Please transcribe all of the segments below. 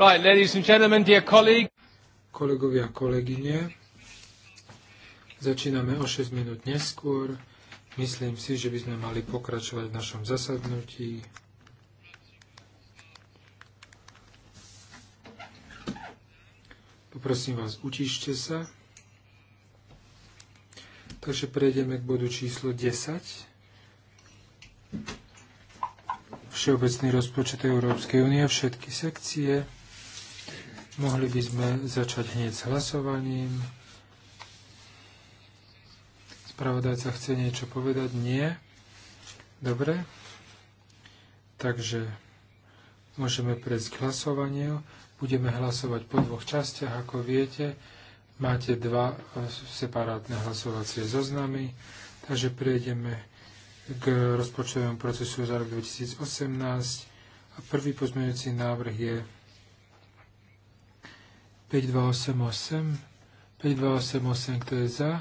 Right, ladies and gentlemen, dear colleague. Kolegovia a kolegyne, začíname o 6 minút neskôr. Myslím si, že by sme mali pokračovať v našom zasadnutí. Poprosím vás, utište sa. Takže prejdeme k bodu číslo 10. Všeobecný rozpočet Európskej únie, všetky sekcie. Mohli by sme začať hneď s hlasovaním. Spravodajca chce niečo povedať? Nie. Dobre. Takže môžeme prejsť k hlasovaniu. Budeme hlasovať po dvoch častiach, ako viete. Máte dva e, separátne hlasovacie zoznamy, takže prejdeme k rozpočtovému procesu za rok 2018. A prvý pozmeňujúci návrh je 5288. 5288, kto je za?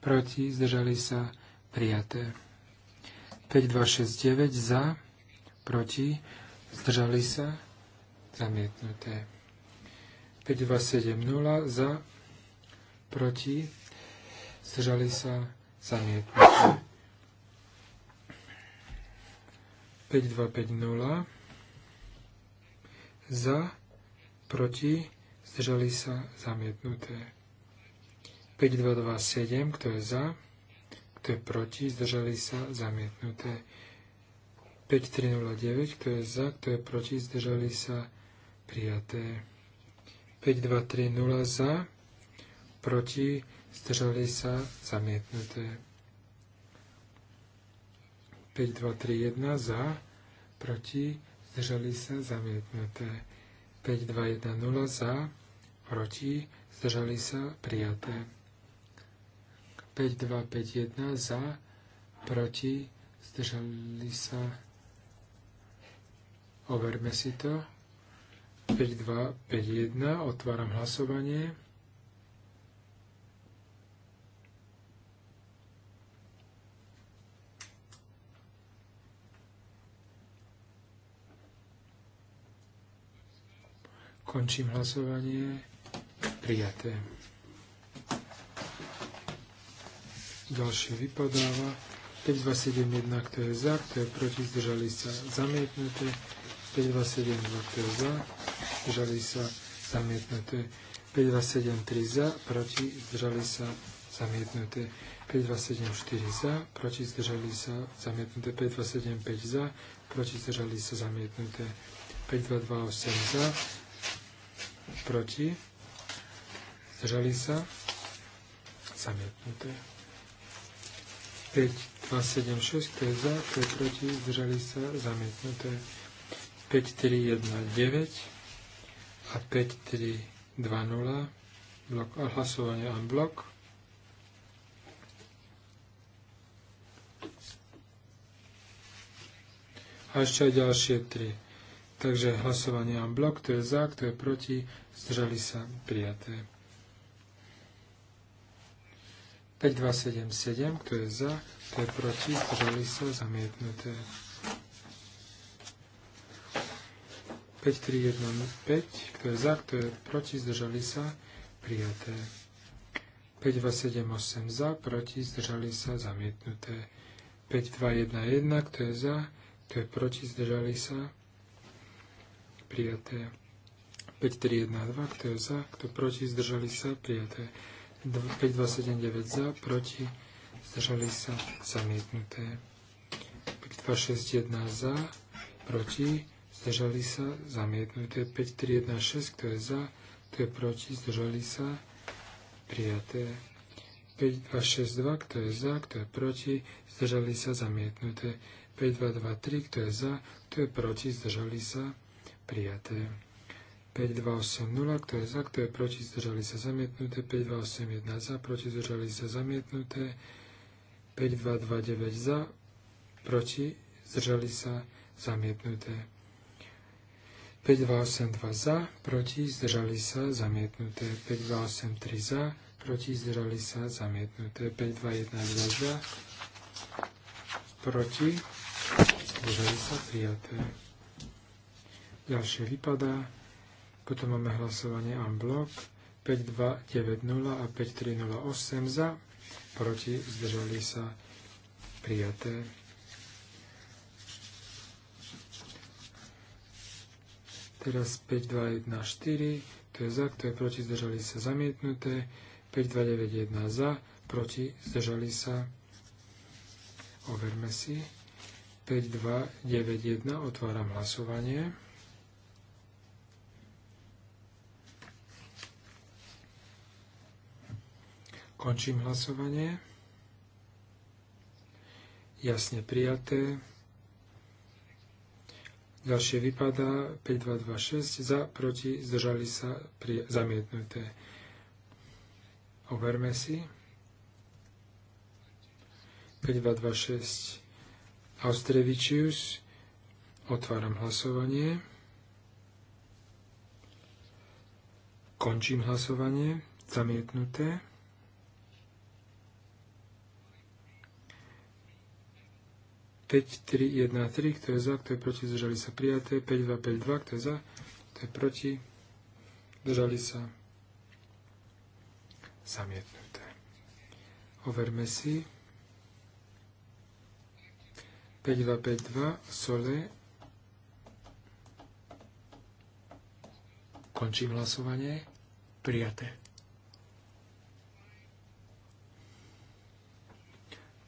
Proti, zdržali sa, prijaté. 5269, za, proti, zdržali sa, zamietnuté. 5270, za, proti, zdržali sa, zamietnuté. 5250, za, proti, zdržali sa zamietnuté. 5227, kto je za, kto je proti, zdržali sa zamietnuté. 5309, kto je za, kto je proti, zdržali sa prijaté. 5230 za, proti, zdržali sa zamietnuté. 5231 za, proti, zdržali sa zamietnuté. 5210 za, proti, zdržali sa, prijaté. 5251 za, proti, zdržali sa, overme si to. 5251, otváram hlasovanie. Končím hlasovanie. Prijaté. Ďalšie vypadáva. 5271, kto je za, kto je proti, zdržali sa zamietnuté. 5272, kto je za, zdržali sa zamietnuté. 5273 za, proti, zdržali sa zamietnuté. 5274 za, proti zdržali sa zamietnuté 5275 za, proti zdržali sa zamietnuté 5228 za, proti, zdržali sa, zamietnuté. 5, 2, 7, 6, to je za, to je proti, zdržali sa, zamietnuté. 5, 3, 1, 9 a 5, 3, 2, 0, blok, a hlasovanie blok. A ešte aj ďalšie 3. Takže hlasovanie en blok, kto je za, kto je proti, zdržali sa prijaté. 5277, kto je za, kto je proti, zdržali sa zamietnuté. 5315, kto je za, kto je proti, zdržali sa prijaté. 5278 za, proti, zdržali sa zamietnuté. 5211, kto je za, kto je proti, zdržali sa prijaté prijaté. 2, kto je za, kto proti, zdržali sa, prijaté. 9, za, proti, zdržali sa, zamietnuté. 1 za, proti, zdržali sa, zamietnuté. 5316, kto je za, kto je proti, zdržali sa, prijaté. 5262, kto je za, kto je proti, zdržali sa, zamietnuté. 3, kto je za, kto je proti, zdržali sa, prijaté. 5280, kto je za, kto je proti, zdržali sa zamietnuté. 5281 za, proti, zdržali sa zamietnuté. 5229 za, proti, zdržali sa zamietnuté. 5282 za, proti, zdržali sa, zamietnuté. 5283 za, proti, zdržali sa, zamietnuté. 5212 za, proti, zdržali sa, prijaté. Ďalšie vypadá. Potom máme hlasovanie en bloc 5290 a 5308 za, proti zdržali sa prijaté. Teraz 5214, to je za, kto je proti, zdržali sa zamietnuté. 5291 za, proti, zdržali sa. Overme si. 5291, otváram hlasovanie. Končím hlasovanie. Jasne prijaté. Ďalšie vypadá 5226 za, proti, zdržali sa, pri, zamietnuté. Overme si. 5226 Austrevičius. Otváram hlasovanie. Končím hlasovanie. Zamietnuté. 5313, kto je za, kto je proti, zdržali sa prijaté, 5252, kto je za, kto je proti, zdržali sa zamietnuté. Overme si. 5252, sole. Končím hlasovanie. Prijaté.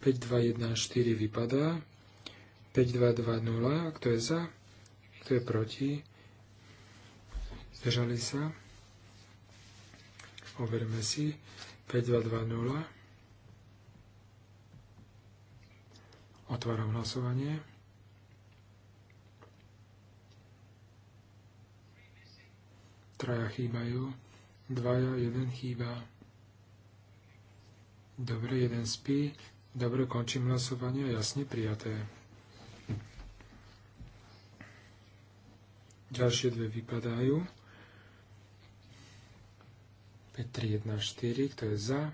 5214 vypadá. 5220, kto je za, kto je proti, zdržali sa, overme si, 5220, otváram hlasovanie, traja chýbajú, dvaja, jeden chýba, dobre, jeden spí, dobre, končím hlasovanie, jasne prijaté. Ďalšie dve vypadajú. 5, 3, 1, 4, kto je za,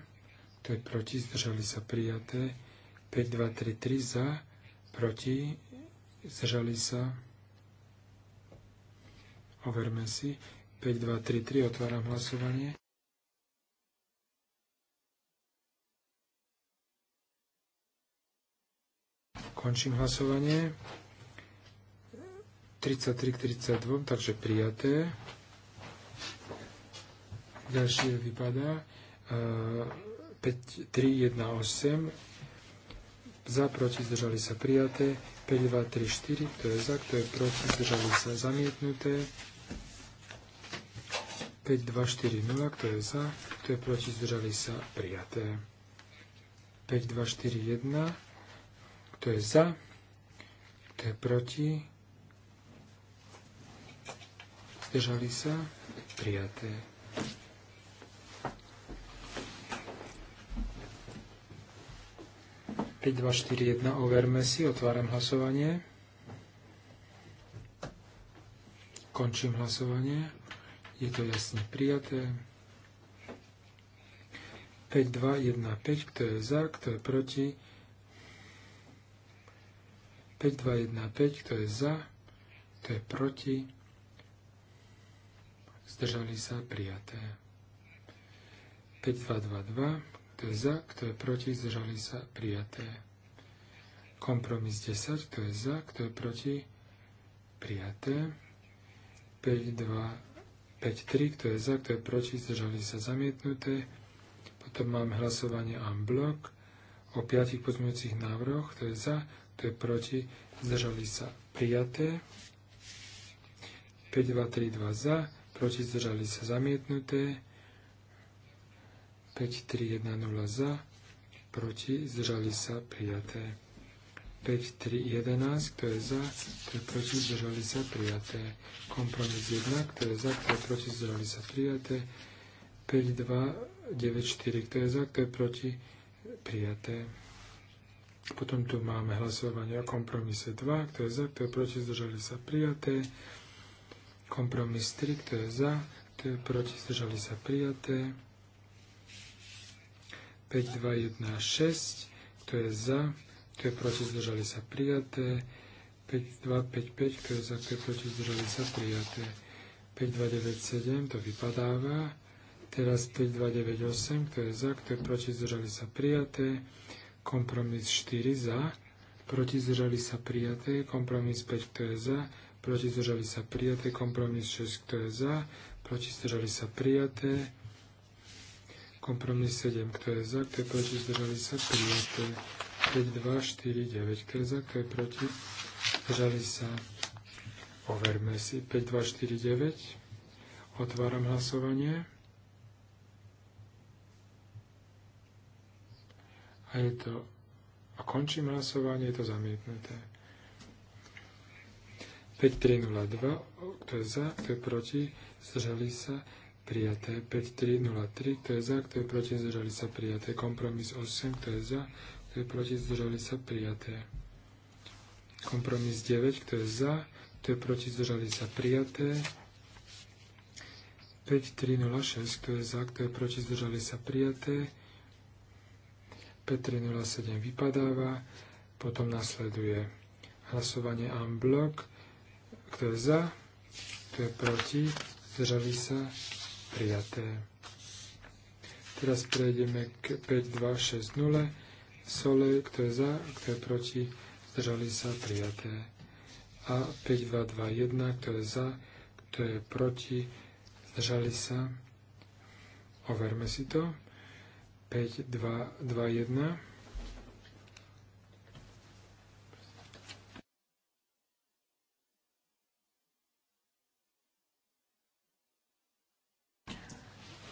kto je proti, zdržali sa prijaté. 5, 2, 3, 3, za, proti, zdržali sa. Overme si. 5, 2, 3, 3, otváram hlasovanie. Končím hlasovanie. 33 k 32, takže prijaté. Ďalšie vypadá E, 5, 3, 1, 8. Za, proti, zdržali sa prijaté. 5, 2, 3, 4, to je za, to je proti, zdržali sa zamietnuté. 5, 2, 4, 0, to je za, to je proti, zdržali sa prijaté. 5, 2, 4, 1, to je za, to je proti, zdržali sa, prijaté. Päť, 2, 4, 1 overme si, otváram hlasovanie. Končím hlasovanie. Je to jasne prijaté. 5, 2, 1, 5, kto je za, kto je proti. 5, 2, 1, 5, kto je za, kto je proti zdržali sa, prijaté. 5222, kto je za, kto je proti, zdržali sa, prijaté. Kompromis 10, kto je za, kto je proti, prijaté. 5253, kto je za, kto je proti, zdržali sa, zamietnuté. Potom máme hlasovanie en bloc o piatich pozmeňujúcich návrhoch, kto je za, kto je proti, zdržali sa, prijaté. 5232 za, proti zdržali sa zamietnuté, 5, 3, 1, 0 za, proti zdržali sa prijaté, 5, 3, 11, kto je za, kto je proti zdržali sa prijaté, kompromis 1, kto je za, kto je proti zdržali sa prijaté, 5, 2, 9, 4, kto je za, kto je proti prijaté. Potom tu máme hlasovanie o kompromise 2, kto je za, kto je proti, zdržali sa prijaté. Kompromis 3, kto je za, kto je proti, zdržali sa prijaté. 5, 2, 1, 6, kto je za, kto je proti, zdržali sa prijaté. 5, 2, 5, 5, kto je za, kto je proti, zdržali sa prijaté. 5, 2, 9, 7, to vypadáva. Teraz 5, 2, 9, 8, kto je za, kto je proti, zdržali sa prijaté. Kompromis 4 za, proti zdržali sa prijaté. Kompromis 5, kto je za, proti zdržali sa prijaté, kompromis 6, kto je za, proti zdržali sa prijaté, kompromis 7, kto je za, kto je proti zdržali sa prijaté, 5, 2, 4, 9, kto je za, kto je proti, zdržali sa, overme si, 5, 2, 4, 9, otváram hlasovanie. A je to, a končím hlasovanie, je to zamietnuté. 5302, kto je za, kto je proti, zdržali sa, prijaté. 5303, kto je za, kto je proti, zdržali sa, prijaté. Kompromis 8, kto je za, kto je proti, zdržali sa, prijaté. Kompromis 9, kto je za, kto je proti, zdržali sa, prijaté. 5306, kto je za, kto je proti, zdržali sa, prijaté. 5307 vypadáva, potom nasleduje hlasovanie en bloc kto je za? Kto je proti? Zdržali sa? Prijaté. Teraz prejdeme k 5260. Sole, kto je za, kto je proti, zdržali sa prijaté. A 5221, kto je za, kto je proti, zdržali sa. Overme si to. 5221.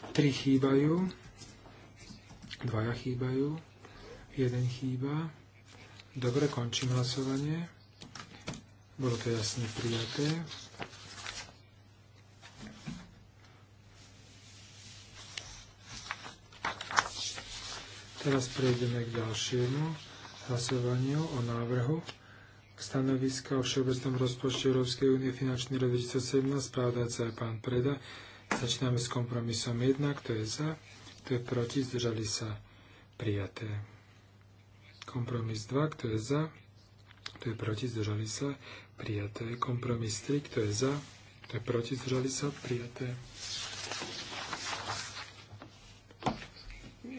Tri chýbajú, dvaja chýbajú, jeden chýba. Dobre, končím hlasovanie. Bolo to jasne prijaté. Teraz prejdeme k ďalšiemu hlasovaniu o návrhu stanoviska o všeobecnom rozpočte Európskej únie finančný rok 2017, správdajca je pán Preda. Začíname s kompromisom 1, kto je za, kto je proti, zdržali sa prijaté. Kompromis 2, kto je za, kto je proti, zdržali sa prijaté. Kompromis 3, kto je za, kto je proti, zdržali sa prijaté.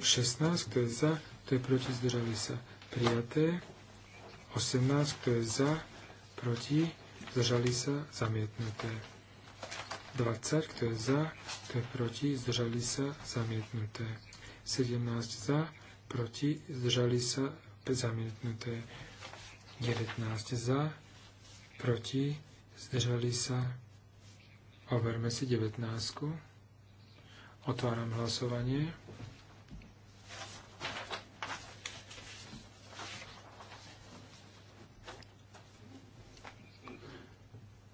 16, kto je za, kto je proti, zdržali sa prijaté. 18, kto je za, proti, zdržali sa zamietnuté. 20, kto je za, kto je proti, zdržali sa, zamietnuté. 17 za, proti, zdržali sa, zamietnuté. 19 za, proti, zdržali sa. Overme si 19. Otváram hlasovanie.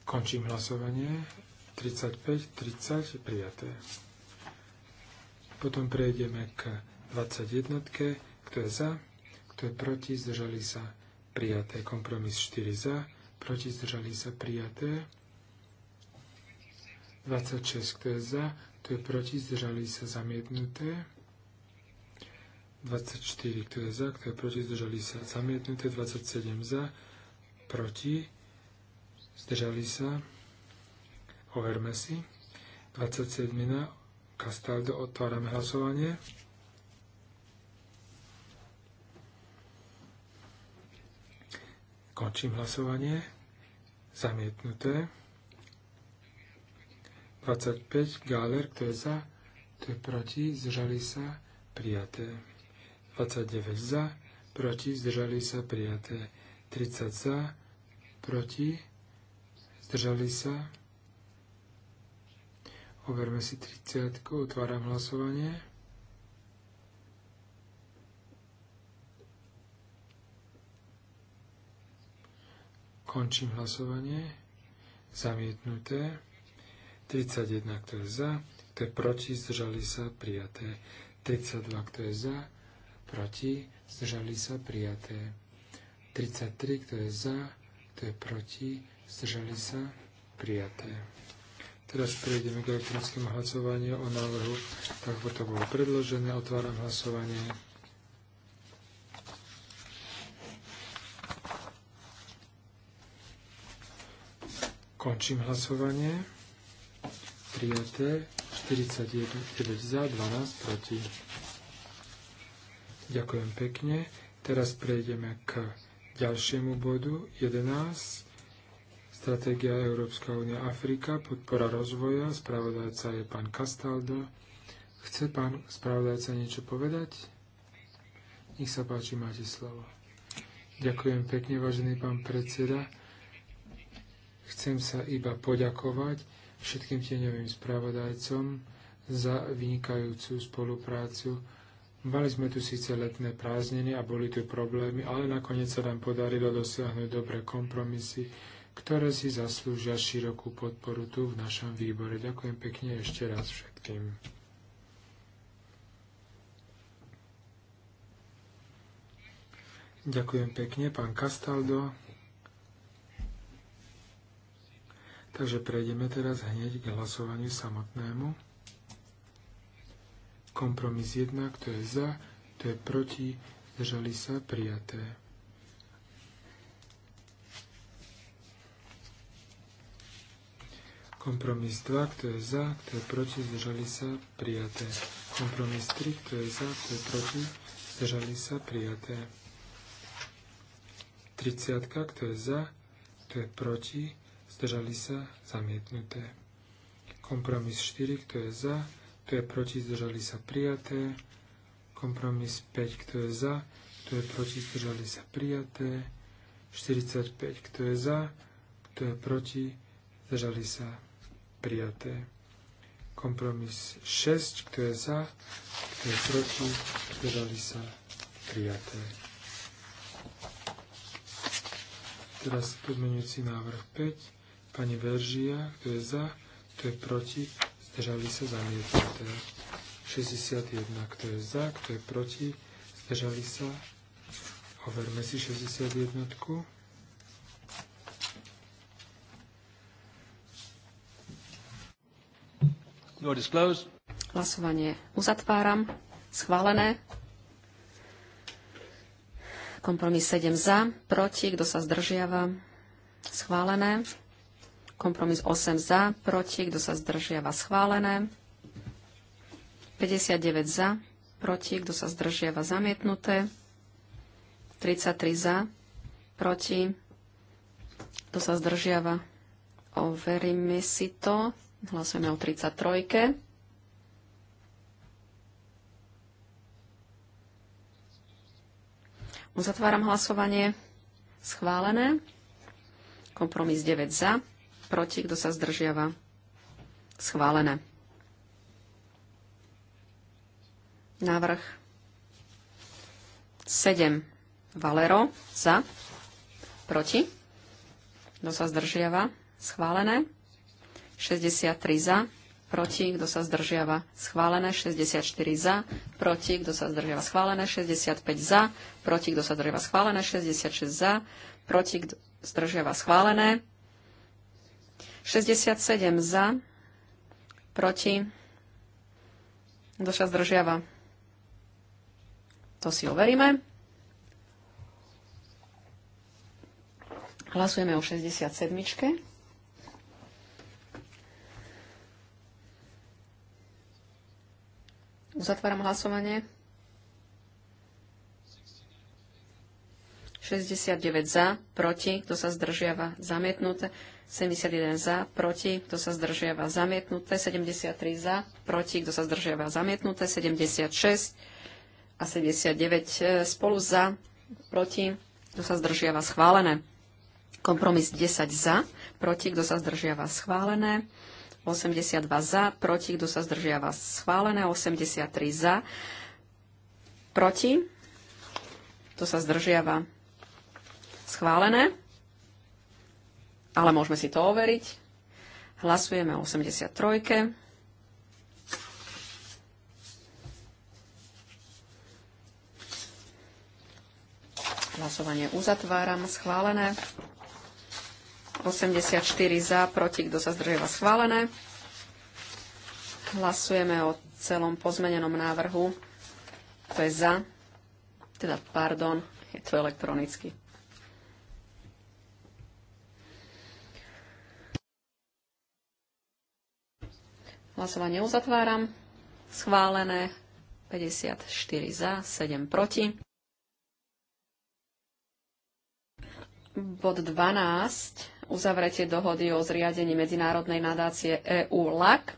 Končím hlasovanie 35, 30 prijaté. Potom prejdeme k 21, kto je za, kto je proti, zdržali sa prijaté. Kompromis 4 za, proti, zdržali sa prijaté. 26, kto je za, kto je proti, zdržali sa zamietnuté. 24, kto je za, kto je proti, zdržali sa zamietnuté. 27 za, proti, zdržali sa Overme si. 27. Castaldo, otvárame hlasovanie. Končím hlasovanie. Zamietnuté. 25. Gáler, kto je za, kto je proti, zdržali sa, prijaté. 29 za, proti, zdržali sa, prijaté. 30 za, proti, zdržali sa, prijaté. Overme si 30. Otváram hlasovanie. Končím hlasovanie. Zamietnuté. 31, kto je za, kto je proti, zdržali sa, prijaté. 32, kto je za, proti, zdržali sa, prijaté. 33, kto je za, kto je proti, zdržali sa, prijaté. Teraz prejdeme k elektronickému hlasovaniu o návrhu, tak ako to bolo predložené. Otváram hlasovanie. Končím hlasovanie. Prijaté 41, za, 12 proti. Ďakujem pekne. Teraz prejdeme k ďalšiemu bodu 11 Stratégia Európska únia Afrika, podpora rozvoja, spravodajca je pán Castaldo. Chce pán spravodajca niečo povedať? Nech sa páči, máte slovo. Ďakujem pekne, vážený pán predseda. Chcem sa iba poďakovať všetkým tieňovým spravodajcom za vynikajúcu spoluprácu. Mali sme tu síce letné prázdniny a boli tu problémy, ale nakoniec sa nám podarilo dosiahnuť dobré kompromisy ktoré si zaslúžia širokú podporu tu v našom výbore. Ďakujem pekne ešte raz všetkým. Ďakujem pekne, pán Castaldo. Takže prejdeme teraz hneď k hlasovaniu samotnému. Kompromis 1, kto je za, kto je proti, zdržali sa, prijaté. Kompromis 2, kto je za, kto je proti, zdržali sa, prijaté. Kompromis 3, kto je za, kto je proti, zdržali sa, prijaté. 30, kto je za, kto je proti, zdržali sa, zamietnuté. Kompromis 4, kto je za, kto je proti, zdržali sa, prijaté. Kompromis 5, kto je za, kto je proti, zdržali sa, prijaté. 45, kto je za, kto je proti, zdržali sa, prijaté. Kompromis 6, kto je za, kto je proti, zdržali sa prijaté. Teraz podmenujúci návrh 5, pani Veržia, kto je za, kto je proti, zdržali sa zamietnuté. 61, kto je za, kto je proti, zdržali sa. Overme si 61. Hlasovanie uzatváram. Schválené. Kompromis 7 za, proti, kto sa zdržiava. Schválené. Kompromis 8 za, proti, kto sa zdržiava. Schválené. 59 za, proti, kto sa zdržiava. Zamietnuté. 33 za, proti, kto sa zdržiava. Overíme si to. Hlasujeme o 33. Uzatváram hlasovanie. Schválené. Kompromis 9 za. Proti, kto sa zdržiava. Schválené. Návrh 7. Valero za. Proti. Kto sa zdržiava. Schválené. 63 za, proti, kto sa zdržiava, schválené, 64 za, proti, kto sa zdržiava, schválené, 65 za, proti, kto sa zdržiava, schválené, 66 za, proti, kto zdržiava, schválené, 67 za, proti, kto sa zdržiava, to si overíme. Hlasujeme o 67. Uzatváram hlasovanie. 69 za, proti, kto sa zdržiava, zamietnuté. 71 za, proti, kto sa zdržiava, zamietnuté. 73 za, proti, kto sa zdržiava, zamietnuté. 76 a 79 e, spolu za, proti, kto sa zdržiava, schválené. Kompromis 10 za, proti, kto sa zdržiava, schválené. 82 za, proti, kto sa zdržiava schválené, 83 za, proti, kto sa zdržiava schválené, ale môžeme si to overiť. Hlasujeme o 83. Hlasovanie uzatváram. Schválené. 84 za, proti, kto sa vás schválené. Hlasujeme o celom pozmenenom návrhu. To je za, teda pardon, je to elektronicky. Hlasovanie uzatváram. Schválené 54 za, 7 proti. Bod 12 uzavretie dohody o zriadení Medzinárodnej nadácie EU-LAC.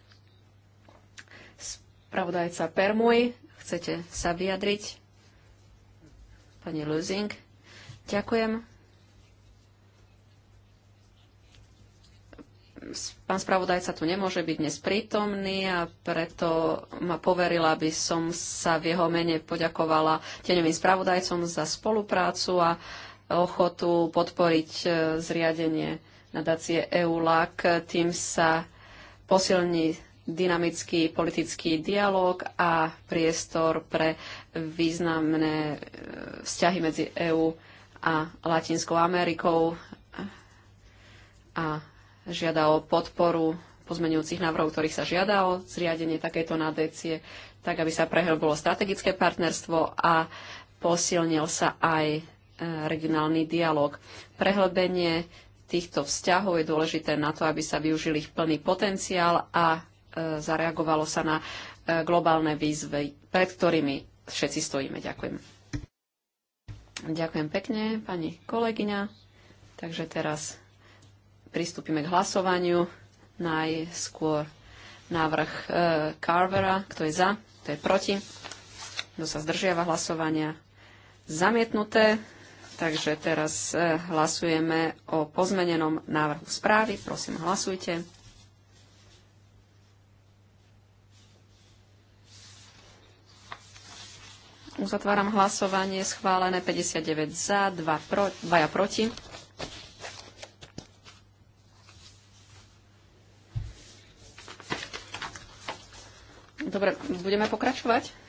Spravodajca Permuj, chcete sa vyjadriť? Pani Lusing, ďakujem. Pán spravodajca tu nemôže byť dnes prítomný a preto ma poverila, aby som sa v jeho mene poďakovala teňovým spravodajcom za spoluprácu a uh, ochotu podporiť e, zriadenie nadácie EULAC. Tým sa posilní dynamický politický dialog a priestor pre významné e, vzťahy medzi EÚ a Latinskou Amerikou a žiada o podporu pozmenujúcich návrhov, ktorých sa žiada o zriadenie takejto nadácie, tak aby sa prehlbilo strategické partnerstvo a posilnil sa aj regionálny dialog. Prehlbenie týchto vzťahov je dôležité na to, aby sa využil ich plný potenciál a e, zareagovalo sa na e, globálne výzvy, pred ktorými všetci stojíme. Ďakujem. Ďakujem pekne, pani kolegyňa. Takže teraz pristúpime k hlasovaniu. Najskôr návrh e, Carvera, kto je za, kto je proti, kto sa zdržiava hlasovania. Zamietnuté. Takže teraz e, hlasujeme o pozmenenom návrhu správy. Prosím, hlasujte. Uzatváram hlasovanie. Schválené 59 za, 2 pro, 2 proti. Dobre, budeme pokračovať?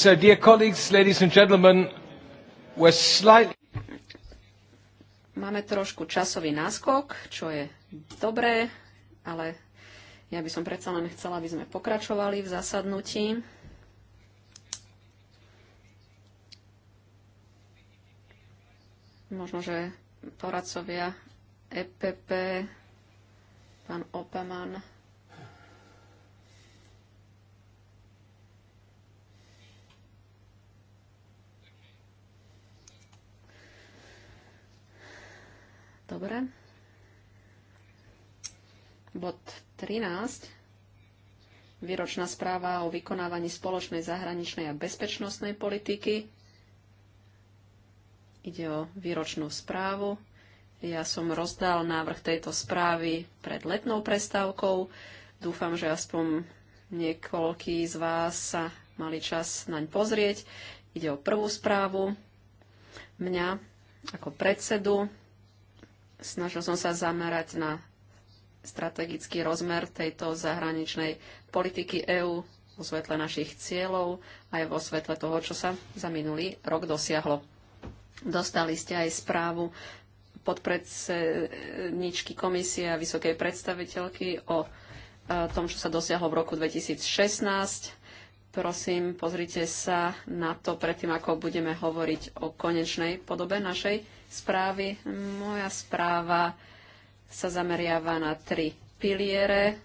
So, dear colleagues, ladies and gentlemen, we're slightly... Máme trošku časový náskok, čo je dobré, ale ja by som predsa len chcela, aby sme pokračovali v zasadnutí. Možno, že poradcovia EPP, pán Opaman, 13, výročná správa o vykonávaní spoločnej zahraničnej a bezpečnostnej politiky. Ide o výročnú správu. Ja som rozdal návrh tejto správy pred letnou prestávkou. Dúfam, že aspoň niekoľkí z vás sa mali čas naň pozrieť. Ide o prvú správu mňa ako predsedu. Snažil som sa zamerať na strategický rozmer tejto zahraničnej politiky EÚ vo svetle našich cieľov aj vo svetle toho, čo sa za minulý rok dosiahlo. Dostali ste aj správu podpredsedničky komisie a vysokej predstaviteľky o e, tom, čo sa dosiahlo v roku 2016. Prosím, pozrite sa na to predtým, ako budeme hovoriť o konečnej podobe našej správy. Moja správa sa zameriava na tri piliere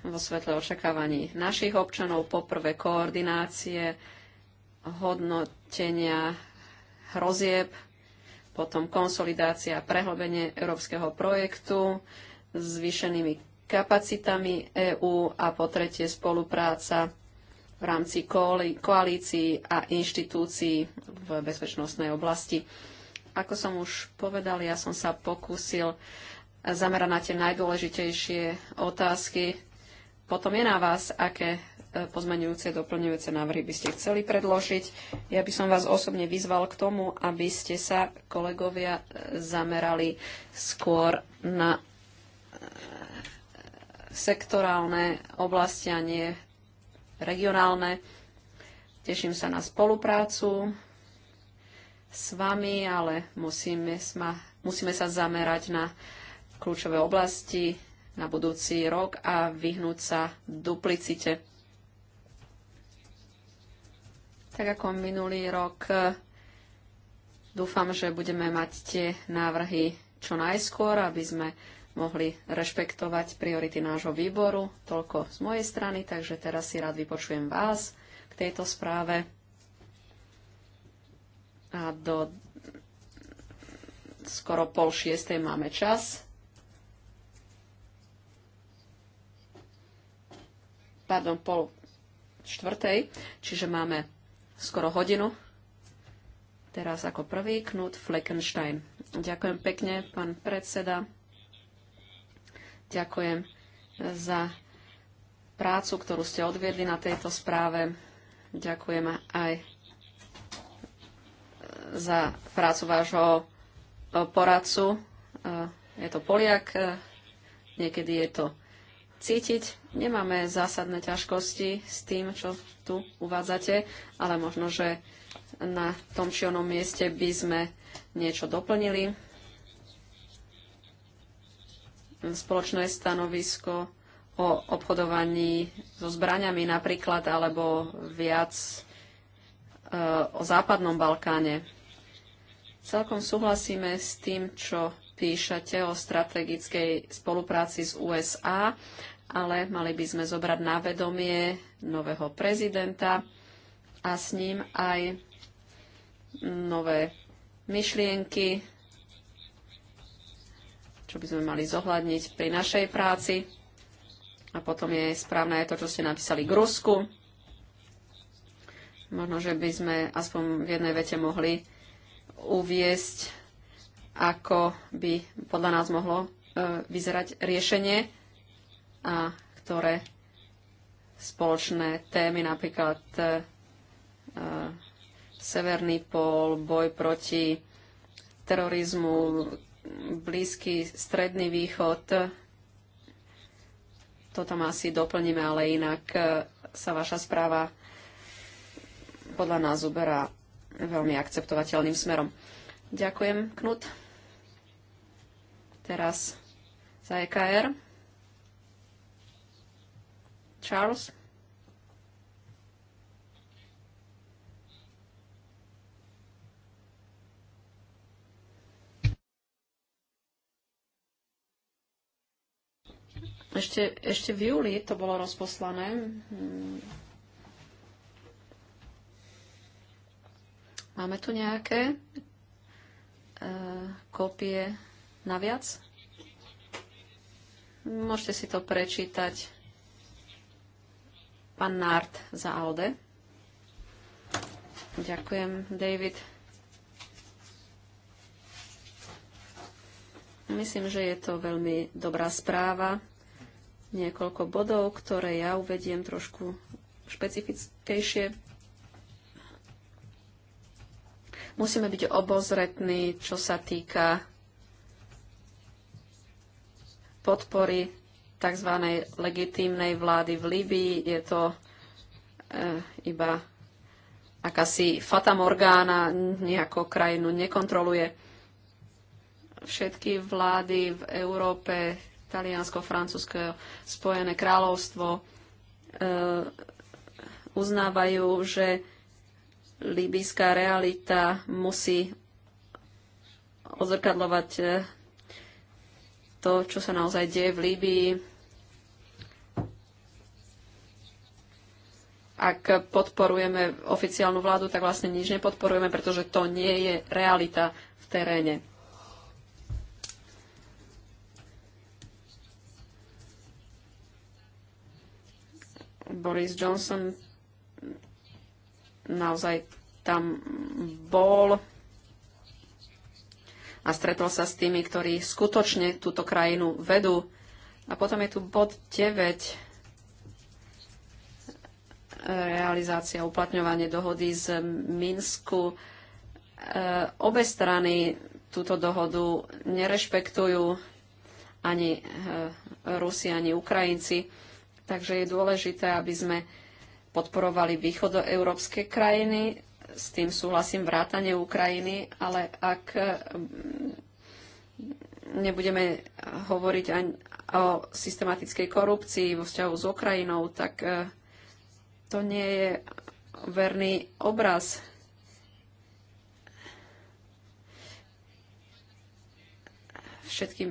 vo svetle očakávaní našich občanov. Poprvé koordinácie, hodnotenia hrozieb, potom konsolidácia a prehlbenie európskeho projektu s zvýšenými kapacitami EÚ a po tretie spolupráca v rámci koalícií a inštitúcií v bezpečnostnej oblasti. Ako som už povedal, ja som sa pokúsil zamerať na tie najdôležitejšie otázky. Potom je na vás, aké e, pozmeňujúce, doplňujúce návrhy by ste chceli predložiť. Ja by som vás osobne vyzval k tomu, aby ste sa, kolegovia, e, zamerali skôr na e, sektorálne oblasti a nie regionálne. Teším sa na spoluprácu s vami, ale musíme, sma, musíme sa zamerať na kľúčové oblasti na budúci rok a vyhnúť sa duplicite. Tak ako minulý rok, dúfam, že budeme mať tie návrhy čo najskôr, aby sme mohli rešpektovať priority nášho výboru. Toľko z mojej strany, takže teraz si rád vypočujem vás k tejto správe a do skoro pol šiestej máme čas. Pardon, pol štvrtej, čiže máme skoro hodinu. Teraz ako prvý Knut Fleckenstein. Ďakujem pekne, pán predseda. Ďakujem za prácu, ktorú ste odviedli na tejto správe. Ďakujem aj za prácu vášho e, poradcu. E, je to Poliak, e, niekedy je to cítiť. Nemáme zásadné ťažkosti s tým, čo tu uvádzate, ale možno, že na tom či onom mieste by sme niečo doplnili. Spoločné stanovisko o obchodovaní so zbraniami napríklad, alebo viac o Západnom Balkáne. Celkom súhlasíme s tým, čo píšate o strategickej spolupráci s USA, ale mali by sme zobrať na vedomie nového prezidenta a s ním aj nové myšlienky, čo by sme mali zohľadniť pri našej práci. A potom je správne aj to, čo ste napísali k Rusku. Možno, že by sme aspoň v jednej vete mohli uviesť, ako by podľa nás mohlo e, vyzerať riešenie a ktoré spoločné témy, napríklad e, e, Severný pol, boj proti terorizmu, Blízky stredný východ. To tam asi doplníme, ale inak sa vaša správa podľa nás uberá veľmi akceptovateľným smerom. Ďakujem, Knut. Teraz za EKR. Charles. Ešte, ešte v júli to bolo rozposlané hm. Máme tu nejaké e, kópie naviac? Môžete si to prečítať. Pán Nárt za Aude. Ďakujem, David. Myslím, že je to veľmi dobrá správa. Niekoľko bodov, ktoré ja uvediem trošku špecifickejšie. Musíme byť obozretní, čo sa týka podpory tzv. legitímnej vlády v Líbii. Je to e, iba akási fata morgána, nejako krajinu nekontroluje. Všetky vlády v Európe, Taliansko, Francúzsko, Spojené kráľovstvo, e, uznávajú, že Líbyská realita musí odzrkadľovať eh, to, čo sa naozaj deje v Líbii. Ak podporujeme oficiálnu vládu, tak vlastne nič nepodporujeme, pretože to nie je realita v teréne. Boris Johnson naozaj tam bol a stretol sa s tými, ktorí skutočne túto krajinu vedú. A potom je tu bod 9, realizácia, uplatňovanie dohody z Minsku. E, obe strany túto dohodu nerešpektujú ani e, Rusi, ani Ukrajinci. Takže je dôležité, aby sme podporovali východoeurópske krajiny, s tým súhlasím vrátane Ukrajiny, ale ak mm, nebudeme hovoriť ani o systematickej korupcii vo vzťahu s Ukrajinou, tak e, to nie je verný obraz. Všetky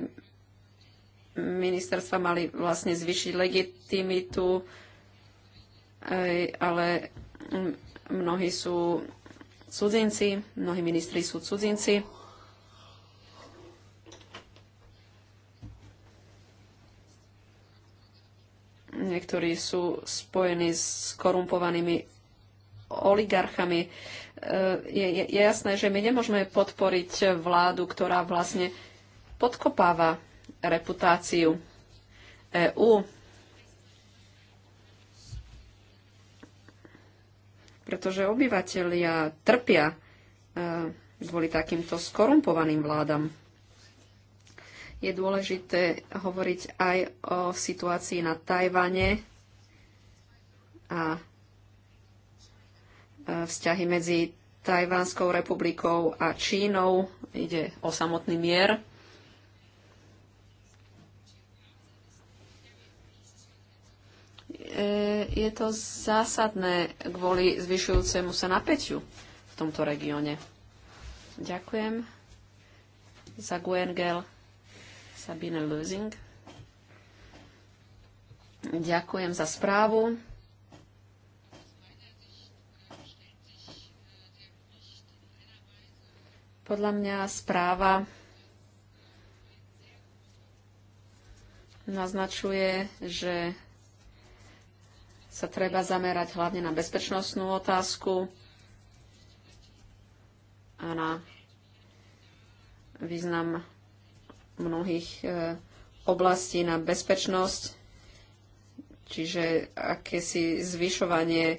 ministerstva mali vlastne zvyšiť legitimitu ale mm, mnohí sú cudzinci, mnohí ministri sú cudzinci. Niektorí sú spojení s korumpovanými oligarchami. Je, je, je jasné, že my nemôžeme podporiť vládu, ktorá vlastne podkopáva reputáciu EÚ pretože obyvatelia trpia e, kvôli takýmto skorumpovaným vládam. Je dôležité hovoriť aj o situácii na Tajvane a e, vzťahy medzi Tajvanskou republikou a Čínou. Ide o samotný mier E, je to zásadné kvôli zvyšujúcemu sa napäťu v tomto regióne. Ďakujem za Guengel Sabine Lösing. Ďakujem za správu. Podľa mňa správa naznačuje, že sa treba zamerať hlavne na bezpečnostnú otázku a na význam mnohých e, oblastí na bezpečnosť, čiže akési zvyšovanie e,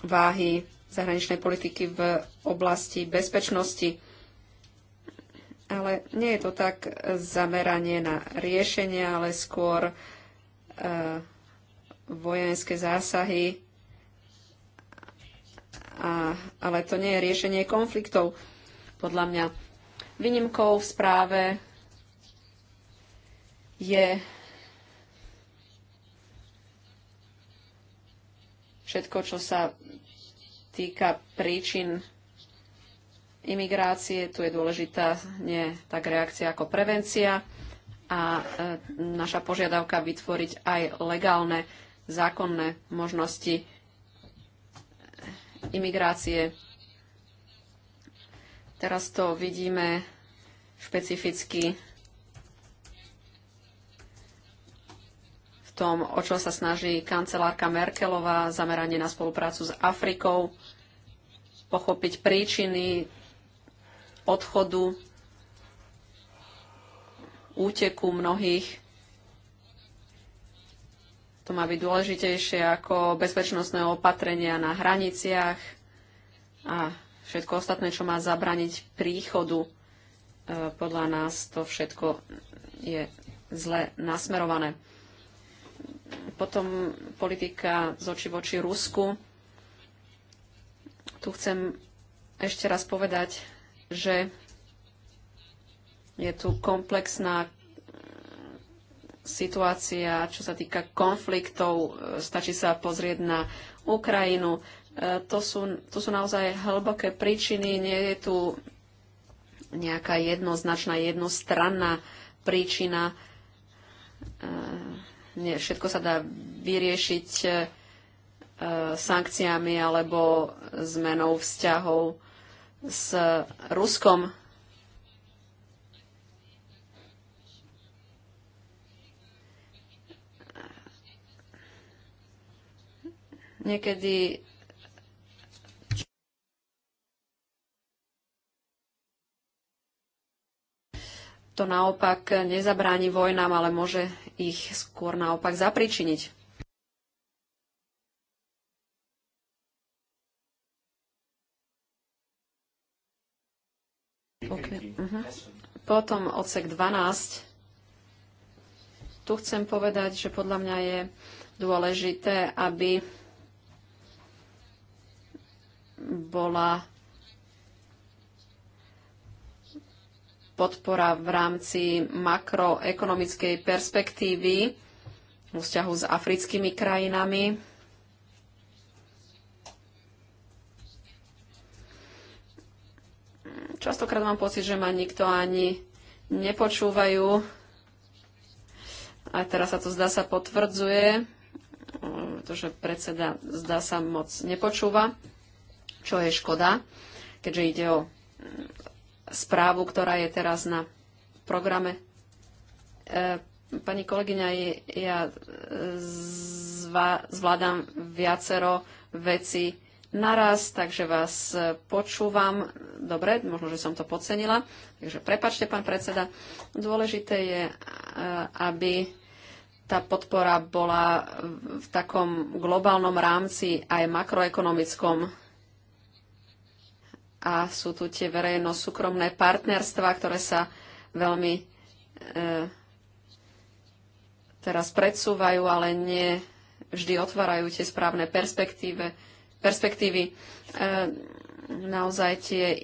váhy zahraničnej politiky v oblasti bezpečnosti. Ale nie je to tak zameranie na riešenie, ale skôr E, vojenské zásahy, a, ale to nie je riešenie konfliktov, podľa mňa. Výnimkou v správe je všetko, čo sa týka príčin imigrácie. Tu je dôležitá nie tak reakcia ako prevencia a e, naša požiadavka vytvoriť aj legálne zákonné možnosti imigrácie. Teraz to vidíme špecificky v tom, o čo sa snaží kancelárka Merkelová, zameranie na spoluprácu s Afrikou, pochopiť príčiny odchodu úteku mnohých. To má byť dôležitejšie ako bezpečnostné opatrenia na hraniciach a všetko ostatné, čo má zabraniť príchodu. E, podľa nás to všetko je zle nasmerované. Potom politika z oči voči Rusku. Tu chcem ešte raz povedať, že je tu komplexná e, situácia, čo sa týka konfliktov. E, Stačí sa pozrieť na Ukrajinu. E, to sú, to sú naozaj hlboké príčiny. Nie je tu nejaká jednoznačná, jednostranná príčina. Nie, všetko sa dá vyriešiť sankciami alebo zmenou vzťahov s Ruskom Niekedy to naopak nezabráni vojnám, ale môže ich skôr naopak zapričiniť. Mhm. Potom odsek 12. Tu chcem povedať, že podľa mňa je dôležité, aby bola podpora v rámci makroekonomickej perspektívy vo vzťahu s africkými krajinami. Častokrát mám pocit, že ma nikto ani nepočúvajú. A teraz sa to zdá sa potvrdzuje, pretože predseda zdá sa moc nepočúva čo je škoda, keďže ide o mm, správu, ktorá je teraz na programe. E, pani kolegyňa, ja e, zva, zvládam viacero veci naraz, takže vás e, počúvam. Dobre, možno, že som to podcenila. Takže prepačte, pán predseda. Dôležité je, aby tá podpora bola v takom globálnom rámci aj makroekonomickom a sú tu tie verejno-súkromné partnerstva, ktoré sa veľmi e, teraz predsúvajú, ale nie vždy otvárajú tie správne perspektíve, perspektívy. E, naozaj tie e,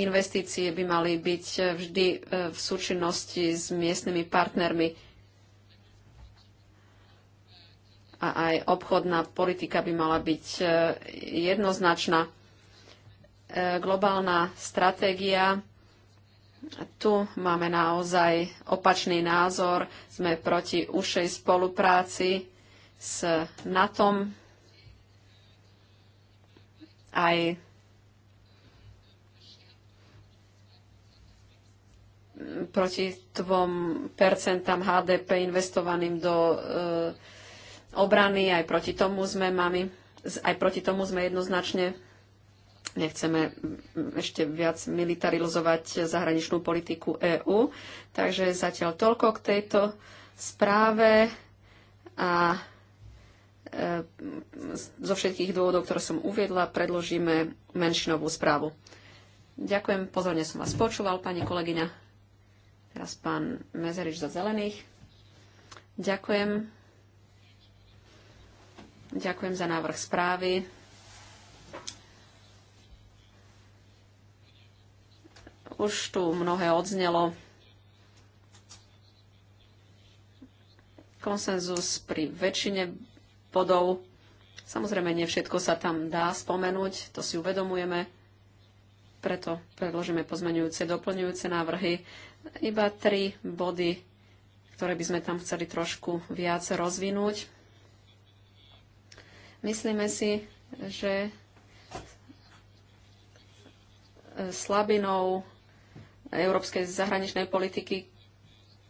investície by mali byť vždy e, v súčinnosti s miestnymi partnermi a aj obchodná politika by mala byť e, jednoznačná globálna stratégia. Tu máme naozaj opačný názor. Sme proti ušej spolupráci s NATO. Aj proti percentám HDP investovaným do e, obrany, aj proti tomu sme mami, aj proti tomu sme jednoznačne nechceme ešte viac militarizovať zahraničnú politiku EÚ. Takže zatiaľ toľko k tejto správe a e, zo všetkých dôvodov, ktoré som uviedla, predložíme menšinovú správu. Ďakujem, pozorne som vás počúval, pani kolegyňa. Teraz pán Mezerič za zelených. Ďakujem. Ďakujem za návrh správy. Už tu mnohé odznelo. Konsenzus pri väčšine bodov. Samozrejme, nie všetko sa tam dá spomenúť, to si uvedomujeme. Preto predložíme pozmenujúce, doplňujúce návrhy. Iba tri body, ktoré by sme tam chceli trošku viac rozvinúť. Myslíme si, že slabinou európskej zahraničnej politiky,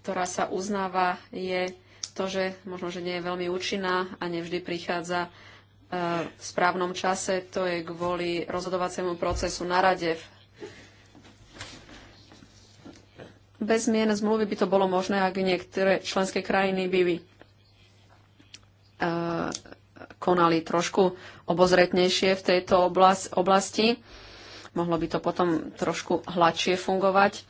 ktorá sa uznáva, je to, že možno, že nie je veľmi účinná a nevždy prichádza e, v správnom čase. To je kvôli rozhodovaciemu procesu na rade bez zmien zmluvy by to bolo možné, ak niektoré členské krajiny by, by e, konali trošku obozretnejšie v tejto oblasti mohlo by to potom trošku hladšie fungovať.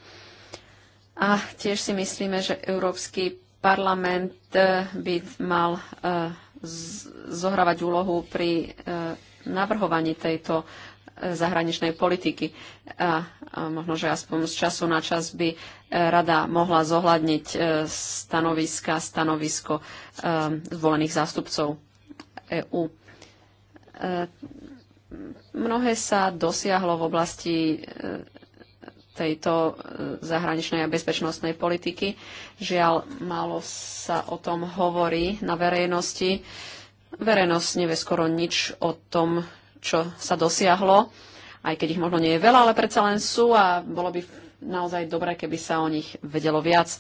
A tiež si myslíme, že Európsky parlament e, by mal e, zohrávať úlohu pri e, navrhovaní tejto zahraničnej politiky. A, možno, že aspoň z času na čas by rada mohla zohľadniť stanoviska, stanovisko zvolených zástupcov EÚ. Mnohé sa dosiahlo v oblasti e, tejto e, zahraničnej a bezpečnostnej politiky. Žiaľ, málo sa o tom hovorí na verejnosti. Verejnosť nevie skoro nič o tom, čo sa dosiahlo, aj keď ich možno nie je veľa, ale predsa len sú a bolo by naozaj dobré, keby sa o nich vedelo viac.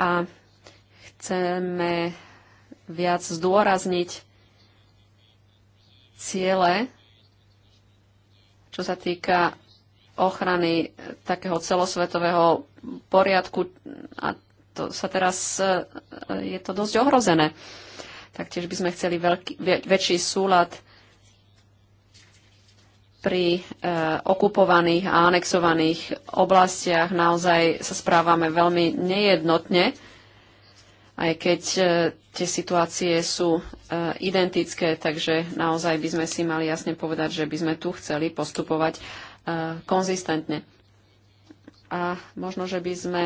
A chceme viac zdôrazniť ciele čo sa týka ochrany takého celosvetového poriadku a to sa teraz e, je to dosť ohrozené. Taktiež by sme chceli veľký, väčší súlad pri e, okupovaných a anexovaných oblastiach naozaj sa správame veľmi nejednotne aj keď e, tie situácie sú e, identické, takže naozaj by sme si mali jasne povedať, že by sme tu chceli postupovať e, konzistentne. A možno, že by sme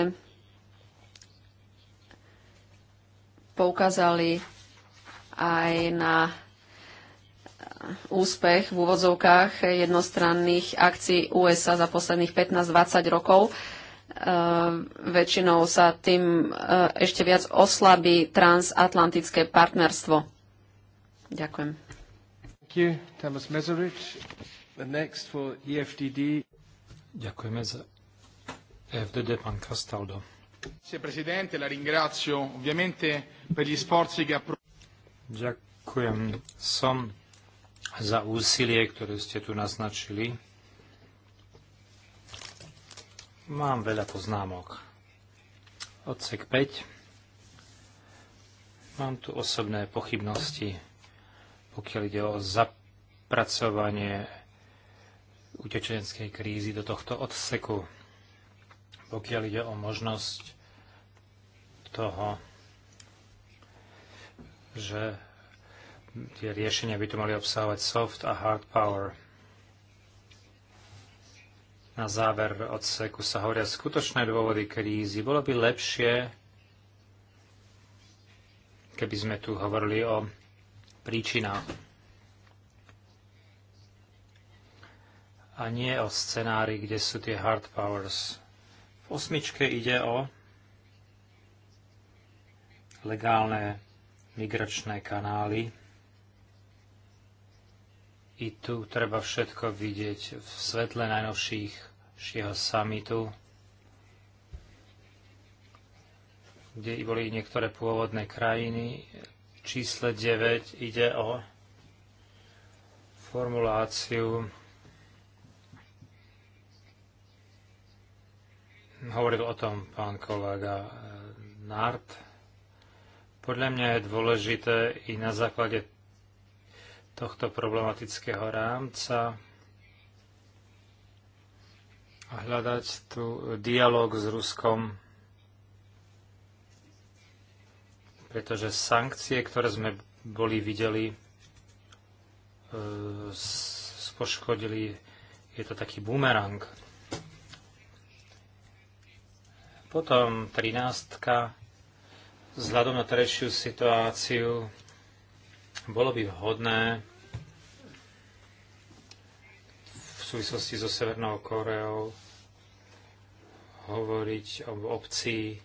poukázali aj na úspech v úvodzovkách jednostranných akcií USA za posledných 15-20 rokov Ehm, väčšinou sa tým eh, ešte viac oslabí transatlantické partnerstvo. Ďakujem. E Ďakujeme za e FDD, pán Castaldo. Ďakujem. Som za úsilie, ktoré ste tu naznačili Mám veľa poznámok. Odsek 5. Mám tu osobné pochybnosti, pokiaľ ide o zapracovanie utečenskej krízy do tohto odseku. Pokiaľ ide o možnosť toho, že tie riešenia by tu mali obsahovať soft a hard power na záver odseku sa hovoria skutočné dôvody krízy. Bolo by lepšie, keby sme tu hovorili o príčinách a nie o scenári, kde sú tie hard powers. V osmičke ide o legálne migračné kanály, i tu treba všetko vidieť v svetle najnovších šieho samitu, kde boli niektoré pôvodné krajiny. V čísle 9 ide o formuláciu hovoril o tom pán kolega eh, Nart. Podľa mňa je dôležité i na základe tohto problematického rámca a hľadať tu dialog s Ruskom, pretože sankcie, ktoré sme boli videli, e, spoškodili, je to taký bumerang. Potom 13. Vzhľadom na terejšiu situáciu bolo by vhodné v súvislosti so Severnou Koreou hovoriť o obci eh,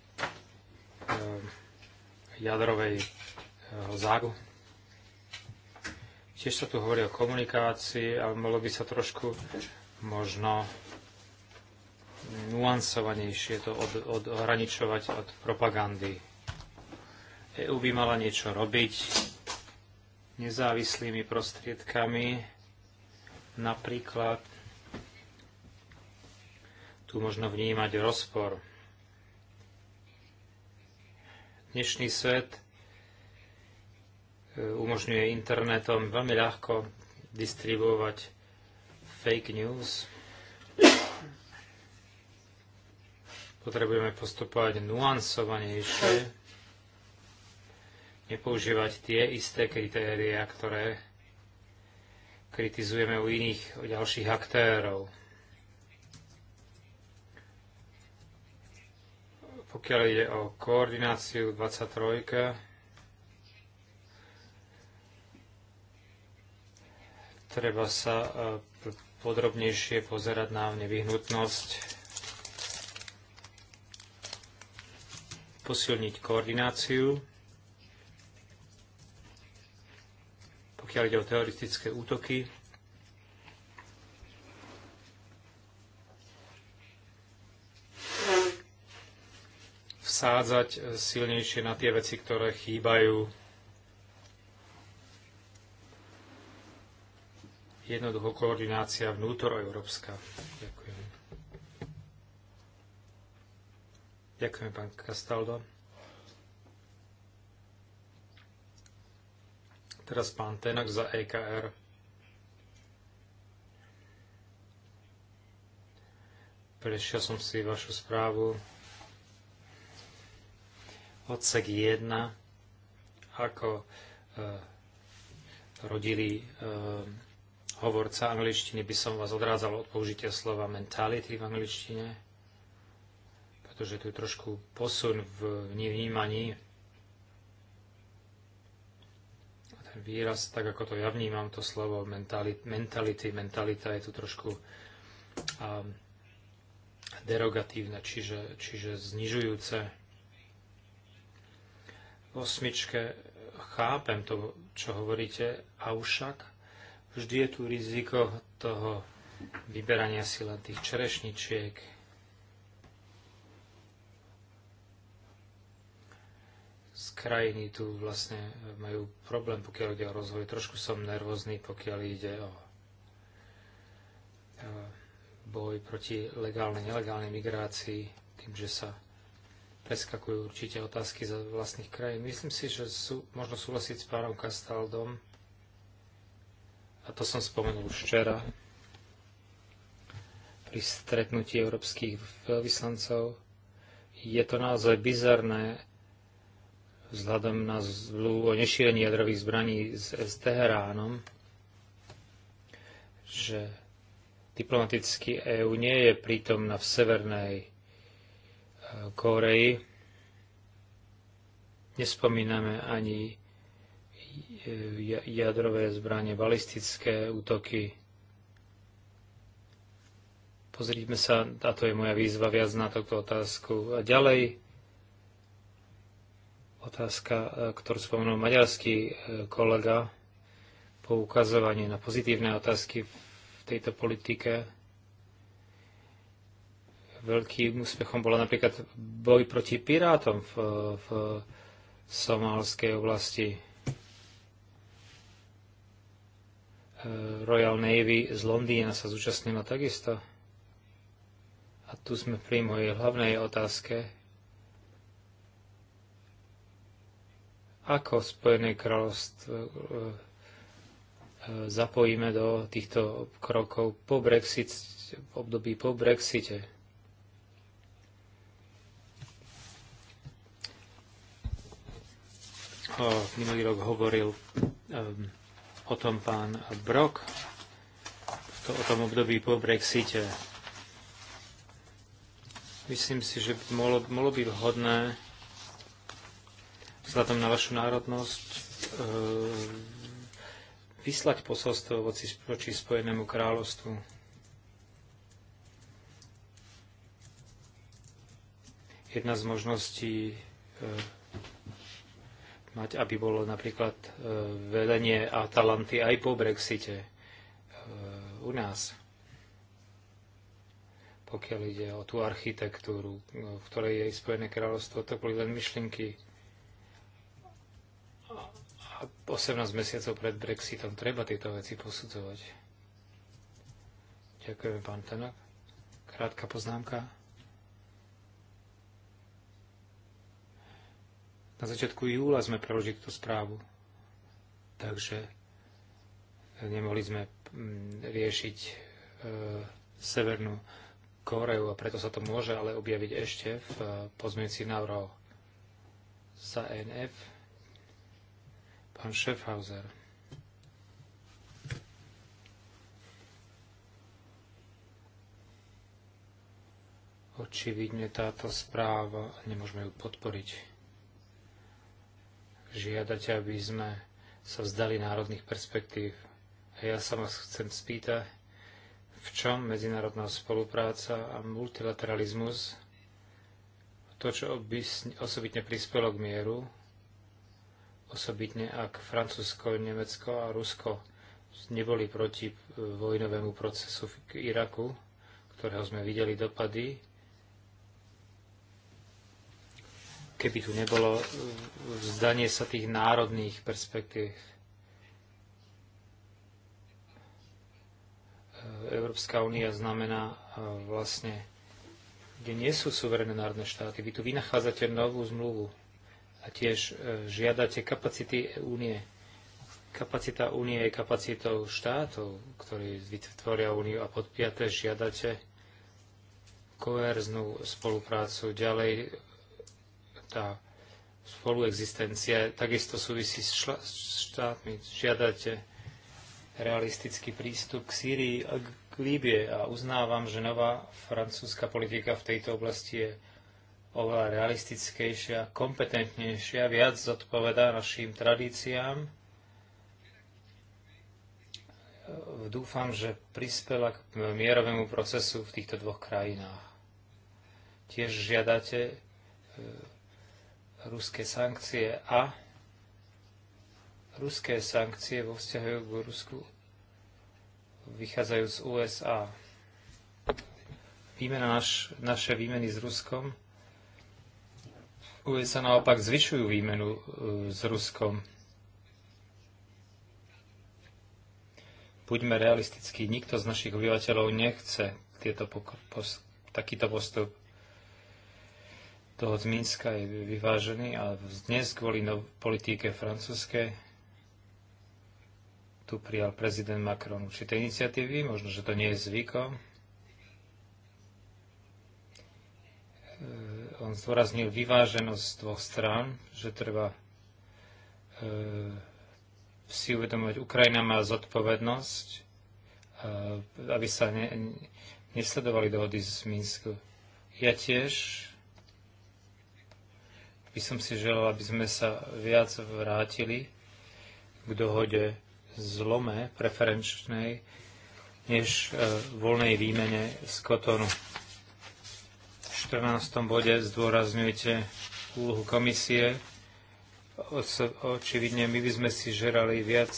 jadrovej eh, zágu. Tiež sa tu hovorí o komunikácii, ale bolo by sa trošku možno nuancovanejšie to od, od propagandy. EU by mala niečo robiť, nezávislými prostriedkami. Napríklad tu možno vnímať rozpor. Dnešný svet e, umožňuje internetom veľmi ľahko distribuovať fake news. Potrebujeme postupovať nuancovanejšie nepoužívať tie isté kritéria, ktoré kritizujeme u iných, u ďalších aktérov. Pokiaľ ide o koordináciu 23, treba sa e, podrobnejšie pozerať na nevyhnutnosť posilniť koordináciu pokiaľ ide o teroristické útoky. Vsádzať eh, silnejšie na tie veci, ktoré chýbajú. Jednoducho koordinácia vnútoroeurópska. Ďakujem. Ďakujem, pán Castaldo. Teraz pán Tenak za EKR. Prešiel som si vašu správu. Odsek 1. Ako e, rodili e, hovorca angličtiny, by som vás odrádzal od použitia slova mentality v angličtine, pretože tu je trošku posun v vnímaní. výraz, tak ako to ja vnímam, to slovo mentality, mentality mentalita je tu trošku um, derogatívne, čiže, čiže znižujúce. V osmičke chápem to, čo hovoríte, avšak vždy je tu riziko toho vyberania si len tých čerešničiek, krajiny tu vlastne majú problém, pokiaľ ide o rozvoj. Trošku som nervózny, pokiaľ ide o boj proti legálnej, nelegálnej migrácii, tým, že sa preskakujú určite otázky za vlastných krajín. Myslím si, že sú, možno súhlasiť s pánom Kastaldom, a to som spomenul už včera, pri stretnutí európskych veľvyslancov, je to naozaj bizarné, vzhľadom na zlú o nešírení jadrových zbraní s, s Teheránom, že diplomaticky EÚ nie je prítomná v Severnej e, Koreji. Nespomíname ani e, jadrové zbranie, balistické útoky. Pozrime sa, a to je moja výzva viac na túto otázku. A ďalej Otázka, e, ktorú spomenul maďarský e, kolega, po ukazovaní na pozitívne otázky v tejto politike. Veľkým úspechom bola napríklad boj proti pirátom v, v somálskej oblasti. E, Royal Navy z Londýna sa zúčastnila takisto. A tu sme pri mojej hlavnej otázke, ako Spojené kráľovstvo e, e, zapojíme do týchto krokov po Brexit, v období po Brexite. O, minulý rok hovoril um, o tom pán Brock, to, o tom období po Brexite. Myslím si, že bolo, mohlo by vhodné vzhľadom na vašu národnosť eh, vyslať posolstvo voci proti Spojenému kráľovstvu. Jedna z možností eh, mať, aby bolo napríklad a eh, Atalanty aj po Brexite u nás, pokiaľ ide o tú architektúru, v ktorej je Spojené kráľovstvo, to boli len myšlienky 18 mesiacov pred Brexitom treba tieto veci posudzovať. Ďakujeme, pán Tanak. Krátka poznámka. Na začiatku júla sme preložili túto správu, takže nemohli sme mm, riešiť e, Severnú Koreu a preto sa to môže ale objaviť ešte v pozmeňci pozmeňujúcich návrhoch za e NF Pán Schaffhauser. Očividne táto správa, nemôžeme ju podporiť. žiadať, aby sme sa vzdali národných perspektív. A ja sa vás chcem spýtať, v čom medzinárodná spolupráca a multilateralizmus, to, čo osobitne prispelo k mieru, osobitne ak Francúzsko, Nemecko a Rusko neboli proti e, vojnovému procesu v Iraku, ktorého sme videli dopady, keby tu nebolo e, vzdanie sa tých národných perspektív. E, Európska únia znamená vlastne, kde nie sú suverené národné štáty. Vy tu vynachádzate novú zmluvu a tiež e, žiadate kapacity únie. Kapacita únie je kapacitou štátov, ktorí vytvoria úniu a pod piaté žiadate koerznú spoluprácu. Ďalej tá spoluexistencia takisto súvisí s, šla, s štátmi. Žiadate realistický prístup k Sýrii a k Líbie a uznávam, že nová francúzska politika v tejto oblasti je oveľa realistickejšia, kompetentnejšia, viac zodpovedá našim tradíciám. Dúfam, že prispela k mierovému procesu v týchto dvoch krajinách. Tiež žiadate e, ruské sankcie a ruské sankcie vo vzťahu k Rusku vychádzajú z USA. Výmena naš, naše výmeny s Ruskom USA naopak zvyšujú výmenu e, s Ruskom. Buďme realistickí, nikto z našich obyvateľov nechce tieto pos- takýto postup. Toho z Minska je vyvážený a dnes kvôli nov- politike francúzskej tu prijal prezident Macron určité iniciatívy, možno, že to nie je zvykom. E, on zdôraznil vyváženosť z dvoch strán, že treba e, si uvedomovať, Ukrajina má zodpovednosť, e, aby sa ne, nesledovali dohody z Minsku. Ja tiež by som si želal, aby sme sa viac vrátili k dohode zlome preferenčnej, než e, voľnej výmene z kotonu. 14. bode zdôrazňujete úlohu komisie. Očividne my by sme si žerali viac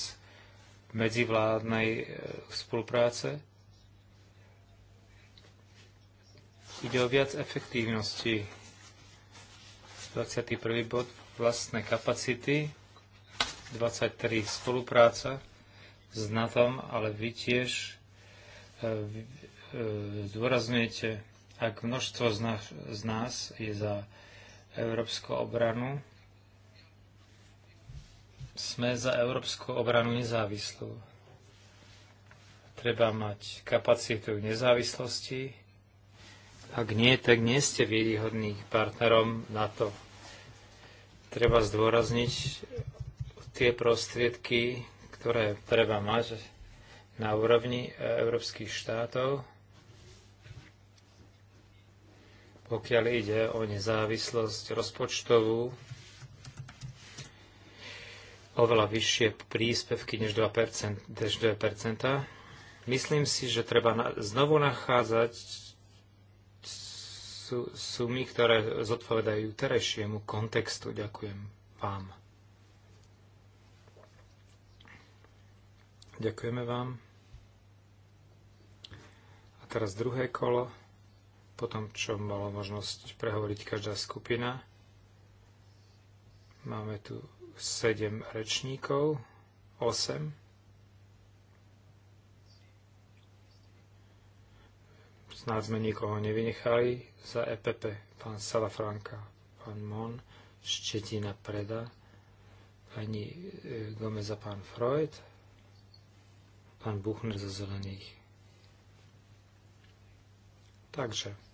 medzivládnej e, spolupráce. Ide o viac efektívnosti. 21. bod vlastné kapacity, 23 spolupráca s NATO, ale vy tiež e, e, zdôrazňujete ak množstvo z nás, z nás je za európsku obranu, sme za európsku obranu nezávislú. Treba mať kapacitu nezávislosti. Ak nie, tak nie ste výhodný partnerom na to, Treba zdôrazniť tie prostriedky, ktoré treba mať na úrovni európskych štátov pokiaľ ide o nezávislosť rozpočtovú, oveľa vyššie príspevky než 2%, než 2%. Myslím si, že treba znovu nachádzať sumy, ktoré zodpovedajú terajšiemu kontextu. Ďakujem vám. Ďakujeme vám. A teraz druhé kolo potom, čo mala možnosť prehovoriť každá skupina. Máme tu 7 rečníkov, 8. Snáď sme nikoho nevynechali za EPP, pán Salafranka, pán Mon, Štetina Preda, pani e, Gomeza, pán Freud, pán Buchner za zelených. Takže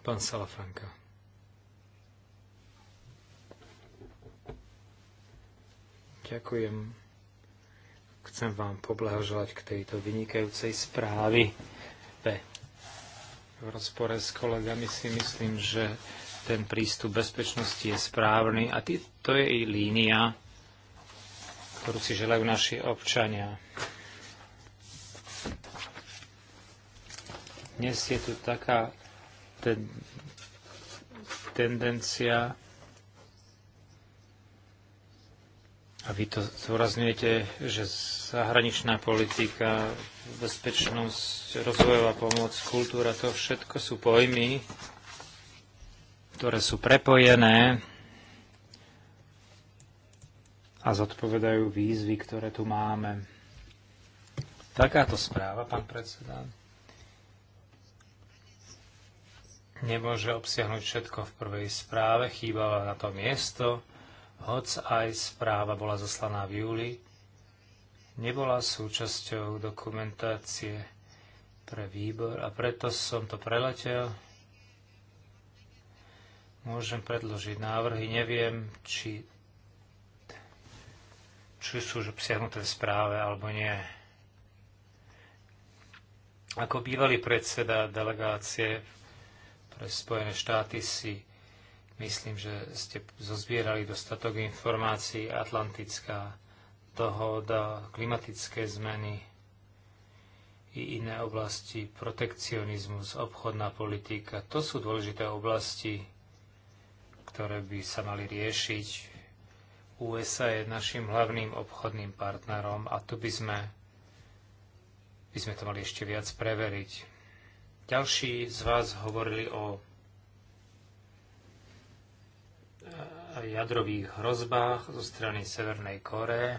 Pán Salafranka. Ďakujem. Chcem vám poblahoželať k tejto vynikajúcej správy. V rozpore s kolegami si myslím, že ten prístup bezpečnosti je správny a tý, to je i línia, ktorú si želajú naši občania. Dnes je tu taká ten, tendencia a vy to zdôrazňujete, že zahraničná politika, bezpečnosť, rozvojová pomoc, kultúra, to všetko sú pojmy, ktoré sú prepojené a zodpovedajú výzvy, ktoré tu máme. Takáto správa, pán predseda. nemôže obsiahnuť všetko v prvej správe, chýbala na to miesto, hoc aj správa bola zaslaná v júli, nebola súčasťou dokumentácie pre výbor a preto som to preletel. Môžem predložiť návrhy, neviem, či, či sú už obsiahnuté v správe alebo nie. Ako bývalý predseda delegácie Spojené štáty si myslím, že ste zozbierali dostatok informácií, atlantická dohoda, klimatické zmeny i iné oblasti, protekcionizmus, obchodná politika. To sú dôležité oblasti, ktoré by sa mali riešiť. USA je našim hlavným obchodným partnerom a tu by sme, by sme to mali ešte viac preveriť. Ďalší z vás hovorili o e, jadrových hrozbách zo strany Severnej Kóre.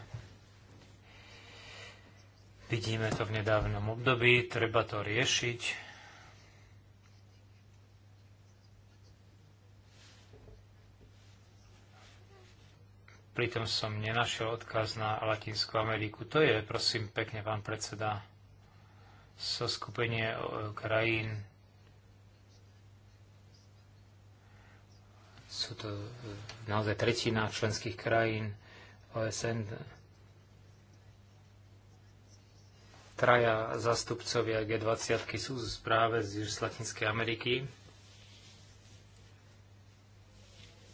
Vidíme to v nedávnom období, treba to riešiť. Pritom som nenašiel odkaz na Latinskú Ameriku. To je, prosím, pekne, pán predseda, so skupenie e, krajín. Sú to e, naozaj tretina členských krajín OSN. Traja zastupcovia G20 sú práve z Latinskej Ameriky.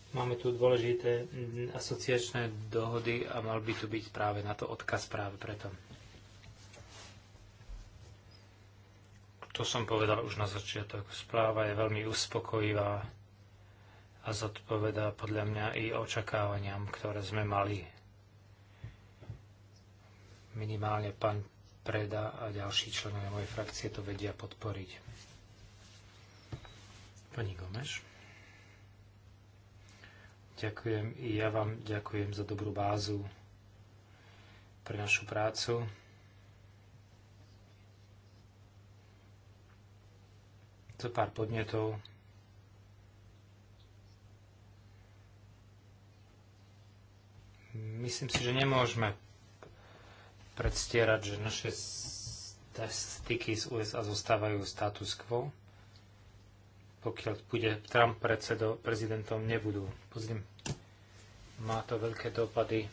Máme tu dôležité asociačné dohody a mal by tu byť práve na to odkaz práve preto. To som povedal už na začiatok. Správa je veľmi uspokojivá a zodpovedá podľa mňa i očakávaniam, ktoré sme mali. Minimálne pán Preda a ďalší členovia mojej frakcie to vedia podporiť. Pani Gomeš. Ďakujem i ja vám ďakujem za dobrú bázu pre našu prácu. To pár podnetov. Myslím si, že nemôžeme predstierať, že naše styky z USA zostávajú status quo. Pokiaľ bude Trump predsedo, prezidentom, nebudú. Pozriem, má to veľké dopady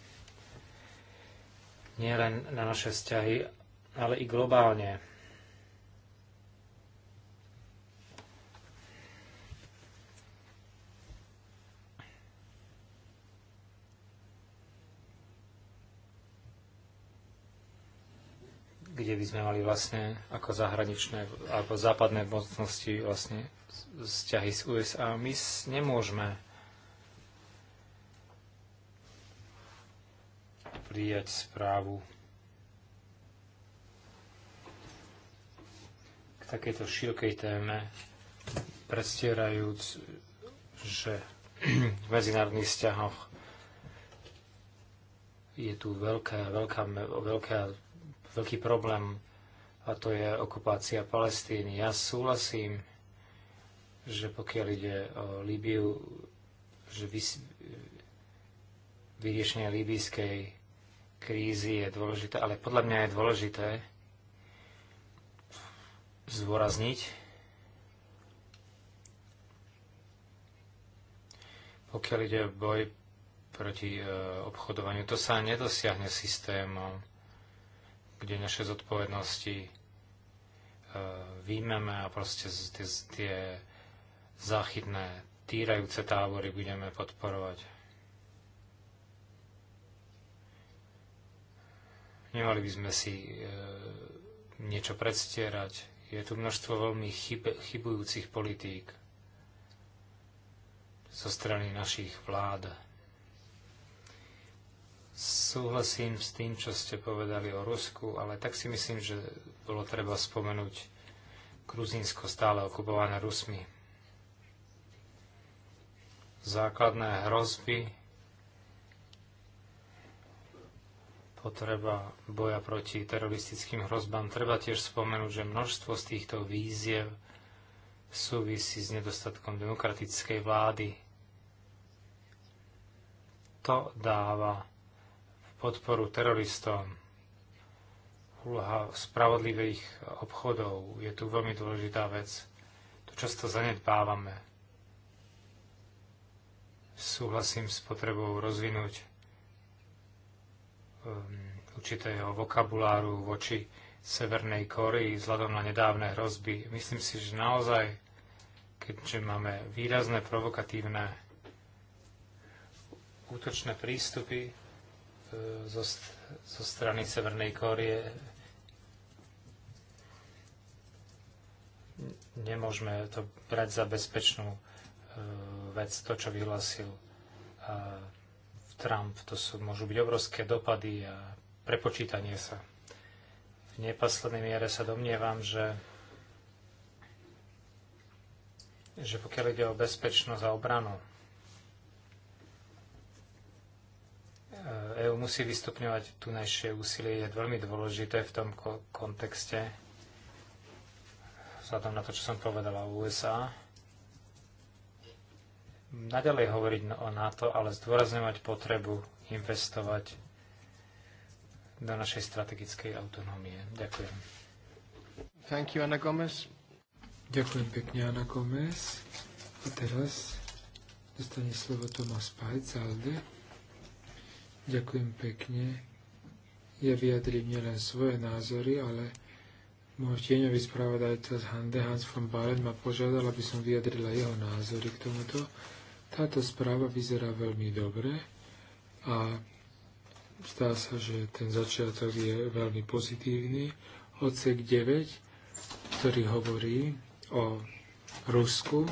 nielen na naše vzťahy, ale i globálne. kde by sme mali vlastne ako zahraničné alebo západné mocnosti vlastne vzťahy s USA. My nemôžeme prijať správu k takejto širokej téme, prestierajúc, že v medzinárodných vzťahoch je tu veľká, veľká, veľká veľký problém a to je okupácia Palestíny. Ja súhlasím, že pokiaľ ide o Líbiu, že vys- vyriešenie líbyjskej krízy je dôležité, ale podľa mňa je dôležité zdôrazniť, pokiaľ ide o boj proti e, obchodovaniu, to sa nedosiahne systémom kde naše zodpovednosti výjmeme a proste tie, tie záchytné týrajúce tábory budeme podporovať. Nemali by sme si e, niečo predstierať. Je tu množstvo veľmi chyb, chybujúcich politík zo strany našich vlád. Súhlasím s tým, čo ste povedali o Rusku, ale tak si myslím, že bolo treba spomenúť Gruzínsko stále okupované Rusmi. Základné hrozby, potreba boja proti teroristickým hrozbám. Treba tiež spomenúť, že množstvo z týchto víziev súvisí s nedostatkom demokratickej vlády. To dáva podporu teroristom, úloha spravodlivých obchodov je tu veľmi dôležitá vec. To často zanedbávame. Súhlasím s potrebou rozvinúť um, určitého vokabuláru voči Severnej Kórii vzhľadom na nedávne hrozby. Myslím si, že naozaj, keďže máme výrazné provokatívne útočné prístupy, E, zo, zo strany Severnej Kórie nemôžeme to brať za bezpečnú e, vec, to, čo vyhlasil Trump. To sú, môžu byť obrovské dopady a prepočítanie sa. V neposlednej miere sa domnievam, že že pokiaľ ide o bezpečnosť a obranu, EÚ e musí vystupňovať tunajšie úsilie, je veľmi dôležité v tom ko- kontexte, vzhľadom na to, čo som povedala o USA. Naďalej hovoriť no- o NATO, ale zdôrazňovať potrebu investovať do našej strategickej autonómie. Ďakujem. Thank you, Gomez. Ďakujem pekne, Ana Gomez. A teraz dostane slovo Tomáš Pajc, Alde. Ďakujem pekne. Ja vyjadrím nielen svoje názory, ale môj tieňový spravodajca z Hande Hans von Baren ma požiadal, aby som vyjadrila jeho názory k tomuto. Táto správa vyzerá veľmi dobre a zdá sa, že ten začiatok je veľmi pozitívny. Odsek 9, ktorý hovorí o Rusku,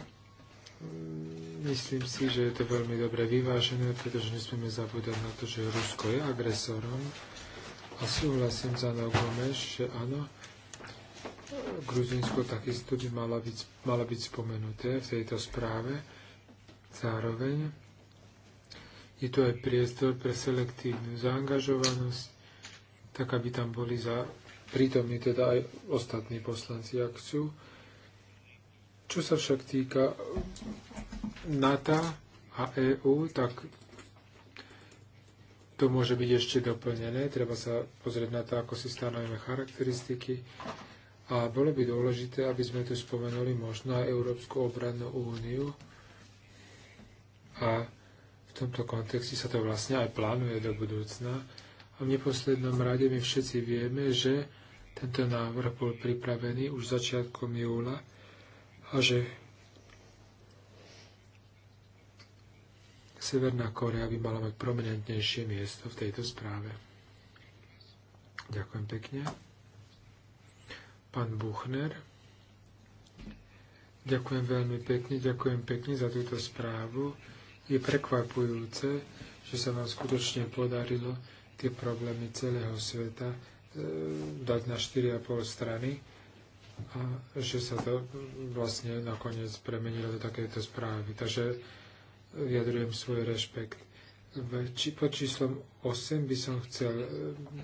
Myslím si, že je to veľmi dobre vyvážené, pretože nesmieme zabúdať na to, že Rusko je agresorom. A súhlasím za Gomeš, že áno, Gruzinsko takisto by mala byť, mala byť spomenuté v tejto správe. Zároveň je tu aj priestor pre selektívnu zaangažovanosť, tak aby tam boli za, prítomní teda aj ostatní poslanci, ak chcú. Čo sa však týka NATO a EÚ, tak to môže byť ešte doplnené. Treba sa pozrieť na to, ako si stanovíme charakteristiky. A bolo by dôležité, aby sme tu spomenuli možno aj Európsku obrannú úniu. A v tomto kontexte sa to vlastne aj plánuje do budúcna. A v neposlednom rade my všetci vieme, že tento návrh bol pripravený už začiatkom júla a že Severná Korea by mala mať prominentnejšie miesto v tejto správe. Ďakujem pekne. Pán Buchner. Ďakujem veľmi pekne, ďakujem pekne za túto správu. Je prekvapujúce, že sa nám skutočne podarilo tie problémy celého sveta e, dať na 4,5 strany a že sa to vlastne nakoniec premenilo do takéto správy. Takže vyjadrujem svoj rešpekt. Či pod číslom 8 by som chcel e,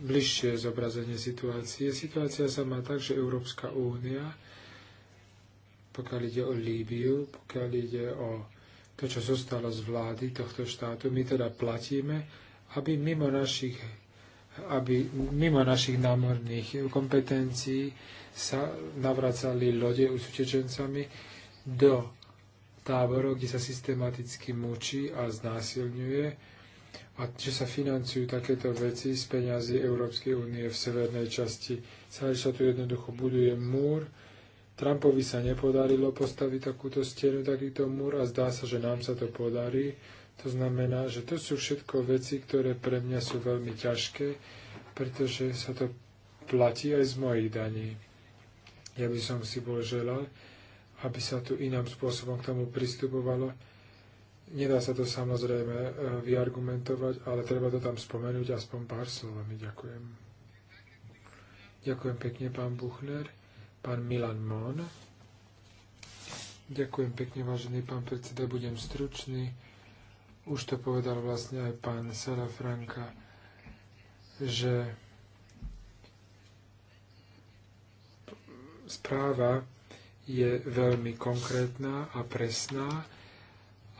bližšie zobrazenie situácie. Situácia sa má tak, že Európska únia, pokiaľ ide o Líbiu, pokiaľ ide o to, čo zostalo z vlády tohto štátu, my teda platíme, aby mimo našich aby mimo našich námorných kompetencií sa navracali lode s utečencami do táborov, kde sa systematicky mučí a znásilňuje a že sa financujú takéto veci z peňazí Európskej únie v severnej časti. Celý sa tu jednoducho buduje múr, Trumpovi sa nepodarilo postaviť takúto stenu, takýto múr a zdá sa, že nám sa to podarí. To znamená, že to sú všetko veci, ktoré pre mňa sú veľmi ťažké, pretože sa to platí aj z mojich daní. Ja by som si bol želal, aby sa tu iným spôsobom k tomu pristupovalo. Nedá sa to samozrejme eh, vyargumentovať, ale treba to tam spomenúť aspoň pár slovami. Ďakujem. Ďakujem pekne, pán Buchner. Pán Milan Mon. Ďakujem pekne, vážený pán predseda, budem stručný už to povedal vlastne aj pán Sara Franka, že správa je veľmi konkrétna a presná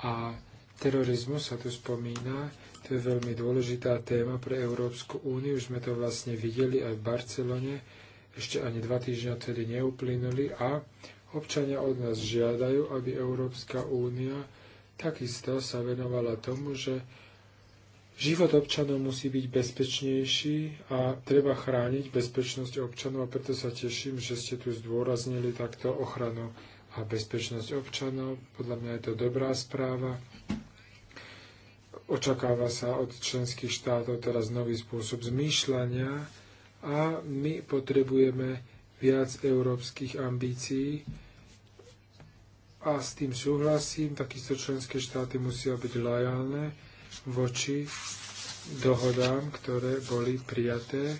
a terorizmus sa tu spomína, to je veľmi dôležitá téma pre Európsku úniu, už sme to vlastne videli aj v Barcelone, ešte ani dva týždňa tedy neuplynuli a občania od nás žiadajú, aby Európska únia takisto sa venovala tomu, že život občanov musí byť bezpečnejší a treba chrániť bezpečnosť občanov a preto sa teším, že ste tu zdôraznili takto ochranu a bezpečnosť občanov. Podľa mňa je to dobrá správa. Očakáva sa od členských štátov teraz nový spôsob zmýšľania a my potrebujeme viac európskych ambícií, a s tým súhlasím, takisto členské štáty musia byť lojálne voči dohodám, ktoré boli prijaté,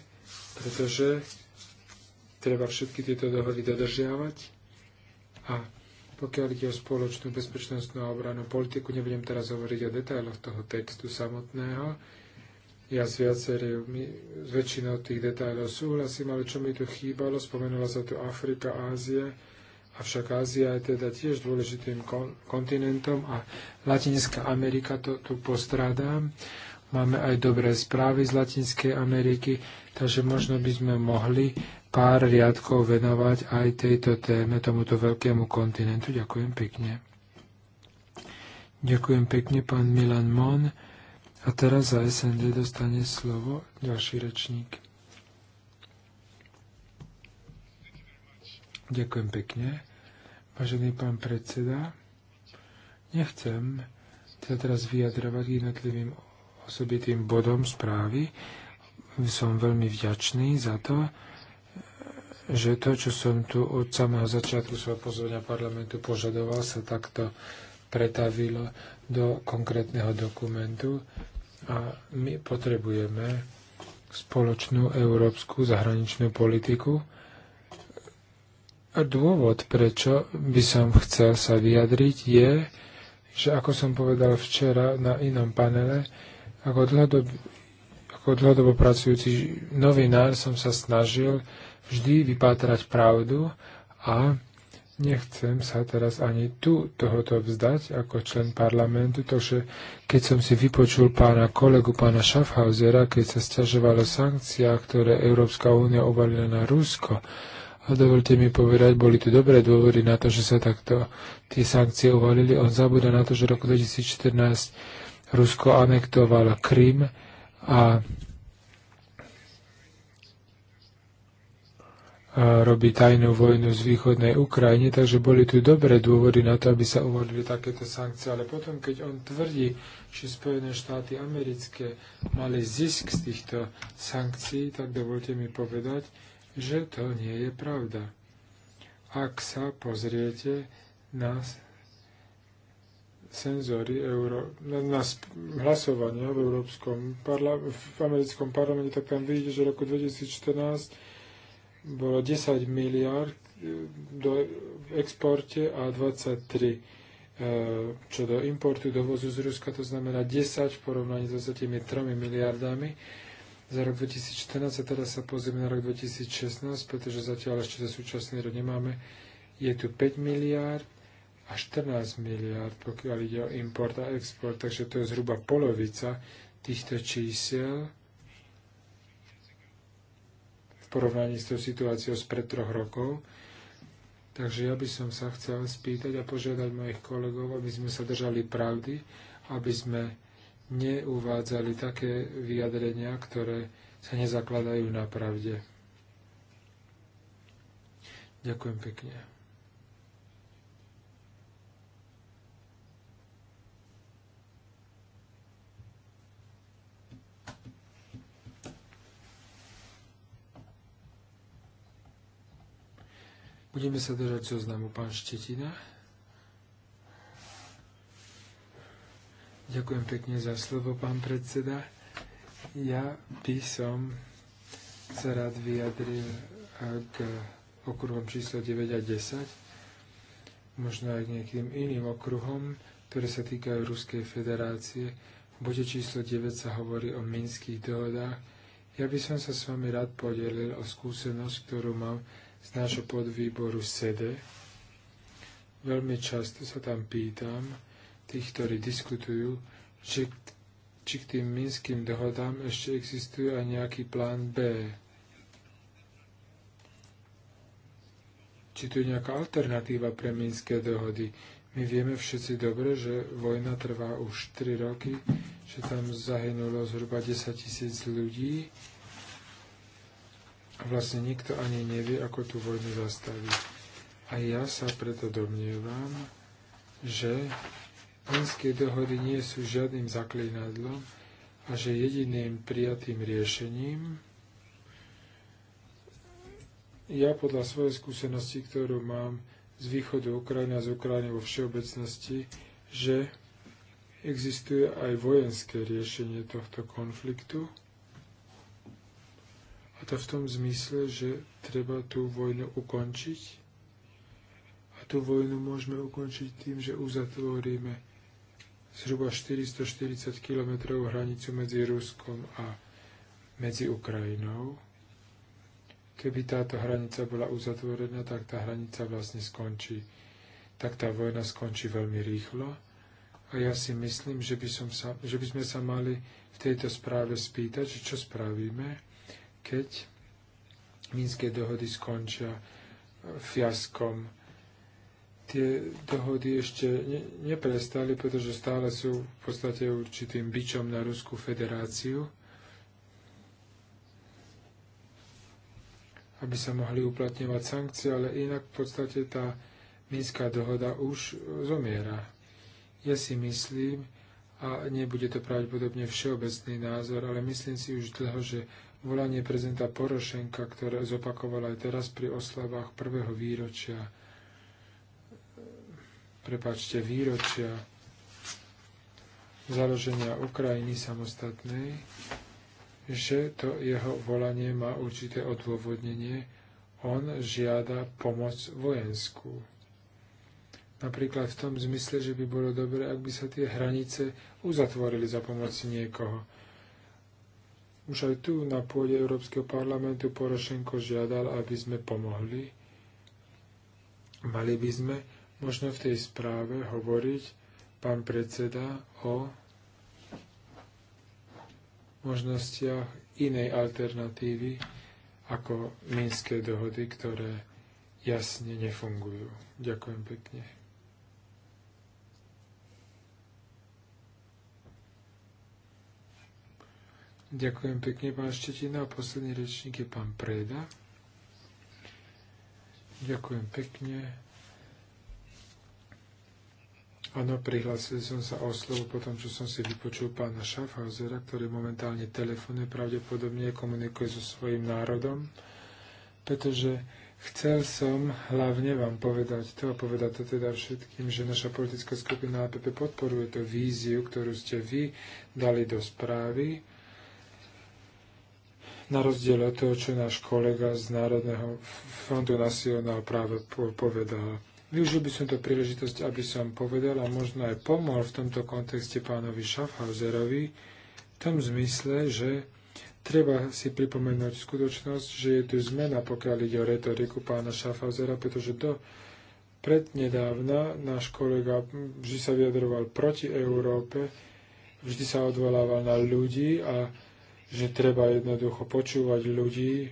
pretože treba všetky tieto dohody dodržiavať a pokiaľ ide o spoločnú bezpečnostnú a obranú politiku, nebudem teraz hovoriť o detailoch toho textu samotného. Ja s viacerými, s väčšinou tých detailov súhlasím, ale čo mi tu chýbalo, spomenula sa tu Afrika, Ázia, Avšak Ázia je teda tiež dôležitým kon- kontinentom a Latinská Amerika to tu postrádá. Máme aj dobré správy z Latinskej Ameriky, takže možno by sme mohli pár riadkov venovať aj tejto téme, tomuto veľkému kontinentu. Ďakujem pekne. Ďakujem pekne, pán Milan Mon. A teraz za SND dostane slovo ďalší rečník. Ďakujem pekne. Vážený pán predseda, nechcem sa teraz vyjadrovať jednotlivým osobitým bodom správy. Som veľmi vďačný za to, že to, čo som tu od samého začiatku svojho pozvania parlamentu požadoval, sa takto pretavilo do konkrétneho dokumentu a my potrebujeme spoločnú európsku zahraničnú politiku, dôvod, prečo by som chcel sa vyjadriť, je, že ako som povedal včera na inom panele, ako dlhodobo, ako dlhodobo pracujúci novinár som sa snažil vždy vypátrať pravdu a nechcem sa teraz ani tu tohoto vzdať ako člen parlamentu, takže keď som si vypočul pána kolegu, pána Schaffhausera, keď sa stiažovalo sankcia, ktoré Európska únia uvalila na Rusko, a dovolte mi povedať, boli tu dobré dôvody na to, že sa takto tie sankcie uvalili. On zabúda na to, že roku 2014 Rusko anektovalo Krym a robí tajnú vojnu z východnej Ukrajine, takže boli tu dobré dôvody na to, aby sa uvolili takéto sankcie. Ale potom, keď on tvrdí, že Spojené štáty americké mali zisk z týchto sankcií, tak dovolte mi povedať, že to nie je pravda. Ak sa pozriete na senzory euro, na, na hlasovania v, Európskom parla, v americkom parlamente, tak tam vidíte, že v roku 2014 bolo 10 miliard eh, do, v exporte a 23 eh, čo do importu, dovozu z Ruska, to znamená 10 v porovnaní s 23 miliardami za rok 2014 a teraz sa pozrieme na rok 2016, pretože zatiaľ ešte za súčasný rok nemáme. Je tu 5 miliárd a 14 miliárd, pokiaľ ide o import a export, takže to je zhruba polovica týchto čísel v porovnaní s tou situáciou spred troch rokov. Takže ja by som sa chcel spýtať a požiadať mojich kolegov, aby sme sa držali pravdy, aby sme neuvádzali také vyjadrenia, ktoré sa nezakladajú na pravde. Ďakujem pekne. Budeme sa držať zoznamu pán Štetina. Ďakujem pekne za slovo, pán predseda. Ja by som sa rád vyjadril k okruhom číslo 9 a 10, možno aj k nejakým iným okruhom, ktoré sa týkajú Ruskej federácie. V bode číslo 9 sa hovorí o minských dohodách. Ja by som sa s vami rád podelil o skúsenosť, ktorú mám z nášho podvýboru SEDE. Veľmi často sa tam pýtam, tých, ktorí diskutujú, že či k tým minským dohodám ešte existuje aj nejaký plán B. Či tu je nejaká alternatíva pre minské dohody. My vieme všetci dobre, že vojna trvá už 3 roky, že tam zahynulo zhruba 10 tisíc ľudí a vlastne nikto ani nevie, ako tú vojnu zastaviť. A ja sa preto domnievam, že Minské dohody nie sú žiadnym zaklinadlom a že jediným prijatým riešením ja podľa svojej skúsenosti, ktorú mám z východu Ukrajiny a z Ukrajiny vo všeobecnosti, že existuje aj vojenské riešenie tohto konfliktu. A to v tom zmysle, že treba tú vojnu ukončiť. A tú vojnu môžeme ukončiť tým, že uzatvoríme zhruba 440 km hranicu medzi Ruskom a medzi Ukrajinou. Keby táto hranica bola uzatvorená, tak tá hranica vlastne skončí, tak tá vojna skončí veľmi rýchlo. A ja si myslím, že by, som sa, že by sme sa mali v tejto správe spýtať, že čo spravíme, keď Minské dohody skončia fiaskom tie dohody ešte ne, neprestali, pretože stále sú v podstate určitým bičom na Ruskú federáciu, aby sa mohli uplatňovať sankcie, ale inak v podstate tá Minská dohoda už zomiera. Ja si myslím, a nebude to pravdepodobne všeobecný názor, ale myslím si už dlho, že volanie prezidenta Porošenka, ktoré zopakoval aj teraz pri oslavách prvého výročia prepáčte, výročia založenia Ukrajiny samostatnej, že to jeho volanie má určité odôvodnenie. On žiada pomoc vojenskú. Napríklad v tom zmysle, že by bolo dobré, ak by sa tie hranice uzatvorili za pomoci niekoho. Už aj tu na pôde Európskeho parlamentu Porošenko žiadal, aby sme pomohli. Mali by sme Možno v tej správe hovoriť pán predseda o možnostiach inej alternatívy ako minské dohody, ktoré jasne nefungujú. Ďakujem pekne. Ďakujem pekne, pán Štetina. A posledný rečník je pán Preda. Ďakujem pekne. Áno, prihlásil som sa o slovo po tom, čo som si vypočul pána Schaffhausera, ktorý momentálne telefonuje, pravdepodobne komunikuje so svojím národom, pretože chcel som hlavne vám povedať to a povedať to teda všetkým, že naša politická skupina APP podporuje tú víziu, ktorú ste vy dali do správy, na rozdiel od toho, čo náš kolega z Národného fondu nasilného práve povedal Využil by som to príležitosť, aby som povedal a možno aj pomohol v tomto kontexte pánovi Schaffhauserovi v tom zmysle, že treba si pripomenúť skutočnosť, že je tu zmena, pokiaľ ide o retoriku pána Schaffhausera, pretože do prednedávna náš kolega vždy sa vyjadroval proti Európe, vždy sa odvolával na ľudí a že treba jednoducho počúvať ľudí,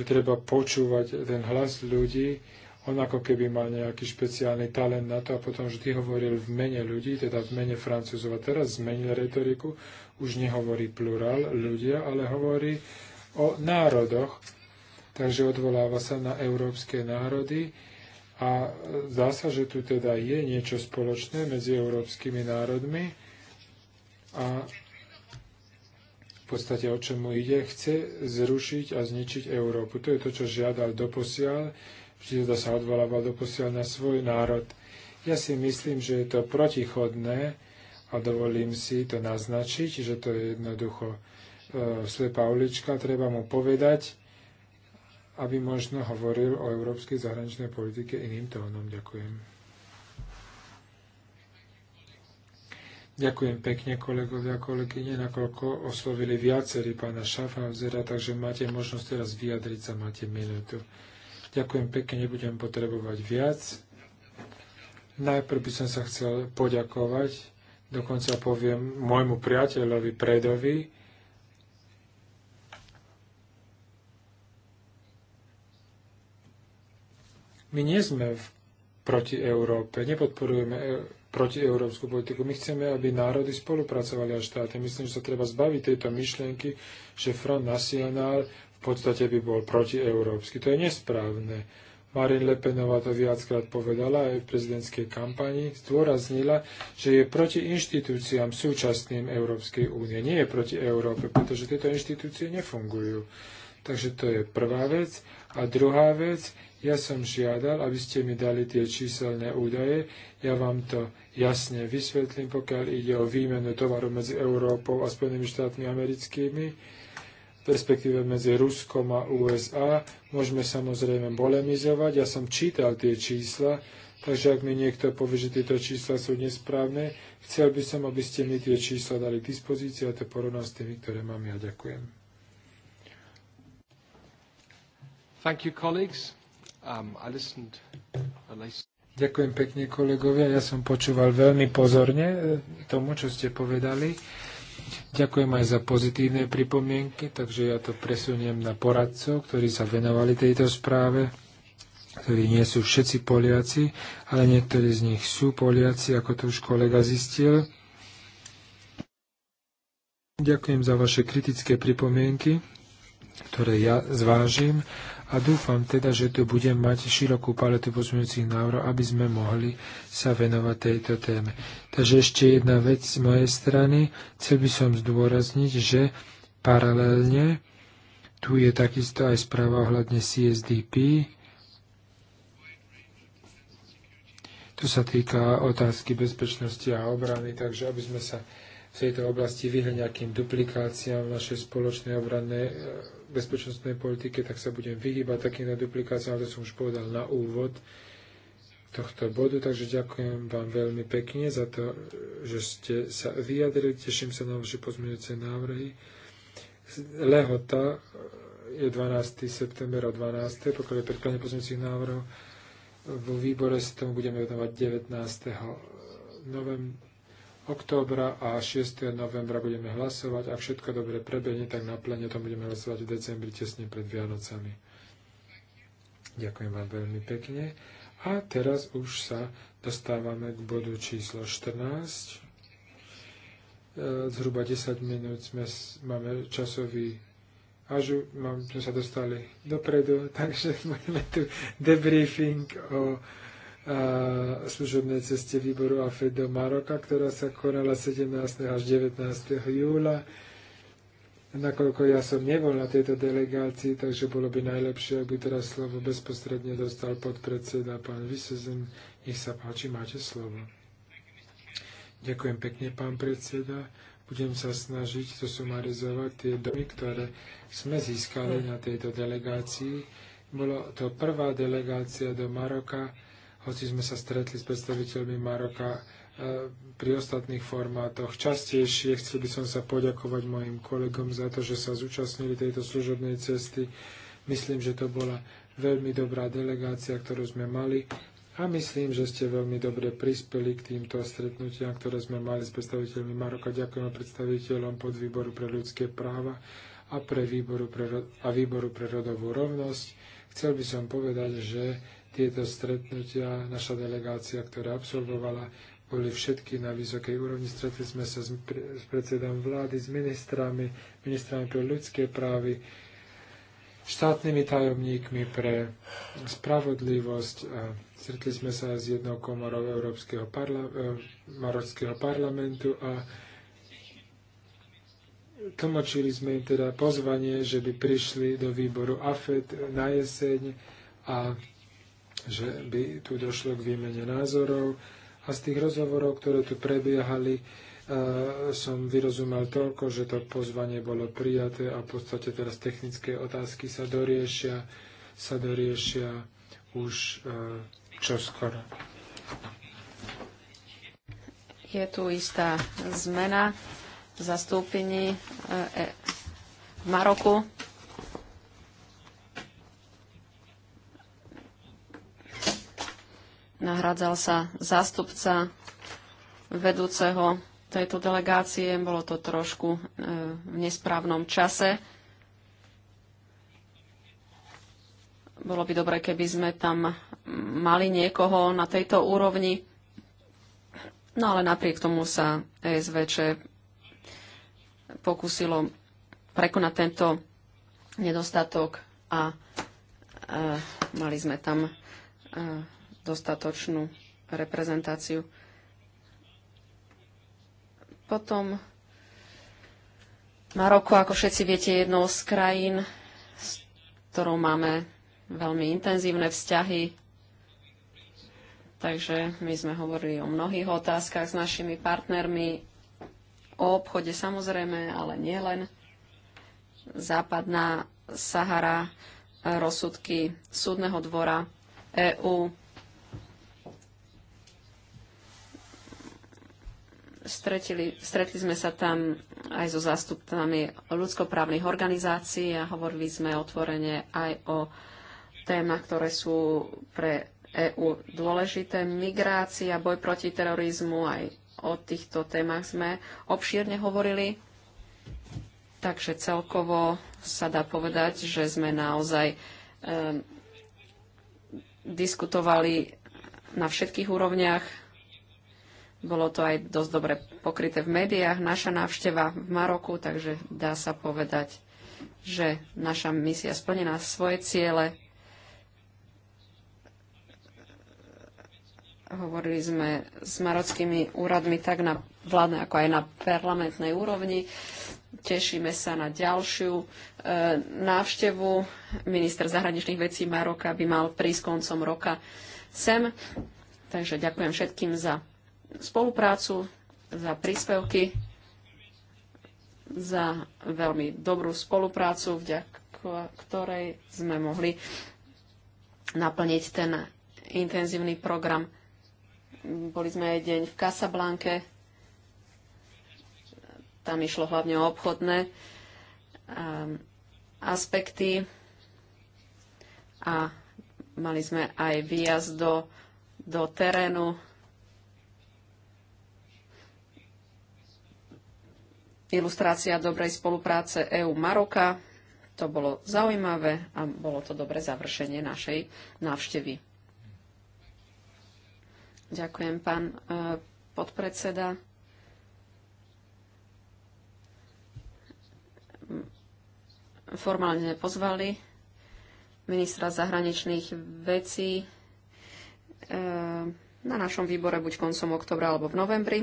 že treba počúvať ten hlas ľudí on ako keby mal nejaký špeciálny talent na to a potom vždy hovoril v mene ľudí, teda v mene Francúzov. A teraz zmenil retoriku, už nehovorí plurál ľudia, ale hovorí o národoch. Takže odvoláva sa na európske národy a zdá sa, že tu teda je niečo spoločné medzi európskymi národmi a v podstate o mu ide, chce zrušiť a zničiť Európu. To je to, čo žiadal doposiaľ Žido sa odvolával doposiaľ na svoj národ. Ja si myslím, že je to protichodné a dovolím si to naznačiť, že to je jednoducho e, slepá ulička, treba mu povedať, aby možno hovoril o európskej zahraničnej politike iným tónom. Ďakujem. Ďakujem pekne kolegovia a kolegyne, nakoľko oslovili viacerí pána Schaffhausera, takže máte možnosť teraz vyjadriť sa, máte minútu. Ďakujem pekne, nebudem potrebovať viac. Najprv by som sa chcel poďakovať, dokonca poviem môjmu priateľovi Predovi, My nie sme v proti Európe, nepodporujeme e proti európsku politiku. My chceme, aby národy spolupracovali a štáty. Myslím, že sa treba zbaviť tejto myšlienky, že Front National v podstate by bol protieurópsky. To je nesprávne. Marine Le Penová to viackrát povedala aj v prezidentskej kampani, zdôraznila, že je proti inštitúciám súčasným Európskej únie, nie je proti Európe, pretože tieto inštitúcie nefungujú. Takže to je prvá vec. A druhá vec, ja som žiadal, aby ste mi dali tie číselné údaje, ja vám to jasne vysvetlím, pokiaľ ide o výmenu tovaru medzi Európou a Spojenými štátmi americkými perspektíve medzi Ruskom a USA. Môžeme samozrejme polemizovať. Ja som čítal tie čísla, takže ak mi niekto povie, že tieto čísla sú nesprávne, chcel by som, aby ste mi tie čísla dali k dispozícii a to porovnám s tými, ktoré mám ja. Ďakujem. Thank you, colleagues. Um, I listened... Ďakujem pekne, kolegovia. Ja som počúval veľmi pozorne eh, tomu, čo ste povedali. Ďakujem aj za pozitívne pripomienky, takže ja to presuniem na poradcov, ktorí sa venovali tejto správe, ktorí nie sú všetci Poliaci, ale niektorí z nich sú Poliaci, ako to už kolega zistil. Ďakujem za vaše kritické pripomienky, ktoré ja zvážim a dúfam teda, že tu budem mať širokú paletu pozmeňujúcich návrhov, aby sme mohli sa venovať tejto téme. Takže ešte jedna vec z mojej strany. Chcel by som zdôrazniť, že paralelne tu je takisto aj správa ohľadne CSDP, Tu sa týka otázky bezpečnosti a obrany, takže aby sme sa v tejto oblasti vyhli nejakým duplikáciám našej spoločnej obrannej bezpečnostnej politike, tak sa budem vyhybať takýmto duplikáciám, ale to som už povedal na úvod tohto bodu, takže ďakujem vám veľmi pekne za to, že ste sa vyjadrili, teším sa na vaše pozmeňujúce návrhy. Lehota je 12. september o 12. pokiaľ je predkladne pozmeňujúcich návrhov. Vo výbore sa tomu budeme venovať 19. novembra októbra a 6. novembra budeme hlasovať. Ak všetko dobre prebehne, tak na plene to budeme hlasovať v decembri, tesne pred Vianocami. Ďakujem vám veľmi pekne. A teraz už sa dostávame k bodu číslo 14. E, zhruba 10 minút sme, máme časový až sme sa dostali dopredu, takže máme tu debriefing o služobnej ceste výboru AFED do Maroka, ktorá sa konala 17. až 19. júla. Nakoľko ja som nebol na tejto delegácii, takže bolo by najlepšie, ak by teraz slovo bezprostredne dostal podpredseda pán Vysezen. Nech sa páči, máte slovo. Ďakujem pekne, pán predseda. Budem sa snažiť to sumarizovať tie domy, ktoré sme získali na tejto delegácii. Bolo to prvá delegácia do Maroka, hoci sme sa stretli s predstaviteľmi Maroka e, pri ostatných formátoch. Častejšie chcel by som sa poďakovať mojim kolegom za to, že sa zúčastnili tejto služobnej cesty. Myslím, že to bola veľmi dobrá delegácia, ktorú sme mali a myslím, že ste veľmi dobre prispeli k týmto stretnutiam, ktoré sme mali s predstaviteľmi Maroka. Ďakujem predstaviteľom podvýboru pre ľudské práva a, pre výboru pre, a výboru pre rodovú rovnosť. Chcel by som povedať, že tieto stretnutia, naša delegácia, ktorá absolvovala, boli všetky na vysokej úrovni. Stretli sme sa s, pre, s predsedom vlády, s ministrami, ministrami pre ľudské právy, štátnymi tajomníkmi pre spravodlivosť. Stretli sme sa s jednou komorou Európskeho parla- e, Marockého parlamentu a tlmočili sme im teda pozvanie, že by prišli do výboru AFED na jeseň a že by tu došlo k výmene názorov a z tých rozhovorov, ktoré tu prebiehali, e, som vyrozumel toľko, že to pozvanie bolo prijaté a v podstate teraz technické otázky sa doriešia, sa doriešia už e, čoskoro. Je tu istá zmena v zastúpení e, v Maroku nahradzal sa zástupca vedúceho tejto delegácie. Bolo to trošku e, v nesprávnom čase. Bolo by dobre, keby sme tam mali niekoho na tejto úrovni. No ale napriek tomu sa ESVČ pokúsilo prekonať tento nedostatok a e, mali sme tam e, dostatočnú reprezentáciu. Potom Maroko, ako všetci viete, je jednou z krajín, s ktorou máme veľmi intenzívne vzťahy. Takže my sme hovorili o mnohých otázkach s našimi partnermi, o obchode samozrejme, ale nielen. Západná Sahara, rozsudky súdneho dvora EÚ stretili, stretli sme sa tam aj so zástupcami ľudskoprávnych organizácií a hovorili sme otvorene aj o témach, ktoré sú pre EÚ dôležité. Migrácia, boj proti terorizmu, aj o týchto témach sme obšírne hovorili. Takže celkovo sa dá povedať, že sme naozaj um, diskutovali na všetkých úrovniach bolo to aj dosť dobre pokryté v médiách, naša návšteva v Maroku, takže dá sa povedať, že naša misia splnená svoje ciele. Hovorili sme s marockými úradmi tak na vládnej, ako aj na parlamentnej úrovni. Tešíme sa na ďalšiu e, návštevu. Minister zahraničných vecí Maroka by mal prísť koncom roka sem. Takže ďakujem všetkým za spoluprácu, za príspevky, za veľmi dobrú spoluprácu, vďaka ktorej sme mohli naplniť ten intenzívny program. Boli sme aj deň v Casablanke. Tam išlo hlavne o obchodné ehm, aspekty a mali sme aj výjazd do, do terénu ilustrácia dobrej spolupráce EU-Maroka. To bolo zaujímavé a bolo to dobré završenie našej návštevy. Ďakujem, pán e, podpredseda. Formálne pozvali ministra zahraničných vecí e, na našom výbore buď koncom oktobra alebo v novembri.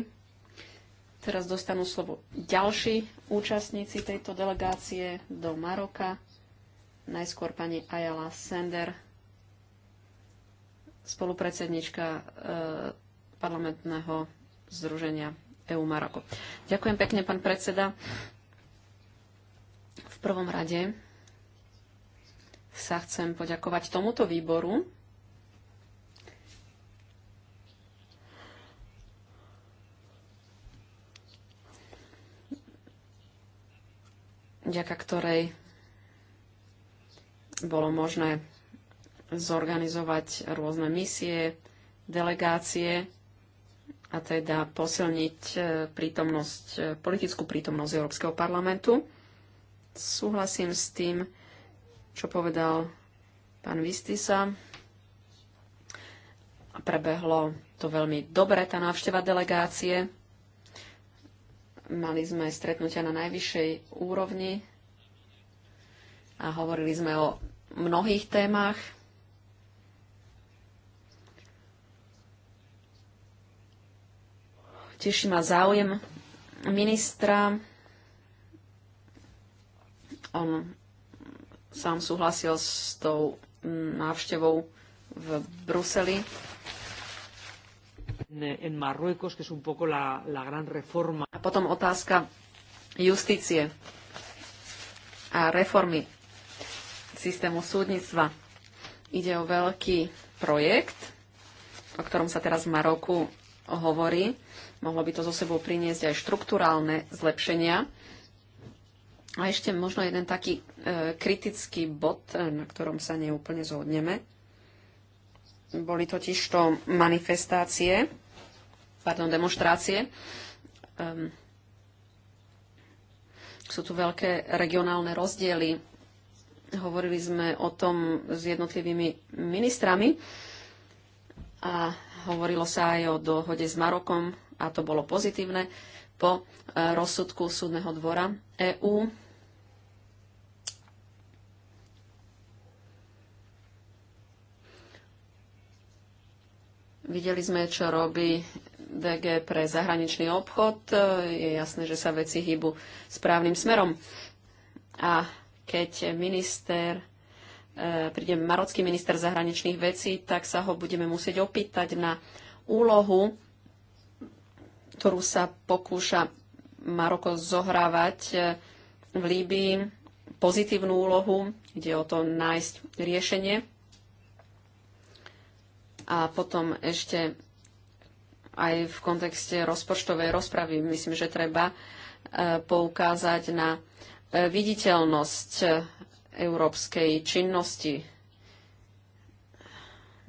Teraz dostanú slovo ďalší účastníci tejto delegácie do Maroka. Najskôr pani Ayala Sender, spolupredsednička e, parlamentného združenia EU Maroko. Ďakujem pekne, pán predseda. V prvom rade sa chcem poďakovať tomuto výboru vďaka ktorej bolo možné zorganizovať rôzne misie, delegácie a teda posilniť e, prítomnosť, e, politickú prítomnosť Európskeho parlamentu. Súhlasím s tým, čo povedal pán Vistisa. Prebehlo to veľmi dobre, tá návšteva delegácie. Mali sme stretnutia na najvyššej úrovni a hovorili sme o mnohých témach. Teší ma záujem ministra. On sám súhlasil s tou návštevou v Bruseli. A potom otázka justície a reformy systému súdnictva. Ide o veľký projekt, o ktorom sa teraz v Maroku hovorí. Mohlo by to zo sebou priniesť aj štruktúrálne zlepšenia. A ešte možno jeden taký e, kritický bod, na ktorom sa neúplne zhodneme. Boli totiž to manifestácie, pardon, demonstrácie. Um, sú tu veľké regionálne rozdiely. Hovorili sme o tom s jednotlivými ministrami a hovorilo sa aj o dohode s Marokom a to bolo pozitívne po eh, rozsudku súdneho dvora EÚ Videli sme, čo robí DG pre zahraničný obchod. Je jasné, že sa veci hýbu správnym smerom. A keď minister e, príde marocký minister zahraničných vecí, tak sa ho budeme musieť opýtať na úlohu, ktorú sa pokúša Maroko zohrávať e, v Líbii, pozitívnu úlohu, ide o to nájsť riešenie. A potom ešte aj v kontexte rozpočtovej rozpravy myslím, že treba e, poukázať na e, viditeľnosť e, európskej činnosti.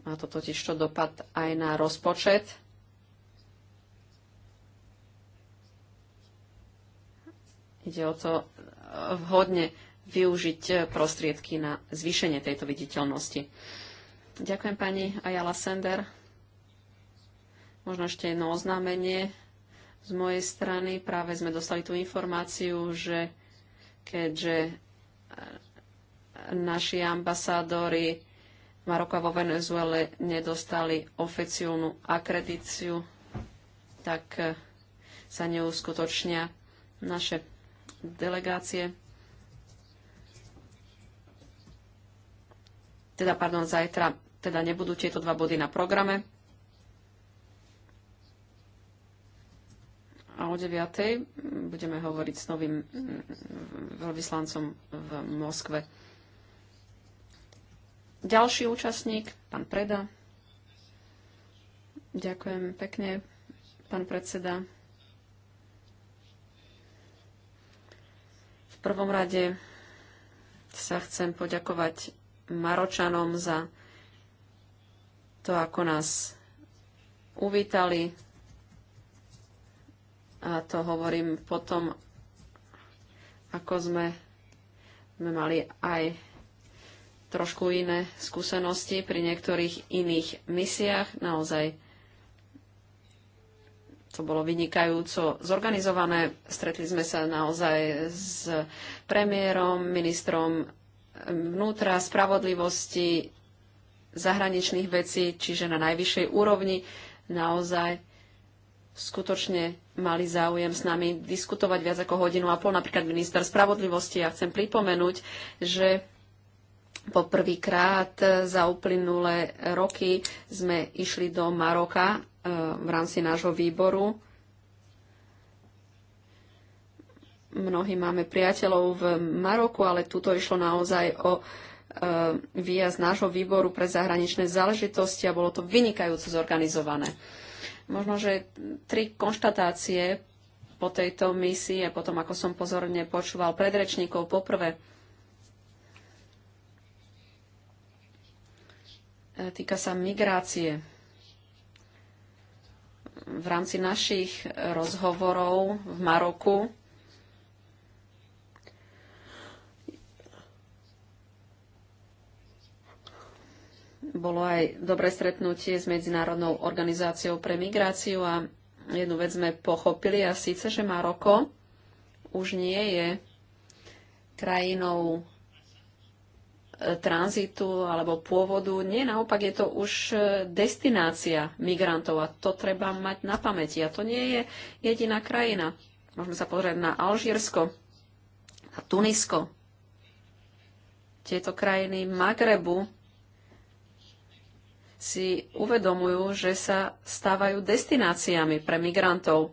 Má to totiž to dopad aj na rozpočet. Ide o to vhodne využiť prostriedky na zvýšenie tejto viditeľnosti. Ďakujem pani Ajala Sender. Možno ešte jedno oznámenie z mojej strany. Práve sme dostali tú informáciu, že keďže naši ambasádori Maroka vo Venezuele nedostali oficiálnu akredíciu, tak eh, sa neuskutočnia naše delegácie. Teda, pardon, zajtra teda nebudú tieto dva body na programe. A o 9. budeme hovoriť s novým veľvyslancom v Moskve. Ďalší účastník, pán Preda. Ďakujem pekne, pán predseda. V prvom rade sa chcem poďakovať Maročanom za to, ako nás uvítali. A to hovorím potom, ako sme, sme mali aj trošku iné skúsenosti pri niektorých iných misiách. Naozaj to bolo vynikajúco zorganizované. Stretli sme sa naozaj s premiérom, ministrom vnútra, spravodlivosti, zahraničných vecí, čiže na najvyššej úrovni, naozaj skutočne mali záujem s nami diskutovať viac ako hodinu a pol, napríklad minister spravodlivosti. Ja chcem pripomenúť, že poprvýkrát za uplynulé roky sme išli do Maroka e, v rámci nášho výboru. Mnohí máme priateľov v Maroku, ale tuto išlo naozaj o E, výjazd nášho výboru pre zahraničné záležitosti a bolo to vynikajúco zorganizované. Možno, že tri konštatácie po tejto misii a potom, ako som pozorne počúval predrečníkov poprvé. E, týka sa migrácie. V rámci našich rozhovorov v Maroku Bolo aj dobré stretnutie s Medzinárodnou organizáciou pre migráciu a jednu vec sme pochopili a síce, že Maroko už nie je krajinou e, tranzitu alebo pôvodu. Nie, naopak je to už e, destinácia migrantov a to treba mať na pamäti. A to nie je jediná krajina. Môžeme sa pozrieť na Alžírsko, na Tunisko, tieto krajiny Magrebu si uvedomujú, že sa stávajú destináciami pre migrantov.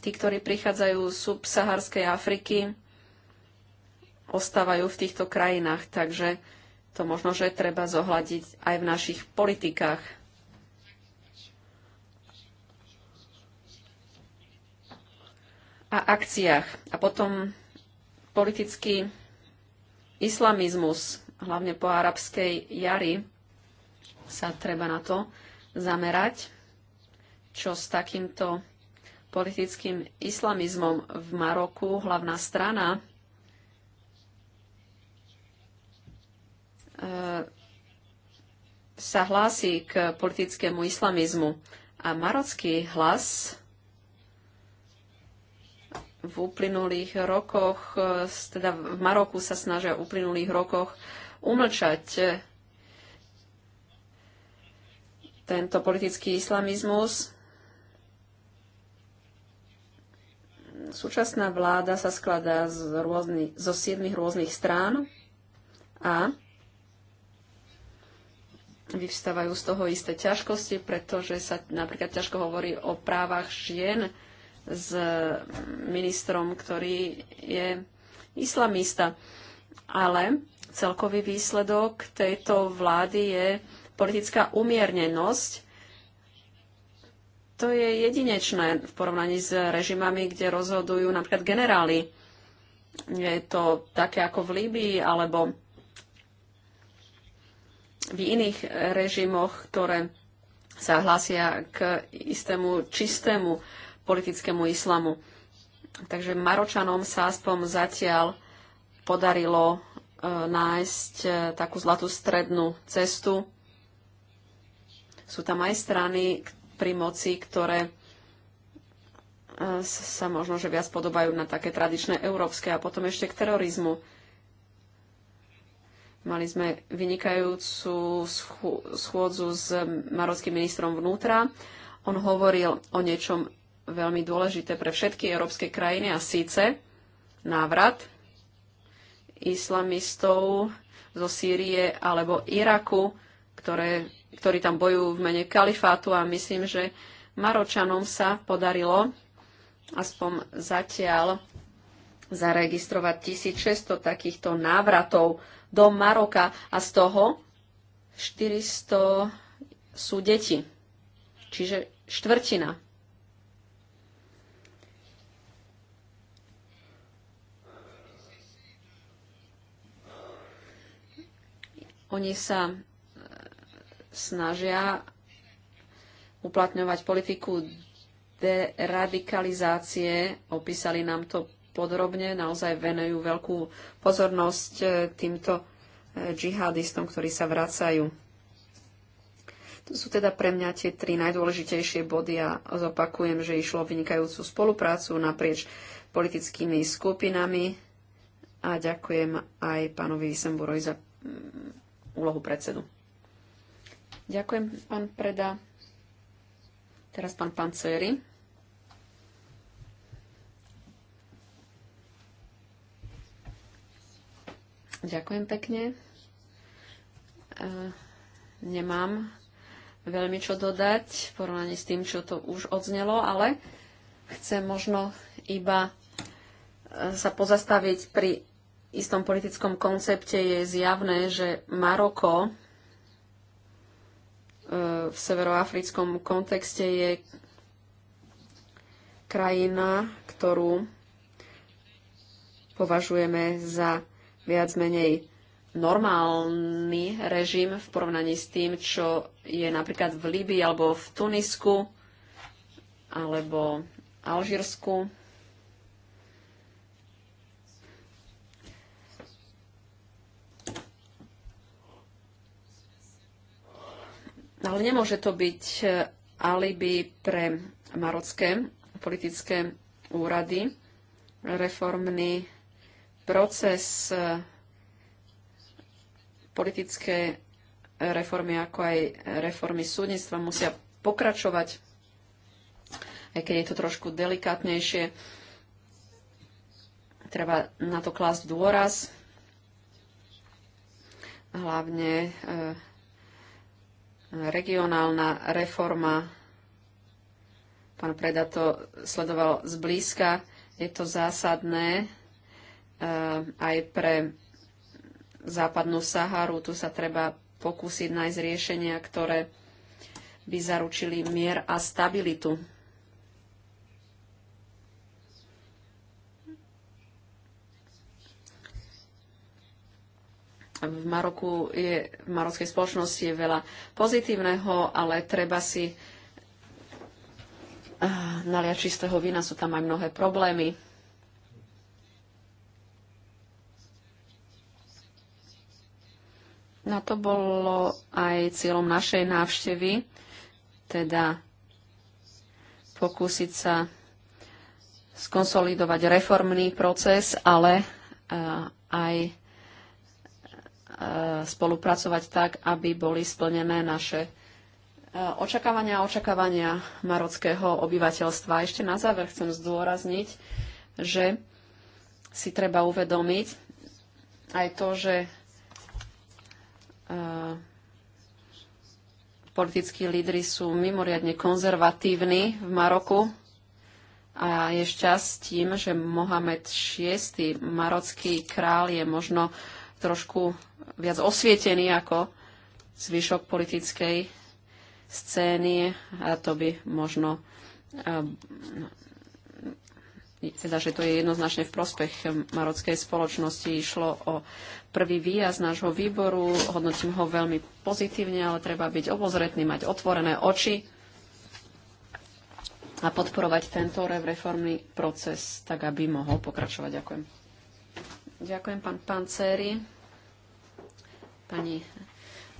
Tí, ktorí prichádzajú z subsaharskej Afriky, ostávajú v týchto krajinách, takže to možno, že treba zohľadiť aj v našich politikách. a akciách. A potom politický islamizmus hlavne po arabskej jari, sa treba na to zamerať, čo s takýmto politickým islamizmom v Maroku hlavná strana e, sa hlási k politickému islamizmu. A marocký hlas v uplynulých rokoch, e, teda v Maroku sa snažia v uplynulých rokoch umlčať eh, tento politický islamizmus. Súčasná vláda sa skladá z rôzny, zo siedmých rôznych strán a vyvstávajú z toho isté ťažkosti, pretože sa napríklad ťažko hovorí o právach žien s ministrom, ktorý je islamista. Ale Celkový výsledok tejto vlády je politická umiernenosť. To je jedinečné v porovnaní s režimami, kde rozhodujú napríklad generáli. Je to také ako v Líbii alebo v iných režimoch, ktoré sa hlásia k istému čistému politickému islamu. Takže Maročanom sa aspoň zatiaľ podarilo nájsť e, takú zlatú strednú cestu. Sú tam aj strany pri moci, ktoré e, sa možno, že viac podobajú na také tradičné európske a potom ešte k terorizmu. Mali sme vynikajúcu schôdzu s marockým ministrom vnútra. On hovoril o niečom veľmi dôležité pre všetky európske krajiny a síce návrat islamistov zo Sýrie alebo Iraku, ktoré, ktorí tam bojujú v mene kalifátu a myslím, že Maročanom sa podarilo aspoň zatiaľ zaregistrovať 1600 takýchto návratov do Maroka a z toho 400 sú deti, čiže štvrtina Oni sa e, snažia uplatňovať politiku deradikalizácie. Opísali nám to podrobne, naozaj venujú veľkú pozornosť e, týmto e, džihadistom, ktorí sa vracajú. To sú teda pre mňa tie tri najdôležitejšie body a zopakujem, že išlo vynikajúcu spoluprácu naprieč politickými skupinami a ďakujem aj pánovi Semburovi za mm, úlohu predsedu. Ďakujem, pán Preda. Teraz pán Pancéry. Ďakujem pekne. E, nemám veľmi čo dodať v porovnaní s tým, čo to už odznelo, ale chcem možno iba e, sa pozastaviť pri istom politickom koncepte je zjavné, že Maroko e, v severoafrickom kontexte je krajina, ktorú považujeme za viac menej normálny režim v porovnaní s tým, čo je napríklad v Líbii alebo v Tunisku alebo Alžírsku. Ale nemôže to byť e, alibi pre marocké politické úrady. Reformný proces e, politické reformy, ako aj reformy súdnictva musia pokračovať, aj keď je to trošku delikátnejšie. Treba na to klásť dôraz, hlavne e, regionálna reforma. Pán Preda to sledoval zblízka. Je to zásadné eh, aj pre západnú Saharu. Tu sa treba pokúsiť nájsť riešenia, ktoré by zaručili mier a stabilitu. v Maroku je, v marockej spoločnosti je veľa pozitívneho, ale treba si eh, naliať čistého vína, sú tam aj mnohé problémy. Na no to bolo aj cieľom našej návštevy, teda pokúsiť sa skonsolidovať reformný proces, ale eh, aj Eh, spolupracovať tak, aby boli splnené naše eh, očakávania a očakávania marockého obyvateľstva. Ešte na záver chcem zdôrazniť, že si treba uvedomiť aj to, že eh, politickí lídry sú mimoriadne konzervatívni v Maroku a je šťastím, že Mohamed VI, marocký král, je možno trošku viac osvietený ako zvyšok politickej scény a to by možno eh, teda, že to je jednoznačne v prospech marockej spoločnosti. Išlo o prvý výjazd nášho výboru, hodnotím ho veľmi pozitívne, ale treba byť obozretný, mať otvorené oči a podporovať tento reformný proces, tak aby mohol pokračovať. Ďakujem. Ďakujem pán Pancéry, pani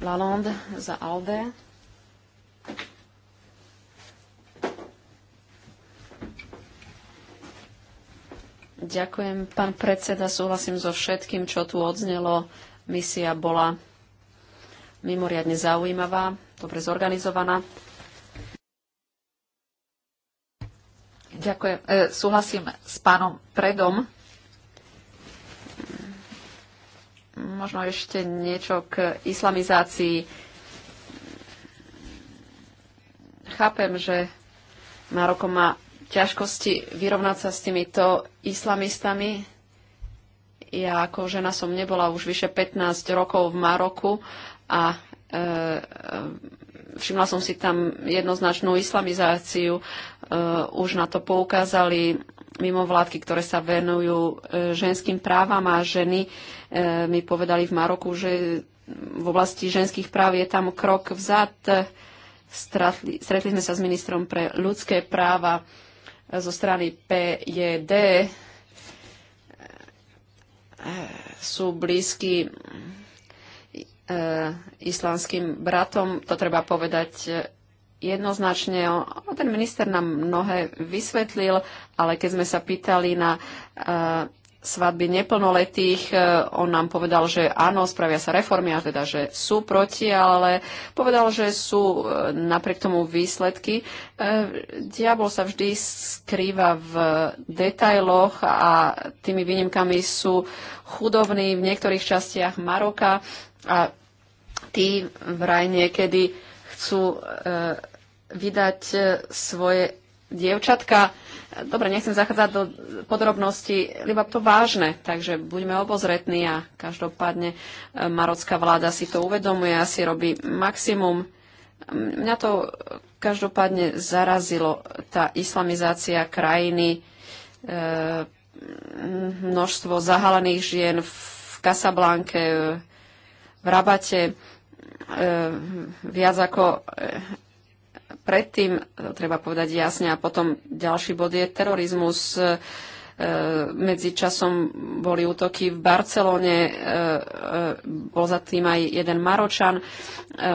Lalonde za Alde. Ďakujem, pán predseda. Súhlasím so všetkým, čo tu odznelo. Misia bola mimoriadne zaujímavá, dobre zorganizovaná. Ďakujem. E, súhlasím s pánom Predom, Možno ešte niečo k islamizácii. Chápem, že Maroko má ťažkosti vyrovnať sa s týmito islamistami. Ja ako žena som nebola už vyše 15 rokov v Maroku a e, e, všimla som si tam jednoznačnú islamizáciu. E, už na to poukázali mimovládky, ktoré sa venujú e, ženským právam a ženy e, mi povedali v Maroku, že v oblasti ženských práv je tam krok vzad. Stratli, stretli sme sa s ministrom pre ľudské práva e, zo strany PJD. Sú blízky islandským bratom. To treba povedať jednoznačne. Ten minister nám mnohé vysvetlil, ale keď sme sa pýtali na e, svadby neplnoletých. E, on nám povedal, že áno, spravia sa reformy, a teda, že sú proti, ale povedal, že sú e, napriek tomu výsledky. Diabol sa vždy skrýva v detailoch a tými výnimkami sú chudobní v niektorých častiach Maroka a tí vraj niekedy chcú e, vydať e, svoje dievčatka. Dobre, nechcem zachádzať do podrobností, iba to vážne, takže buďme obozretní a každopádne e, marocká vláda si to uvedomuje a si robí maximum. Mňa to každopádne zarazilo tá islamizácia krajiny, e, množstvo zahalených žien v Kasablánke, v Rabate. E, viac ako e, predtým, to treba povedať jasne, a potom ďalší bod je terorizmus. E, medzi časom boli útoky v Barcelone, bol za tým aj jeden Maročan.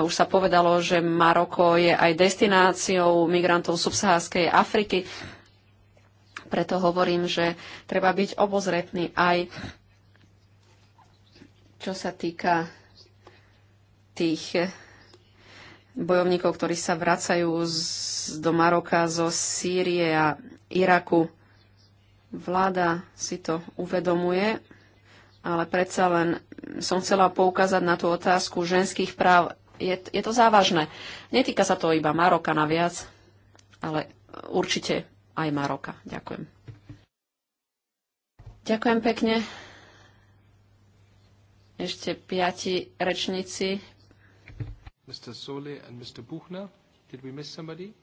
Už sa povedalo, že Maroko je aj destináciou migrantov subsahárskej Afriky. Preto hovorím, že treba byť obozretný aj čo sa týka tých eh, bojovníkov, ktorí sa vracajú z, do Maroka, zo Sýrie a Iraku. Vláda si to uvedomuje, ale predsa len som chcela poukázať na tú otázku ženských práv. Je, je to závažné. Netýka sa to iba Maroka naviac, ale určite aj Maroka. Ďakujem. Ďakujem pekne. Ešte piati rečníci, Mr. Sole and Mr. Buchner. Did we miss somebody?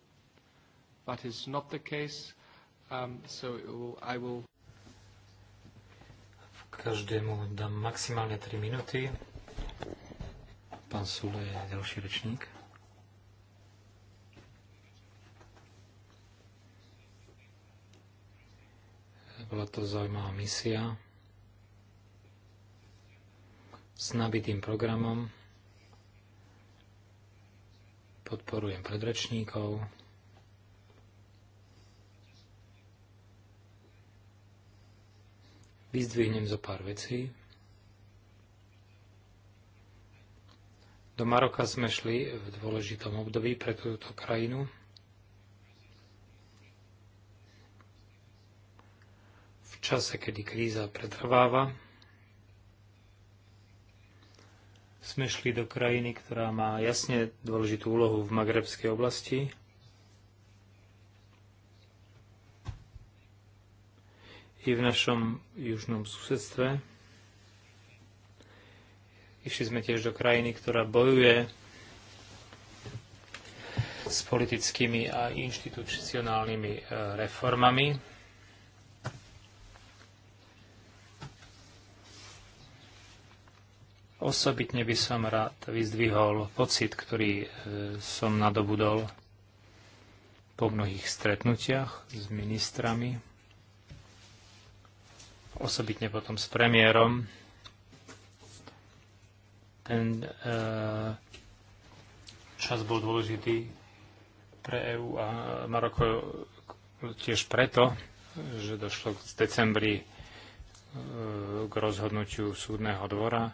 That is not the case. Um, so will, I will... Každému dám maximálne 3 minúty. Pán Sule je ďalší rečník. Bola to zaujímavá misia s nabitým programom podporujem predrečníkov. Vyzdvihnem zo pár vecí. Do Maroka sme šli v dôležitom období pre túto krajinu. V čase, kedy kríza pretrváva, sme šli do krajiny, ktorá má jasne dôležitú úlohu v magrebskej oblasti. I v našom južnom susedstve. Išli sme tiež do krajiny, ktorá bojuje s politickými a inštitucionálnymi e, reformami Osobitne by som rád vyzdvihol pocit, ktorý e, som nadobudol po mnohých stretnutiach s ministrami, osobitne potom s premiérom. Ten e, čas bol dôležitý pre EÚ a Maroko tiež preto, že došlo v decembri e, k rozhodnutiu súdneho dvora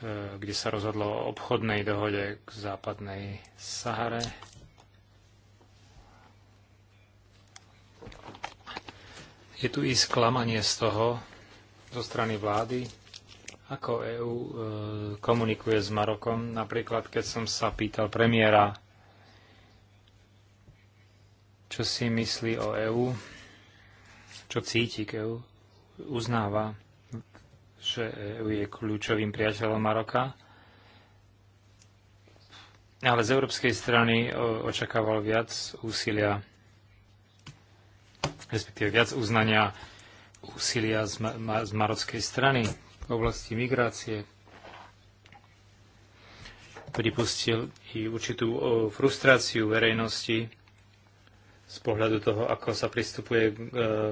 Eh, kde sa rozhodlo o obchodnej dohode k západnej Sahare. Je tu i sklamanie z toho, zo strany vlády, ako EÚ eh, komunikuje s Marokom. Napríklad, keď som sa pýtal premiéra, čo si myslí o EÚ, čo cíti k EÚ, uznáva, že EU je kľúčovým priateľom Maroka. Ale z európskej strany očakával viac úsilia, respektíve viac uznania úsilia z, ma- z marockej strany v oblasti migrácie. Pripustil i určitú frustráciu verejnosti z pohľadu toho, ako sa pristupuje e,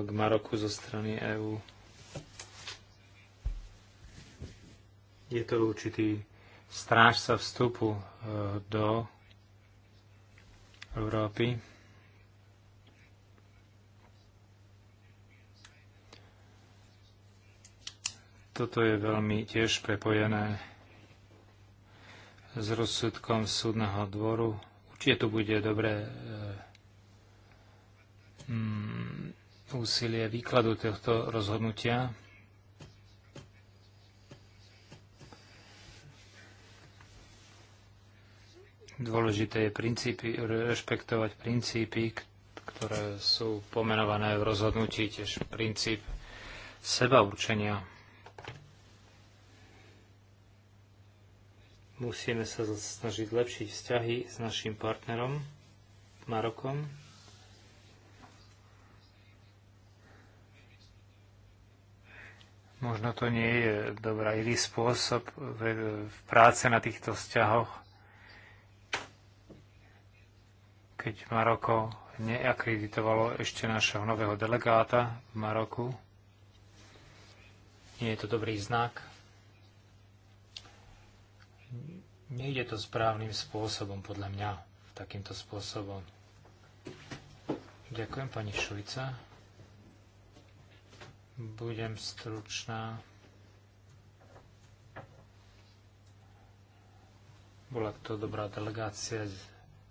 k Maroku zo strany EÚ. Je to určitý strážca vstupu e, do Európy. Toto je veľmi tiež prepojené s rozsudkom súdneho dvoru. Určite tu bude dobré e, mm, úsilie výkladu tohto rozhodnutia. Dôležité je princípy, rešpektovať princípy, ktoré sú pomenované v rozhodnutí, tiež princíp seba učenia. Musíme sa snažiť lepšiť vzťahy s našim partnerom Marokom. Možno to nie je dobrý spôsob v, v práce na týchto vzťahoch, keď Maroko neakreditovalo ešte našeho nového delegáta v Maroku. Nie je to dobrý znak. Nejde to správnym spôsobom, podľa mňa, takýmto spôsobom. Ďakujem, pani Šujca. Budem stručná. Bola to dobrá delegácia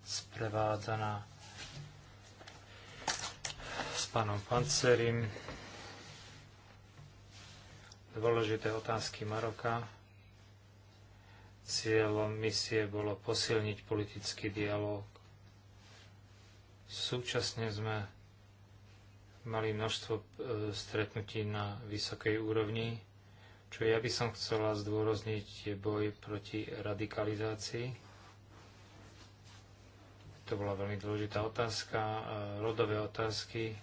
sprevádzaná s pánom Pancerim. Dôležité otázky Maroka. Cieľom misie bolo posilniť politický dialog. Súčasne sme mali množstvo e, stretnutí na vysokej úrovni. Čo ja by som chcela zdôrazniť je boj proti radikalizácii to bola veľmi dôležitá otázka, e, rodové otázky.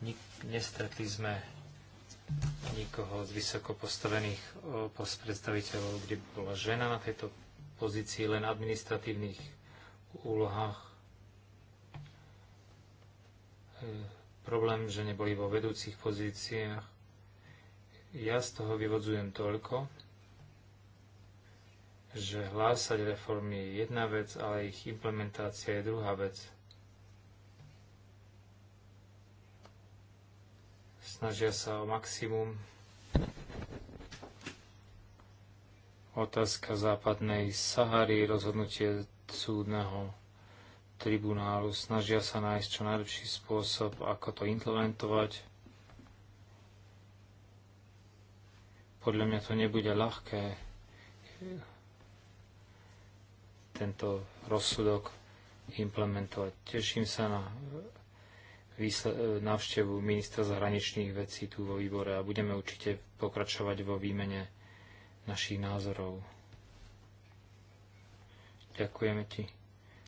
Nik- nestretli sme nikoho z vysoko postavených predstaviteľov, kde bola žena na tejto pozícii, len administratívnych úlohách. E, problém, že neboli vo vedúcich pozíciách. Ja z toho vyvodzujem toľko, že hlásať reformy je jedna vec, ale ich implementácia je druhá vec. Snažia sa o maximum. Otázka západnej Sahary, rozhodnutie súdneho tribunálu. Snažia sa nájsť čo najlepší spôsob, ako to implementovať. Podľa mňa to nebude ľahké tento rozsudok implementovať. Teším sa na e, e, návštevu ministra zahraničných vecí tu vo výbore a budeme určite pokračovať vo výmene našich názorov. Ďakujeme ti.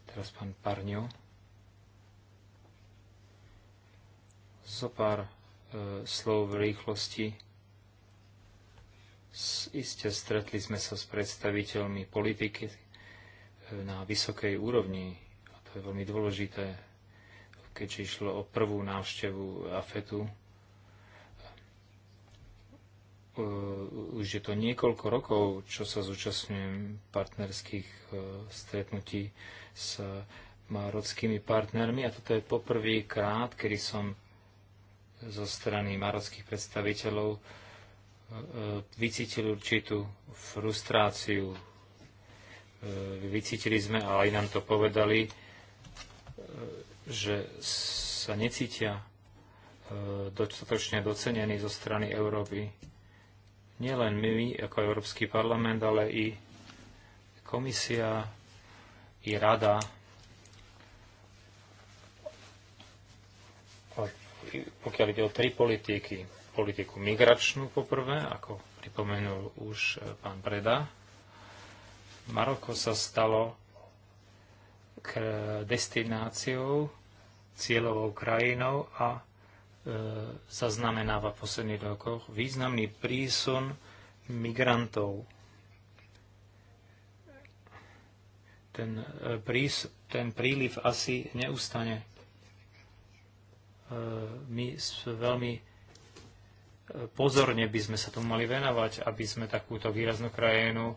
Teraz pán Parňo. Zopár e, slov v rýchlosti. S, iste stretli sme sa s predstaviteľmi politiky, na vysokej úrovni. A to je veľmi dôležité, keďže išlo o prvú návštevu AFETu. Už je to niekoľko rokov, čo sa zúčastňujem partnerských e, stretnutí s marockými partnermi a toto je poprvý krát, kedy som zo strany marockých predstaviteľov e, e, vycítil určitú frustráciu E, vycítili sme, a aj nám to povedali, e, že sa necítia e, dostatočne docenení zo strany Európy. Nielen my ako Európsky parlament, ale i komisia, i rada, pokiaľ ide o tri politiky. Politiku migračnú poprvé, ako pripomenul už pán Preda, Maroko sa stalo k destináciou, cieľovou krajinou a e, zaznamenáva v posledných rokoch významný prísun migrantov. Ten, e, prís, ten príliv asi neustane. E, my veľmi pozorne by sme sa tomu mali venovať, aby sme takúto výraznú krajinu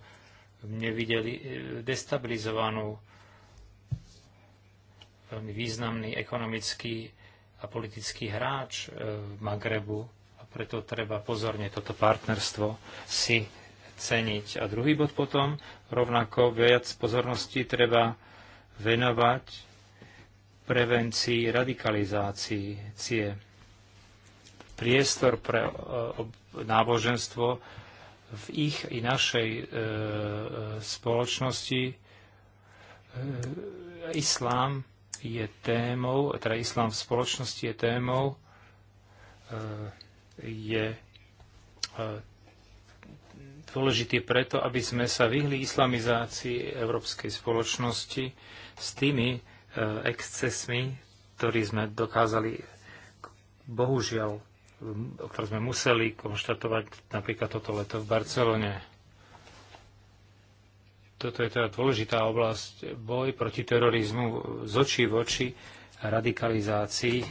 nevideli e, destabilizovanú veľmi významný ekonomický a politický hráč e, v Magrebu a preto treba pozorne toto partnerstvo si ceniť. A druhý bod potom, rovnako viac pozornosti treba venovať prevencii radikalizácii cie. Priestor pre náboženstvo v ich i našej e, e, spoločnosti e, islám je témou, teda islám v spoločnosti je témou, e, je e, dôležitý preto, aby sme sa vyhli islamizácii európskej spoločnosti s tými e, excesmi, ktorí sme dokázali bohužiaľ ktoré sme museli konštatovať napríklad toto leto v Barcelone. Toto je teda dôležitá oblasť. Boj proti terorizmu z očí v oči radikalizácii.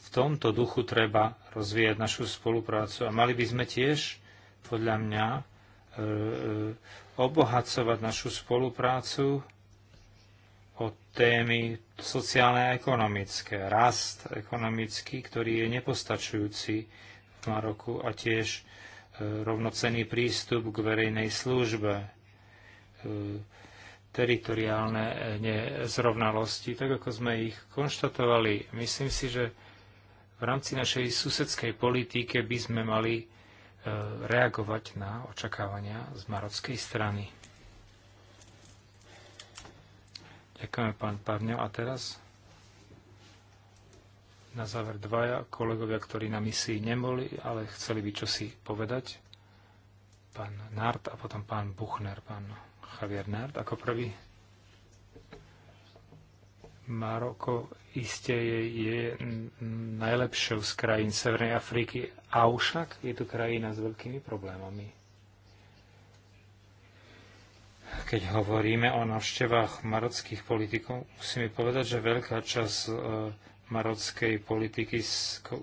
V tomto duchu treba rozvíjať našu spoluprácu a mali by sme tiež, podľa mňa, e, e, obohacovať našu spoluprácu o témy sociálne a ekonomické. Rast ekonomický, ktorý je nepostačujúci v Maroku a tiež e, rovnocený prístup k verejnej službe, e, teritoriálne e, nezrovnalosti, tak ako sme ich konštatovali. Myslím si, že v rámci našej susedskej politike by sme mali reagovať na očakávania z marockej strany. Ďakujeme, pán Parňo. A teraz na záver dvaja kolegovia, ktorí na misii neboli, ale chceli by čosi povedať. Pán Nárt a potom pán Buchner, pán Javier Nárt, Ako prvý Maroko iste je, je najlepšou z krajín Severnej Afriky, avšak je to krajina s veľkými problémami keď hovoríme o návštevách marockých politikov, musíme povedať, že veľká časť e, marockej politiky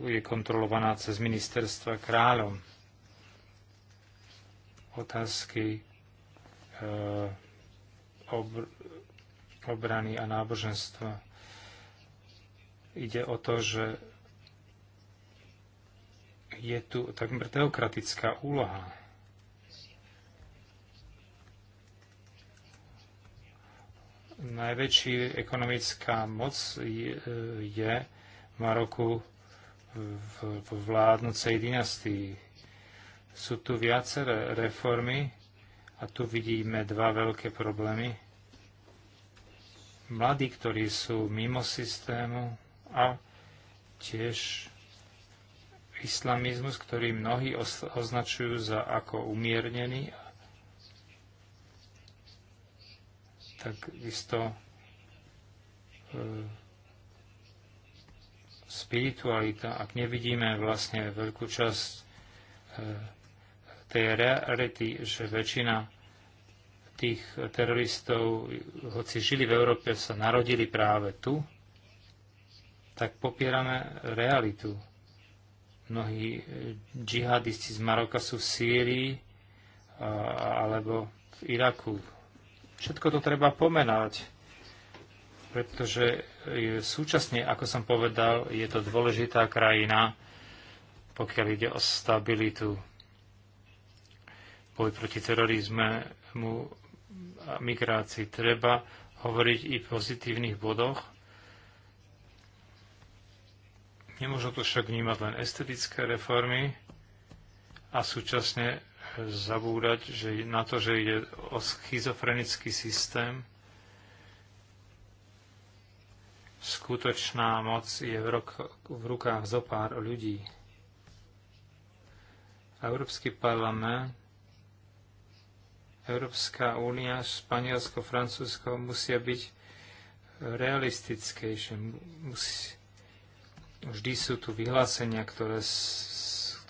je kontrolovaná cez ministerstva kráľom. Otázky e, obrany a náboženstva. Ide o to, že je tu takmer teokratická úloha najväčší ekonomická moc je, je v Maroku v, v vládnucej dynastii. Sú tu viaceré reformy a tu vidíme dva veľké problémy. Mladí, ktorí sú mimo systému a tiež islamizmus, ktorý mnohí označujú za ako umiernený takisto e, spiritualita, ak nevidíme vlastne veľkú časť e, tej reality, že väčšina tých teroristov, hoci žili v Európe, sa narodili práve tu, tak popierame realitu. Mnohí e, džihadisti z Maroka sú v Sýrii alebo v Iraku, Všetko to treba pomenať, pretože súčasne, ako som povedal, je to dôležitá krajina, pokiaľ ide o stabilitu, boj proti terorizme, mu a migrácii. Treba hovoriť i v pozitívnych bodoch. Nemôžu to však vnímať len estetické reformy a súčasne zabúdať že na to, že ide o schizofrenický systém. Skutočná moc je v, rok, v rukách zo pár ľudí. Európsky parlament, Európska únia, Španielsko, Francúzsko musia byť realistickejšie. Musí, vždy sú tu vyhlásenia, ktoré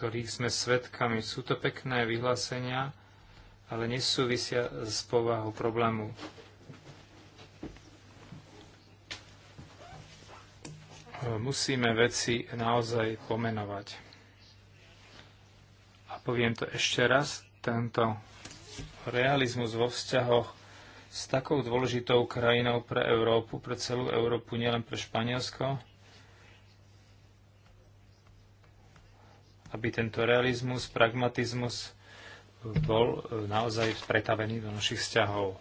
ktorých sme svedkami. Sú to pekné vyhlásenia, ale nesúvisia s povahou problému. Musíme veci naozaj pomenovať. A poviem to ešte raz, tento realizmus vo vzťahoch s takou dôležitou krajinou pre Európu, pre celú Európu, nielen pre Španielsko, aby tento realizmus, pragmatizmus bol e, naozaj pretavený do našich vzťahov.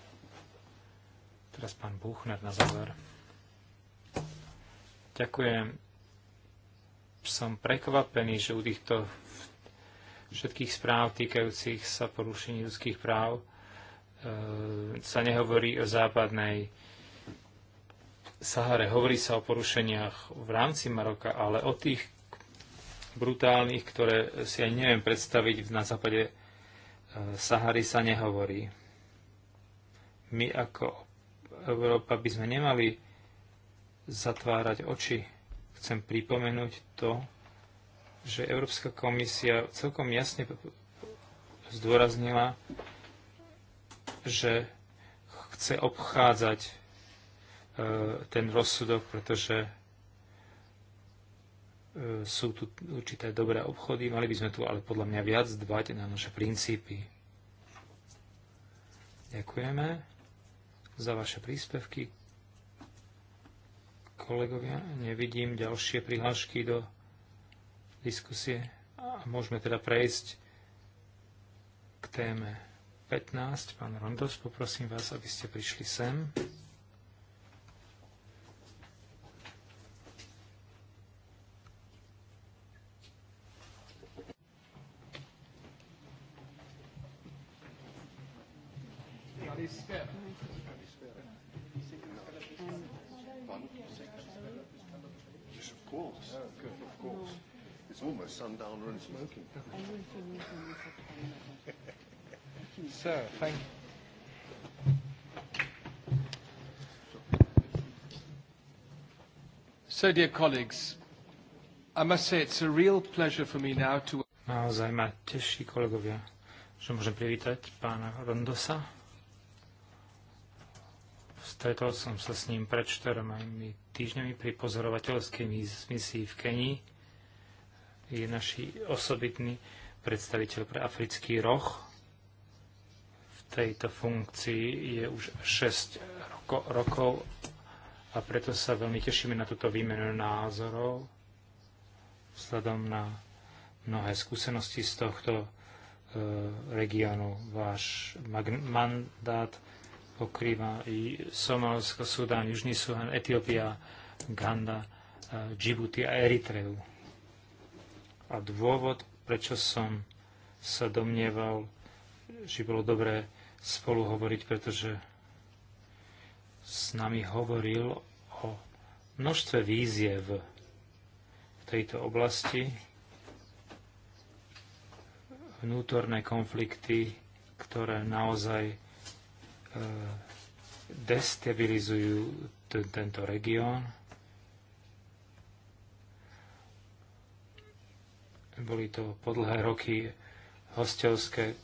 Teraz pán Buchner na záver. Ďakujem. Som prekvapený, že u týchto všetkých správ týkajúcich sa porušení ľudských práv e, sa nehovorí o západnej Sahare. Hovorí sa o porušeniach v rámci Maroka, ale o tých, brutálnych, ktoré si ani neviem predstaviť, na západe e, Sahary sa nehovorí. My ako Európa by sme nemali zatvárať oči. Chcem pripomenúť to, že Európska komisia celkom jasne zdôraznila, že chce obchádzať e, ten rozsudok, pretože E, sú tu určité dobré obchody, mali by sme tu ale podľa mňa viac dbať na naše princípy. Ďakujeme za vaše príspevky. Kolegovia, nevidím ďalšie prihlášky do diskusie a môžeme teda prejsť k téme 15. Pán Rondos, poprosím vás, aby ste prišli sem. Yes, of course. Oh, good, of course. No. It's almost and smoking. so, thank you. So, dear colleagues, I must say it's a real pleasure for me now to... Naozaj ma teší, kolegovia, že môžem privítať pána Rondosa, Stretol som sa s ním pred 4 týždňami pri pozorovateľskej misii v Kenii. Je naši osobitný predstaviteľ pre africký roh. V tejto funkcii je už 6 roko, rokov a preto sa veľmi tešíme na túto výmenu názorov vzhľadom na mnohé skúsenosti z tohto e, regiónu. Váš mandát pokrýva i Somálsko, Sudán, Južný Sudán, Etiópia, Ganda, e, Džibuti a Eritreu. A dôvod, prečo som sa domnieval, že bolo dobré spolu hovoriť, pretože s nami hovoril o množstve víziev v tejto oblasti, vnútorné konflikty, ktoré naozaj E, destabilizujú tento región. Boli to po dlhé roky hostovské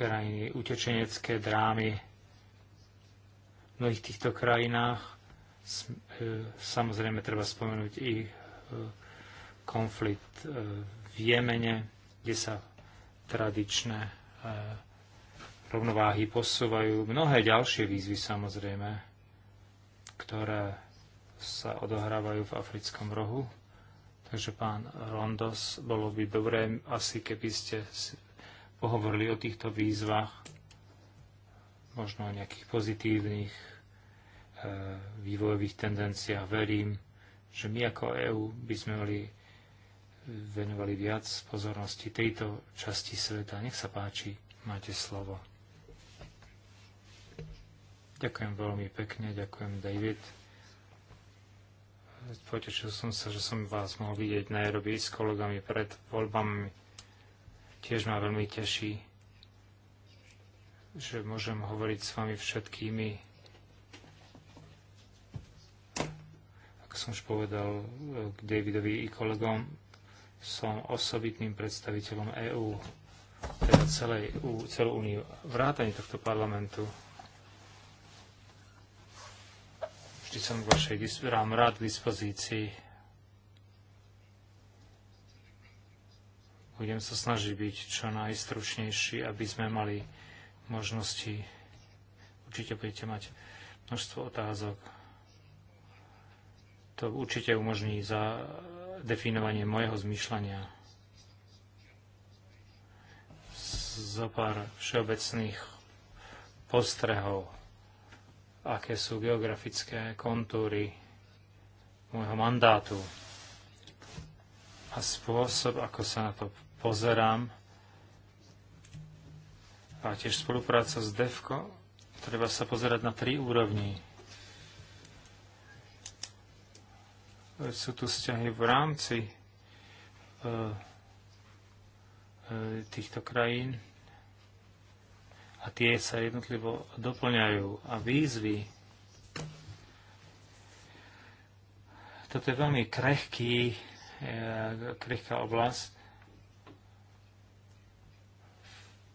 krajiny, utečenecké drámy. V mnohých týchto krajinách e, samozrejme treba spomenúť i e, konflikt v Jemene, kde sa tradičné rovnováhy posúvajú mnohé ďalšie výzvy samozrejme, ktoré sa odohrávajú v africkom rohu. Takže pán Rondos, bolo by dobré asi, keby ste pohovorili o týchto výzvach, možno o nejakých pozitívnych e, vývojových tendenciách. Verím, že my ako EÚ by sme mali venovali viac pozornosti tejto časti sveta. Nech sa páči, máte slovo. Ďakujem veľmi pekne, ďakujem David. Potešil som sa, že som vás mohol vidieť na Nairobi s kolegami pred voľbami. Tiež ma veľmi teší, že môžem hovoriť s vami všetkými. Ako som už povedal k Davidovi i kolegom, som osobitným predstaviteľom EÚ, teda celej, celú úniu, vrátanie tohto parlamentu. vždy som k vašej vám rád k dispozícii. Budem sa snažiť byť čo najstručnejší, aby sme mali možnosti. Určite budete mať množstvo otázok. To určite umožní za definovanie mojho zmyšľania. Zo pár všeobecných postrehov aké sú geografické kontúry môjho mandátu a spôsob, ako sa na to pozerám a tiež spolupráca s DEVKO, treba sa pozerať na tri úrovni. Sú tu vzťahy v rámci e, e, týchto krajín, a tie sa jednotlivo doplňajú a výzvy. Toto je veľmi krehký, eh, krehká oblasť.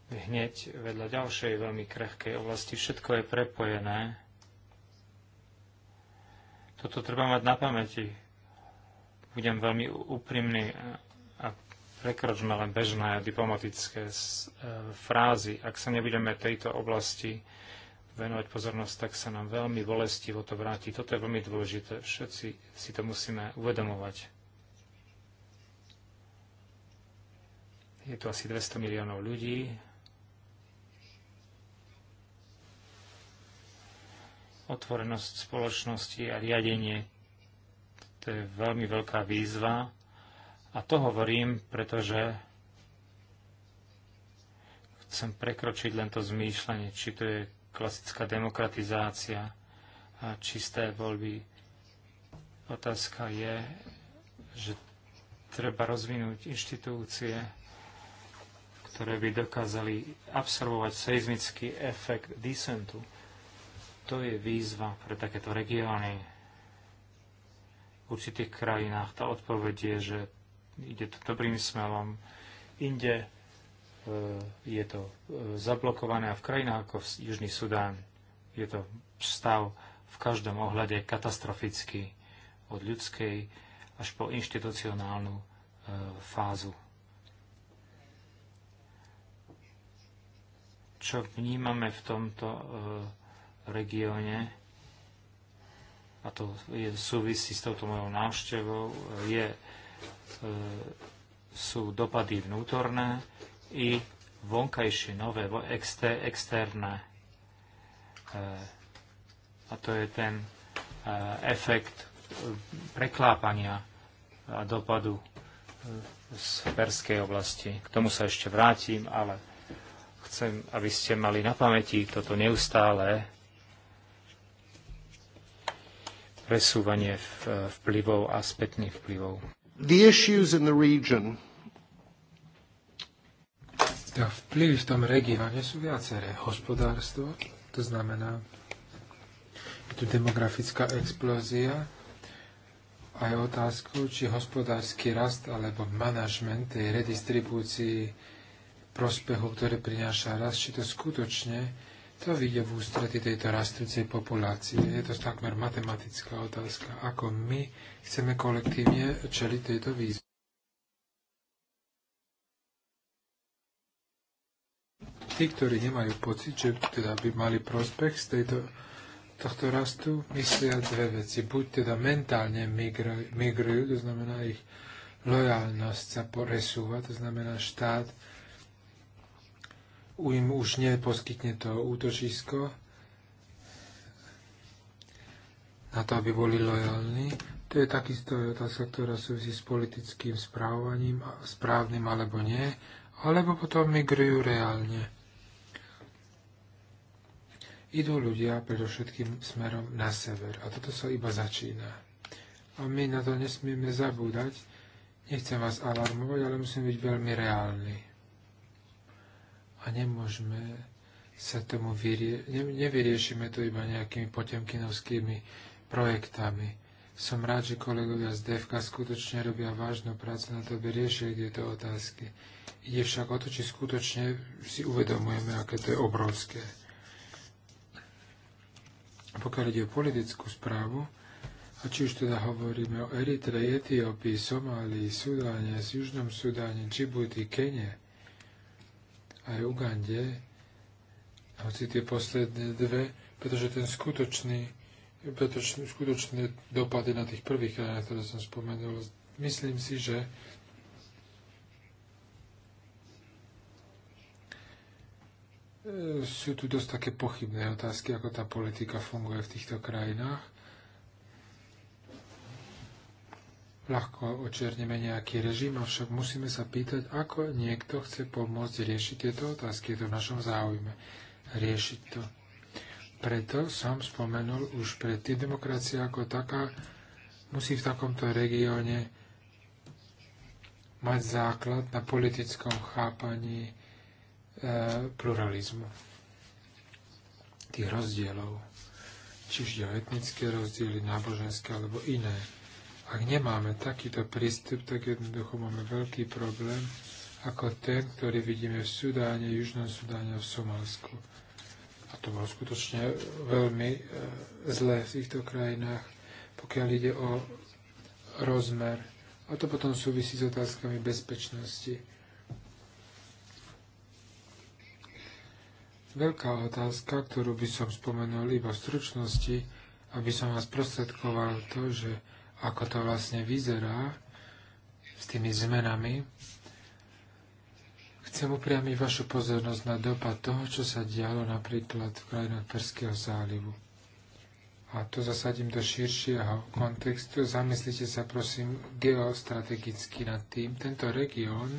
Hneď vedľa ďalšej veľmi krehkej oblasti všetko je prepojené. Toto treba mať na pamäti. Budem veľmi úprimný prekročme len bežné diplomatické e, frázy. Ak sa nebudeme tejto oblasti venovať pozornosť, tak sa nám veľmi bolestivo to vráti. Toto je veľmi dôležité. Všetci si to musíme uvedomovať. Je tu asi 200 miliónov ľudí. Otvorenosť spoločnosti a riadenie to je veľmi veľká výzva a to hovorím, pretože chcem prekročiť len to zmýšľanie, či to je klasická demokratizácia a čisté voľby. Otázka je, že treba rozvinúť inštitúcie, ktoré by dokázali absorbovať seizmický efekt disentu. To je výzva pre takéto regióny. V určitých krajinách tá odpoveď je, že ide to dobrým smelom. Inde e, je to e, zablokované a v krajinách ako v Južný Sudán je to stav v každom ohľade katastrofický od ľudskej až po inštitucionálnu e, fázu. Čo vnímame v tomto regióne, a to je, súvisí s touto mojou návštevou, je E, sú dopady vnútorné i vonkajšie, nové, exter, externé. E, a to je ten e, efekt preklápania a dopadu z Perskej oblasti. K tomu sa ešte vrátim, ale chcem, aby ste mali na pamäti toto neustále presúvanie vplyvov a spätných vplyvov the issues in the region tá vplyvy v tom regióne sú viaceré. Hospodárstvo, to znamená, je tu demografická explózia a je otázkou, či hospodársky rast alebo manažment tej redistribúcii prospechu, ktoré prináša rast, či to skutočne to vyjde v ústrety tejto rastúcej populácie. Je to takmer matematická otázka, ako my chceme kolektívne čeliť tejto výzvy. Tí, ktorí nemajú pocit, že teda by mali prospech z tejto, tohto rastu, myslia dve veci. Buď teda mentálne migrujú, to znamená ich lojálnosť sa poresúva, to znamená štát im už neposkytne to útočisko na to, aby boli lojálni. To je takisto otázka, ktorá súvisí s politickým správaním, správnym alebo nie, alebo potom migrujú reálne. Idú ľudia predovšetkým smerom na sever a toto sa iba začína. A my na to nesmieme zabúdať. Nechcem vás alarmovať, ale musím byť veľmi reálny a nemôžeme sa tomu vyrie- ne- nevyriešime to iba nejakými potemkinovskými projektami. Som rád, že kolegovia z DFK skutočne robia vážnu prácu na to, aby riešili tieto otázky. Ide však o to, či skutočne si uvedomujeme, aké to je obrovské. Pokiaľ ide o politickú správu, a či už teda hovoríme o Eritre, Etiópii, Somálii, Sudáne, Južnom Sudáne, Džibuti, Kene, aj Ugande, hoci tie posledné dve, pretože ten skutočný, pretože skutočné dopady na tých prvých krajinách, ktoré som spomenul, myslím si, že e, sú tu dosť také pochybné otázky, ako tá politika funguje v týchto krajinách. ľahko očerneme nejaký režim, avšak musíme sa pýtať, ako niekto chce pomôcť riešiť tieto otázky. Je to v našom záujme riešiť to. Preto som spomenul už predtým, demokracia ako taká musí v takomto regióne mať základ na politickom chápaní e, pluralizmu, tých rozdielov, čiže etnické rozdiely, náboženské alebo iné. Ak nemáme takýto prístup, tak jednoducho máme veľký problém ako ten, ktorý vidíme v Sudáne, Južnom Sudáne a v Somálsku. A to bolo skutočne e, veľmi e, zlé v týchto krajinách, pokiaľ ide o rozmer. A to potom súvisí s otázkami bezpečnosti. Veľká otázka, ktorú by som spomenul iba v stručnosti, aby som vás prostredkoval to, že ako to vlastne vyzerá s tými zmenami. Chcem upriamiť vašu pozornosť na dopad toho, čo sa dialo napríklad v krajinách Perského zálivu. A to zasadím do širšieho kontextu. Zamyslite sa prosím geostrategicky nad tým. Tento región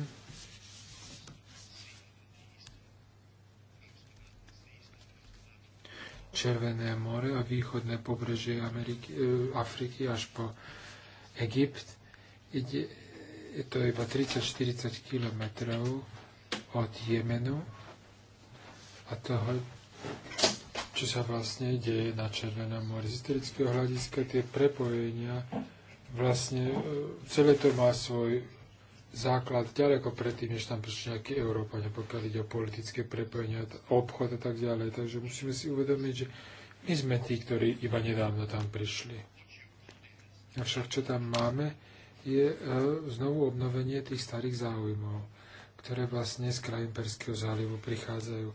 Červené more a východné pobrežie Ameriky, e, Afriky až po Egypt. Ide, je to iba 30-40 kilometrov od Jemenu a toho, čo sa vlastne deje na Červenom mori. Z historického hľadiska tie prepojenia vlastne e, celé to má svoj základ ďaleko predtým, než tam prišli nejaké Európania, pokiaľ ide o politické prepojenia, obchod a tak ďalej. Takže musíme si uvedomiť, že my sme tí, ktorí iba nedávno tam prišli. Avšak čo tam máme, je e, znovu obnovenie tých starých záujmov, ktoré vlastne z krajín Perského zálivu prichádzajú.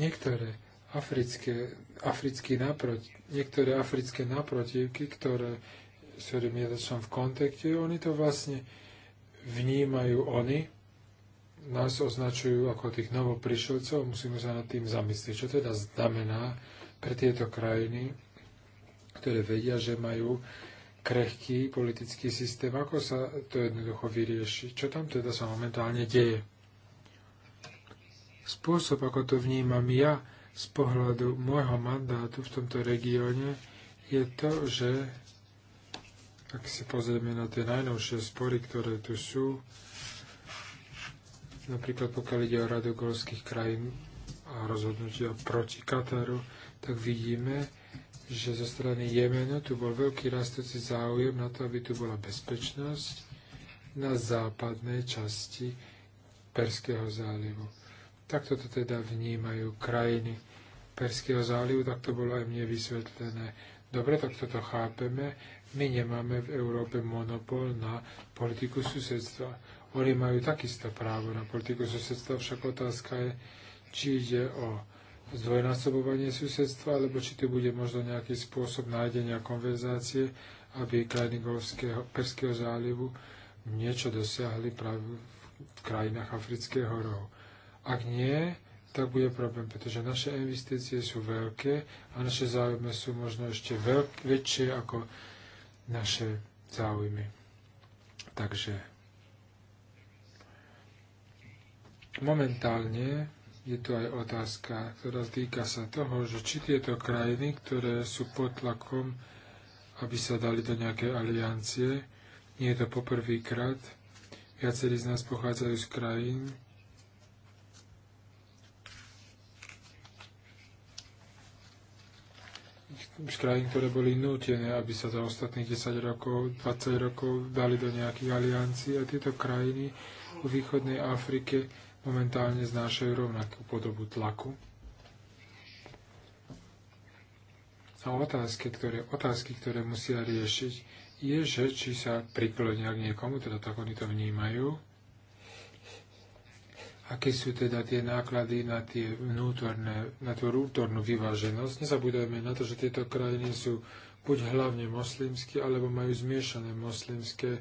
Niektoré africké, africké naproti, niektoré africké naprotivky, ktoré, s ktorými ja som v kontakte, oni to vlastne vnímajú oni, nás označujú ako tých novoprišelcov, musíme sa nad tým zamyslieť, čo teda znamená pre tieto krajiny, ktoré vedia, že majú krehký politický systém, ako sa to jednoducho vyrieši, čo tam teda sa momentálne deje. Spôsob, ako to vnímam ja z pohľadu môjho mandátu v tomto regióne, je to, že ak si pozrieme na tie najnovšie spory, ktoré tu sú, napríklad pokiaľ ide o radu golských krajín a rozhodnutia proti Kataru, tak vidíme, že zo strany Jemenu tu bol veľký rastúci záujem na to, aby tu bola bezpečnosť na západnej časti Perského zálivu. Takto to teda vnímajú krajiny Perského zálivu, tak to bolo aj mne vysvetlené. Dobre, tak toto chápeme. My nemáme v Európe monopol na politiku susedstva. Oni majú takisto právo na politiku susedstva, však otázka je, či ide o zdvojnásobovanie susedstva, alebo či tu bude možno nejaký spôsob nájdenia konverzácie, aby krajiny Perského zálivu niečo dosiahli práve v krajinách afrického rohu. Ak nie, tak bude problém, pretože naše investície sú veľké a naše záujmy sú možno ešte veľk- väčšie ako naše záujmy. Takže momentálne je tu aj otázka, ktorá týka sa toho, že či tieto krajiny, ktoré sú pod tlakom, aby sa dali do nejakej aliancie, nie je to poprvýkrát, viacerí z nás pochádzajú z krajín, z krajín, ktoré boli nútené, aby sa za ostatných 10 rokov, 20 rokov dali do nejakých aliancií a tieto krajiny v východnej Afrike momentálne znášajú rovnakú podobu tlaku. A otázky, ktoré, otázky, ktoré musia riešiť, je, že či sa priklonia k niekomu, teda tak oni to vnímajú, aké sú teda tie náklady na, tie vnútorné, na tú vnútornú vyváženosť. Nezabúdajme na to, že tieto krajiny sú buď hlavne moslimské, alebo majú zmiešané moslimské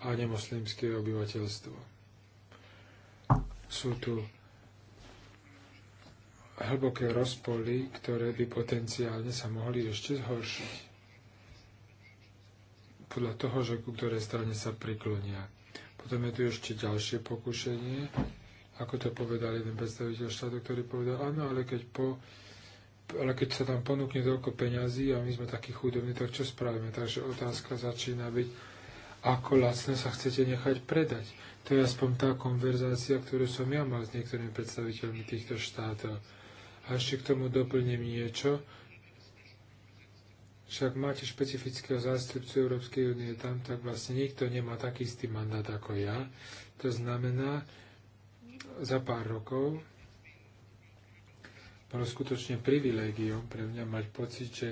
a nemoslimské obyvateľstvo. Sú tu hlboké rozpoly, ktoré by potenciálne sa mohli ešte zhoršiť. Podľa toho, že ku ktorej strane sa priklonia. Potom je tu ešte ďalšie pokušenie, ako to povedal jeden predstaviteľ štátu, ktorý povedal, áno, ale keď, po, ale keď sa tam ponúkne toľko peňazí a my sme takí chudobní, tak čo spravíme? Takže otázka začína byť, ako lacno sa chcete nechať predať. To je aspoň tá konverzácia, ktorú som ja mal s niektorými predstaviteľmi týchto štátov. A ešte k tomu doplním niečo. Však máte špecifického zástupcu Európskej únie tam, tak vlastne nikto nemá taký istý mandát ako ja. To znamená, za pár rokov bolo skutočne privilégiom pre mňa mať pocit, že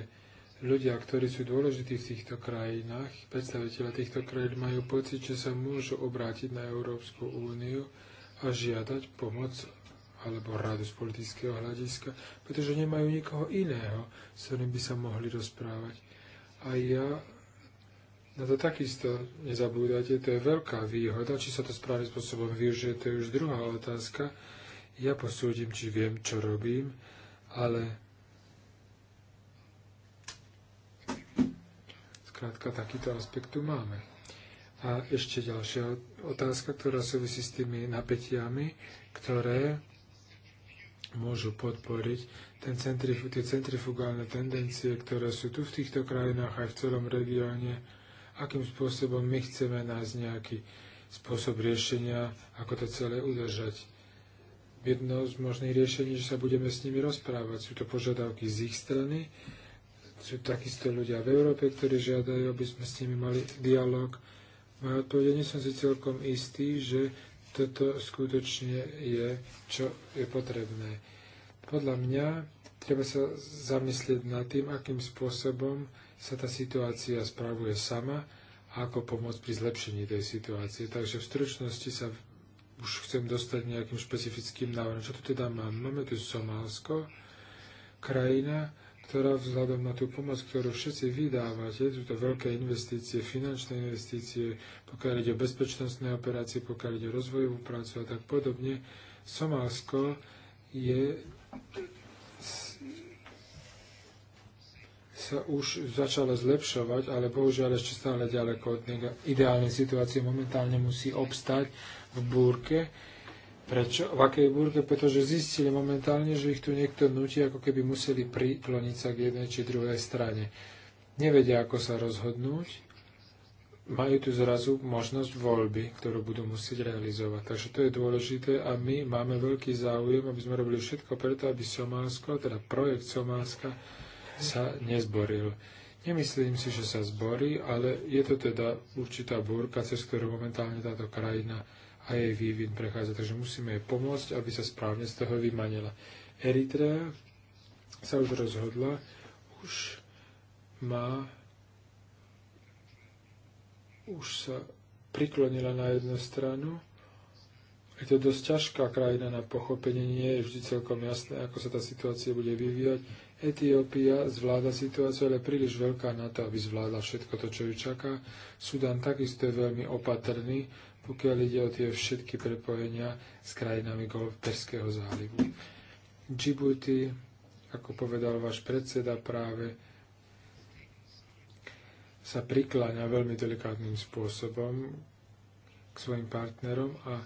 ľudia, ktorí sú dôležití v týchto krajinách, predstaviteľa týchto krajín majú pocit, že sa môžu obrátiť na Európsku úniu a žiadať pomoc alebo radu z politického hľadiska, pretože nemajú nikoho iného, s ktorým by sa mohli rozprávať. A ja No to takisto nezabúdajte, to je veľká výhoda. Či sa to správnym spôsobom využije, to je už druhá otázka. Ja posúdim, či viem, čo robím, ale zkrátka takýto aspekt tu máme. A ešte ďalšia otázka, ktorá súvisí s tými napätiami, ktoré môžu podporiť ten centrif- tie centrifugálne tendencie, ktoré sú tu v týchto krajinách aj v celom regióne, akým spôsobom my chceme nájsť nejaký spôsob riešenia, ako to celé udržať. Jedno z možných riešení, že sa budeme s nimi rozprávať. Sú to požiadavky z ich strany, sú takisto ľudia v Európe, ktorí žiadajú, aby sme s nimi mali dialog. Moje odpovedenie som si celkom istý, že toto skutočne je, čo je potrebné. Podľa mňa treba sa zamyslieť nad tým, akým spôsobom sa tá situácia spravuje sama a ako pomôcť pri zlepšení tej situácie. Takže v stručnosti sa už chcem dostať nejakým špecifickým návrhom. Čo tu teda máme? Máme tu Somálsko, krajina, ktorá vzhľadom na tú pomoc, ktorú všetci vydávate, sú to veľké investície, finančné investície, pokiaľ ide o bezpečnostné operácie, pokiaľ ide o rozvojovú prácu a tak podobne, Somálsko je sa už začala zlepšovať, ale bohužiaľ ešte stále ďaleko od nej. ideálnej situácie momentálne musí obstať v búrke. Prečo? V akej búrke? Pretože zistili momentálne, že ich tu niekto nutí, ako keby museli prikloniť sa k jednej či druhej strane. Nevedia, ako sa rozhodnúť. Majú tu zrazu možnosť voľby, ktorú budú musieť realizovať. Takže to je dôležité a my máme veľký záujem, aby sme robili všetko preto, aby Somálsko, teda projekt Somálska, sa nezboril. Nemyslím si, že sa zborí, ale je to teda určitá búrka, cez ktorú momentálne táto krajina a jej vývin prechádza. Takže musíme jej pomôcť, aby sa správne z toho vymanila. Eritrea sa už rozhodla, už má, už sa priklonila na jednu stranu. Je to dosť ťažká krajina na pochopenie, nie je vždy celkom jasné, ako sa tá situácia bude vyvíjať Etiópia zvláda situáciu, ale príliš veľká na to, aby zvládla všetko to, čo ju čaká. Sudan takisto je veľmi opatrný, pokiaľ ide o tie všetky prepojenia s krajinami Golfperského zálivu. Djibouti, ako povedal váš predseda práve, sa prikláňa veľmi delikátnym spôsobom k svojim partnerom a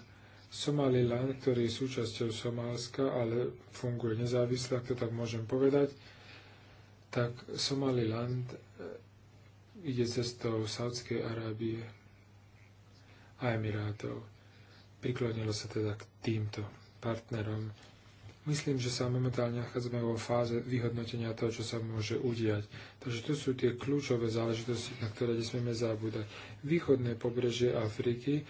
Somaliland, ktorý je súčasťou Somálska, ale funguje nezávisle, ak to tak môžem povedať, tak Somaliland eh, ide cestou Saudskej Arábie a Emirátov. Priklonilo sa teda k týmto partnerom. Myslím, že sa momentálne nachádzame vo fáze vyhodnotenia toho, čo sa môže udiať. Takže to sú tie kľúčové záležitosti, na ktoré nesmieme zabúdať. Východné pobrežie Afriky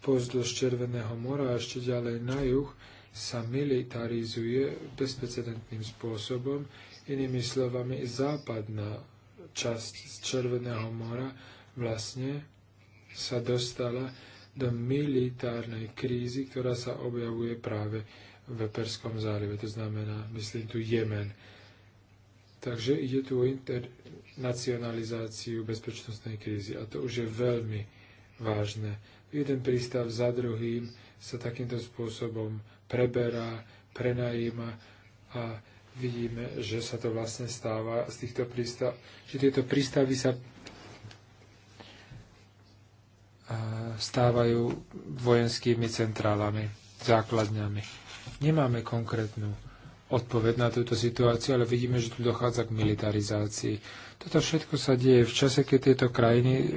pozdĺž Červeného mora a ešte ďalej na juh sa militarizuje bezprecedentným spôsobom. Inými slovami, západná časť z Červeného mora vlastne sa dostala do militárnej krízy, ktorá sa objavuje práve v Perskom zálive, to znamená, myslím tu Jemen. Takže ide tu o internacionalizáciu bezpečnostnej krízy a to už je veľmi vážne jeden prístav za druhým sa takýmto spôsobom preberá, prenajíma a vidíme, že sa to vlastne stáva z týchto prístav, že tieto prístavy sa stávajú vojenskými centrálami, základňami. Nemáme konkrétnu odpoveď na túto situáciu, ale vidíme, že tu dochádza k militarizácii. Toto všetko sa deje v čase, keď tieto krajiny eh,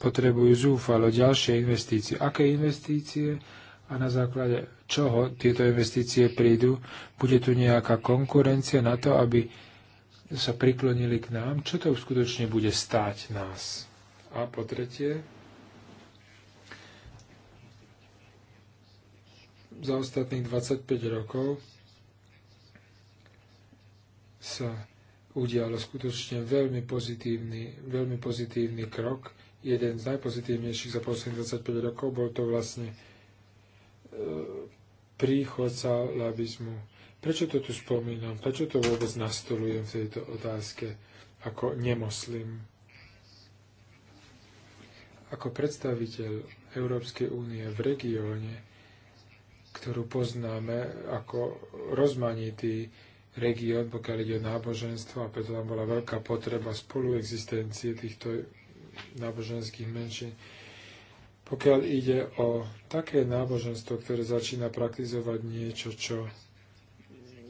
potrebujú zúfalo ďalšie investície. Aké investície a na základe čoho tieto investície prídu? Bude tu nejaká konkurencia na to, aby sa priklonili k nám? Čo to skutočne bude stáť nás? A po tretie, za ostatných 25 rokov sa udialo skutočne veľmi pozitívny, veľmi pozitívny krok. Jeden z najpozitívnejších za posledných 25 rokov bol to vlastne e, príchod salabizmu. Prečo to tu spomínam? Prečo to vôbec nastolujem v tejto otázke ako nemoslim? Ako predstaviteľ Európskej únie v regióne, ktorú poznáme ako rozmanitý, región, pokiaľ ide o náboženstvo a preto tam bola veľká potreba spoluexistencie týchto náboženských menšín. Pokiaľ ide o také náboženstvo, ktoré začína praktizovať niečo, čo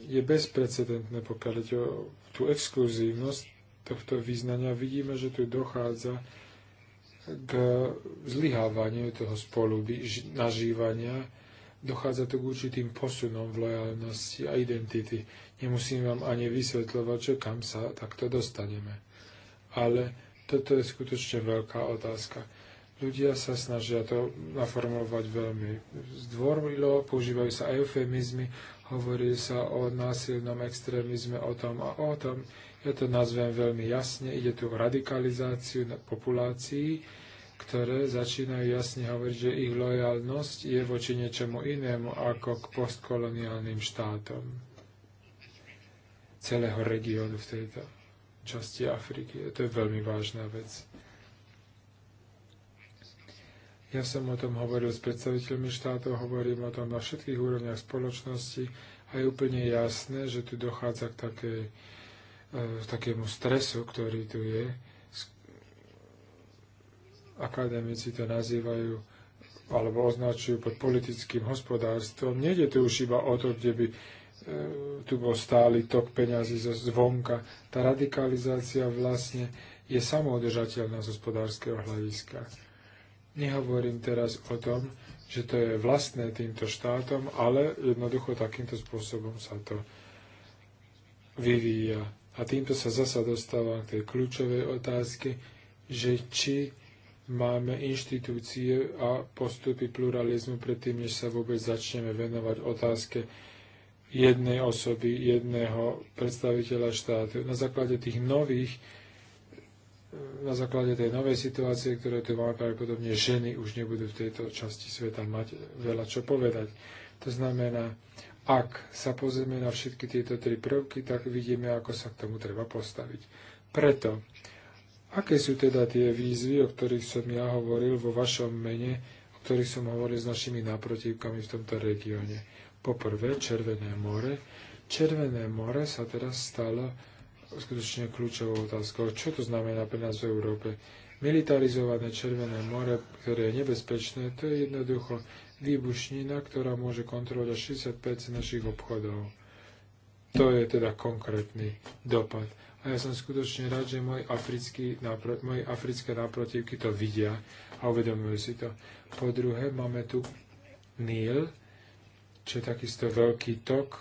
je bezprecedentné, pokiaľ ide o tú exkluzívnosť tohto význania, vidíme, že tu dochádza k zlyhávaniu toho spolu nažívania, dochádza to k určitým posunom v lojalnosti a identity. Nemusím vám ani vysvetľovať, že kam sa takto dostaneme. Ale toto je skutočne veľká otázka. Ľudia sa snažia to naformulovať veľmi zdvorilo, používajú sa eufemizmy, hovorí sa o násilnom extrémizme, o tom a o tom. Ja to nazvem veľmi jasne, ide tu o radikalizáciu populácií, ktoré začínajú jasne hovoriť, že ich lojalnosť je voči niečomu inému ako k postkoloniálnym štátom celého regiónu v tejto časti Afriky. To je veľmi vážna vec. Ja som o tom hovoril s predstaviteľmi štátov, hovorím o tom na všetkých úrovniach spoločnosti a je úplne jasné, že tu dochádza k takej, e, takému stresu, ktorý tu je akademici to nazývajú alebo označujú pod politickým hospodárstvom. je tu už iba o to, kde by e, tu bol stály tok peňazí zo zvonka. Tá radikalizácia vlastne je samoudržateľná z hospodárskeho hľadiska. Nehovorím teraz o tom, že to je vlastné týmto štátom, ale jednoducho takýmto spôsobom sa to vyvíja. A týmto sa zasa dostávam k tej kľúčovej otázke, že či máme inštitúcie a postupy pluralizmu predtým, než sa vôbec začneme venovať otázke jednej osoby, jedného predstaviteľa štátu. Na základe tých nových, na základe tej novej situácie, ktoré tu máme, pravdepodobne ženy už nebudú v tejto časti sveta mať veľa čo povedať. To znamená, ak sa pozrieme na všetky tieto tri prvky, tak vidíme, ako sa k tomu treba postaviť. Preto Aké sú teda tie výzvy, o ktorých som ja hovoril vo vašom mene, o ktorých som hovoril s našimi naprotivkami v tomto regióne? Poprvé, Červené more. Červené more sa teraz stalo skutočne kľúčovou otázkou. Čo to znamená pre nás v Európe? Militarizované Červené more, ktoré je nebezpečné, to je jednoducho výbušnina, ktorá môže kontrolovať až 65 našich obchodov. To je teda konkrétny dopad. A ja som skutočne rád, že moji, africkí, moji africké náprotivky to vidia a uvedomujú si to. Po druhé, máme tu Níl, čo je takisto veľký tok,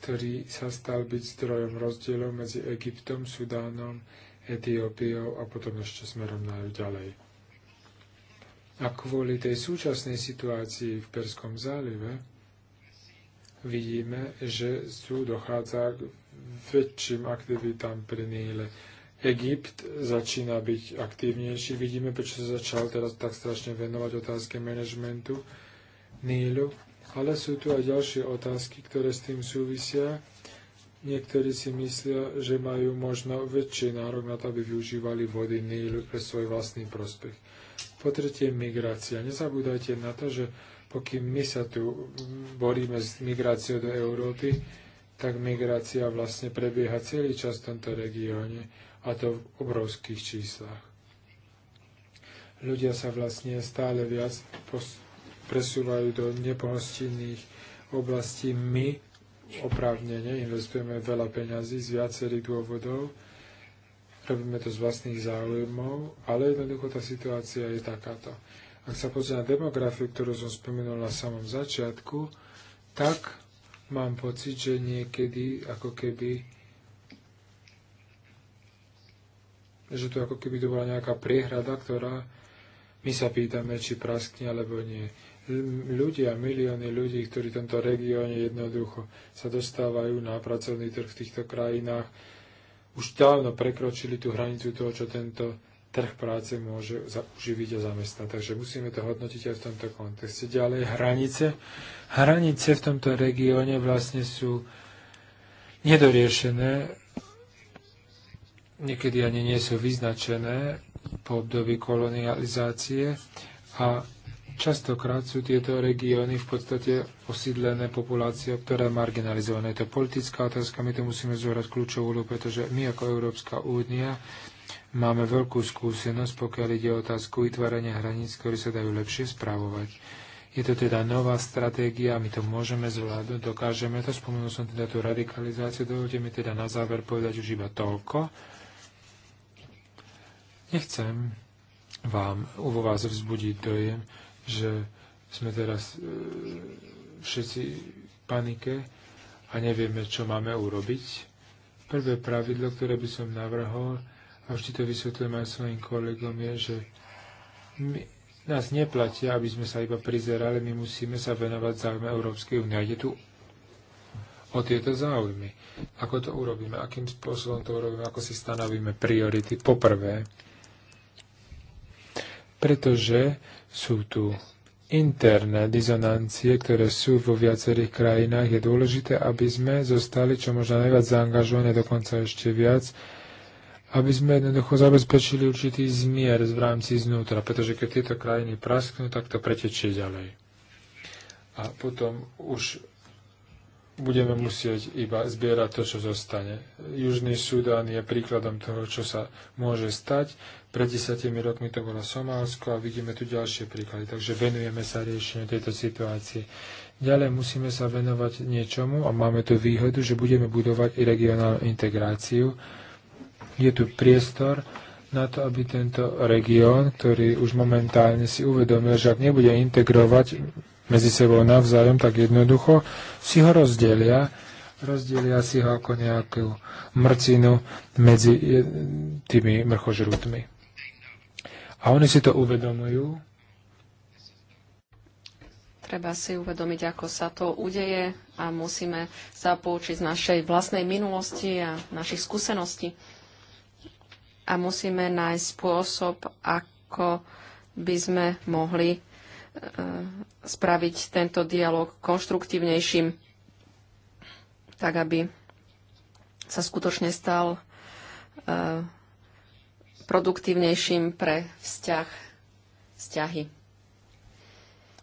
ktorý sa stal byť zdrojom rozdielov medzi Egyptom, Sudánom, Etiópiou a potom ešte smerom na ďalej. A kvôli tej súčasnej situácii v Perskom zálive, vidíme, že sú dochádza k väčším aktivitám pri Níle. Egypt začína byť aktívnejší. Vidíme, prečo sa začal teraz tak strašne venovať otázke manažmentu Nílu. Ale sú tu aj ďalšie otázky, ktoré s tým súvisia. Niektorí si myslia, že majú možno väčší nárok na to, aby využívali vody Nílu pre svoj vlastný prospech. Po tretie, migrácia. Nezabúdajte na to, že pokým my sa tu boríme s migráciou do Európy, tak migrácia vlastne prebieha celý čas v tomto regióne a to v obrovských číslach. Ľudia sa vlastne stále viac presúvajú do nepohostinných oblastí. My oprávnene investujeme veľa peňazí z viacerých dôvodov, robíme to z vlastných záujmov, ale jednoducho tá situácia je takáto ak sa pozrieme na demografiu, ktorú som spomenul na samom začiatku, tak mám pocit, že niekedy ako keby že to ako keby to bola nejaká priehrada, ktorá my sa pýtame, či praskne alebo nie. Ľudia, milióny ľudí, ktorí v tomto regióne jednoducho sa dostávajú na pracovný trh v týchto krajinách, už dávno prekročili tú hranicu toho, čo tento trh práce môže uživiť a zamestnať. Takže musíme to hodnotiť aj v tomto kontexte. Ďalej hranice. Hranice v tomto regióne vlastne sú nedoriešené, niekedy ani nie sú vyznačené po období kolonializácie a častokrát sú tieto regióny v podstate osídlené populáciou, ktorá je marginalizovaná. Je to politická otázka, my to musíme zohrať kľúčovú úlohu, pretože my ako Európska únia Máme veľkú skúsenosť, pokiaľ ide o otázku vytvárania hraníc, ktoré sa dajú lepšie spravovať. Je to teda nová stratégia, my to môžeme zvládnuť, dokážeme to. Spomenul som teda tú radikalizáciu, dovolte mi teda na záver povedať už iba toľko. Nechcem vám u vás vzbudiť dojem, že sme teraz e, všetci v panike a nevieme, čo máme urobiť. Prvé pravidlo, ktoré by som navrhol, a vždy to vysvetľujem aj svojim kolegom, je, že my, nás neplatia, aby sme sa iba prizerali, my musíme sa venovať záujme Európskej únie. Ide tu o tieto záujmy. Ako to urobíme, akým spôsobom to urobíme, ako si stanovíme priority. Poprvé, pretože sú tu interné dizonancie, ktoré sú vo viacerých krajinách, je dôležité, aby sme zostali čo možno najviac zaangažované, dokonca ešte viac, aby sme jednoducho zabezpečili určitý zmier v rámci znútra, pretože keď tieto krajiny prasknú, tak to pretečie ďalej. A potom už budeme musieť iba zbierať to, čo zostane. Južný Sudán je príkladom toho, čo sa môže stať. Pred desiatimi rokmi to bolo Somálsko a vidíme tu ďalšie príklady. Takže venujeme sa riešeniu tejto situácie. Ďalej musíme sa venovať niečomu a máme tu výhodu, že budeme budovať i regionálnu integráciu je tu priestor na to, aby tento región, ktorý už momentálne si uvedomil, že ak nebude integrovať medzi sebou navzájom tak jednoducho, si ho rozdelia, rozdelia si ho ako nejakú mrcinu medzi tými mrchožrútmi. A oni si to uvedomujú. Treba si uvedomiť, ako sa to udeje a musíme sa poučiť z našej vlastnej minulosti a našich skúseností a musíme nájsť spôsob, ako by sme mohli e, spraviť tento dialog konštruktívnejším, tak aby sa skutočne stal e, produktívnejším pre vzťah, vzťahy.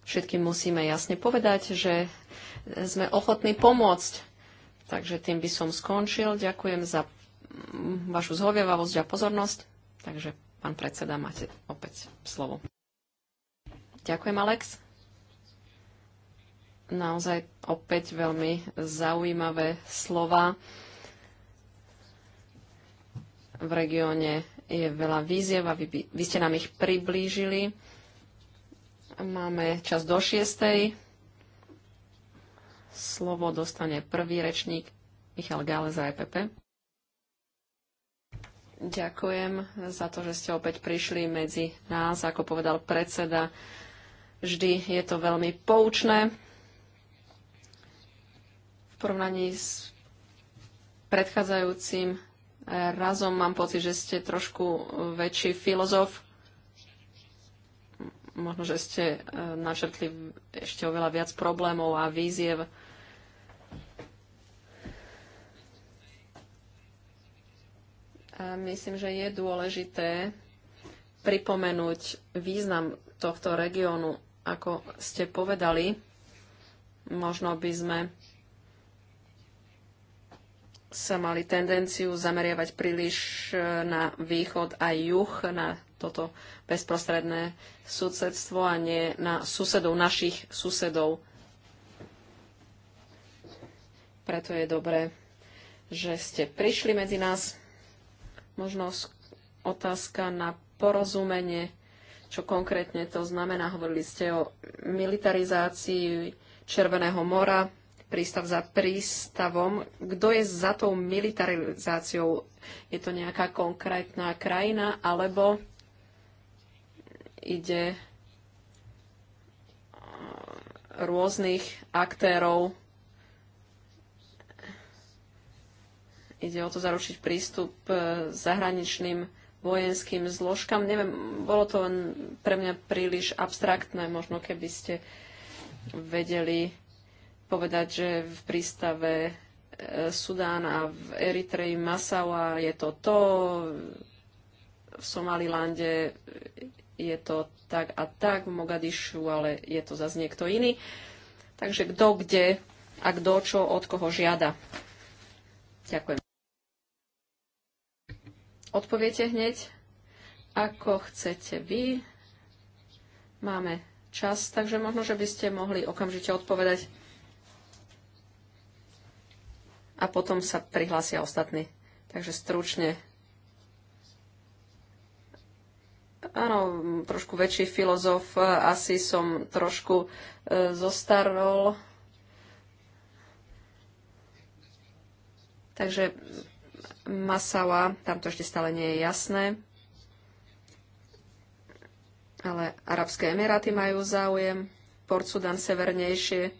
Všetkým musíme jasne povedať, že sme ochotní pomôcť. Takže tým by som skončil. Ďakujem za vašu zhovievavosť a pozornosť. Takže, pán predseda, máte opäť slovo. Ďakujem, Alex. Naozaj opäť veľmi zaujímavé slova. V regióne je veľa víziev a vy, vy ste nám ich priblížili. Máme čas do šiestej. Slovo dostane prvý rečník Michal Gále za EPP. Ďakujem za to, že ste opäť prišli medzi nás, ako povedal predseda. Vždy je to veľmi poučné v porovnaní s predchádzajúcim razom. Mám pocit, že ste trošku väčší filozof. Možno, že ste eh, načrtli ešte oveľa viac problémov a víziev A myslím, že je dôležité pripomenúť význam tohto regiónu, ako ste povedali. Možno by sme sa mali tendenciu zameriavať príliš e, na východ a juh, na toto bezprostredné susedstvo a nie na susedov, našich susedov. Preto je dobré, že ste prišli medzi nás. Možno otázka na porozumenie, čo konkrétne to znamená. Hovorili ste o militarizácii Červeného mora, prístav za prístavom. Kto je za tou militarizáciou? Je to nejaká konkrétna krajina, alebo ide rôznych aktérov Ide o to zaručiť prístup e, zahraničným vojenským zložkám. Neviem, bolo to pre mňa príliš abstraktné. Možno keby ste vedeli povedať, že v prístave e, Sudán a v Eritreji Masawa je to to, v Somalilande je to tak a tak, v Mogadišu, ale je to zase niekto iný. Takže kto kde a kto čo od koho žiada. Ďakujem. Odpoviete hneď, ako chcete vy. Máme čas, takže možno, že by ste mohli okamžite odpovedať a potom sa prihlásia ostatní. Takže stručne. Áno, trošku väčší filozof, asi som trošku e, zostarol. Takže Masawa, tam to ešte stále nie je jasné. Ale Arabské Emiráty majú záujem, Port Sudan severnejšie,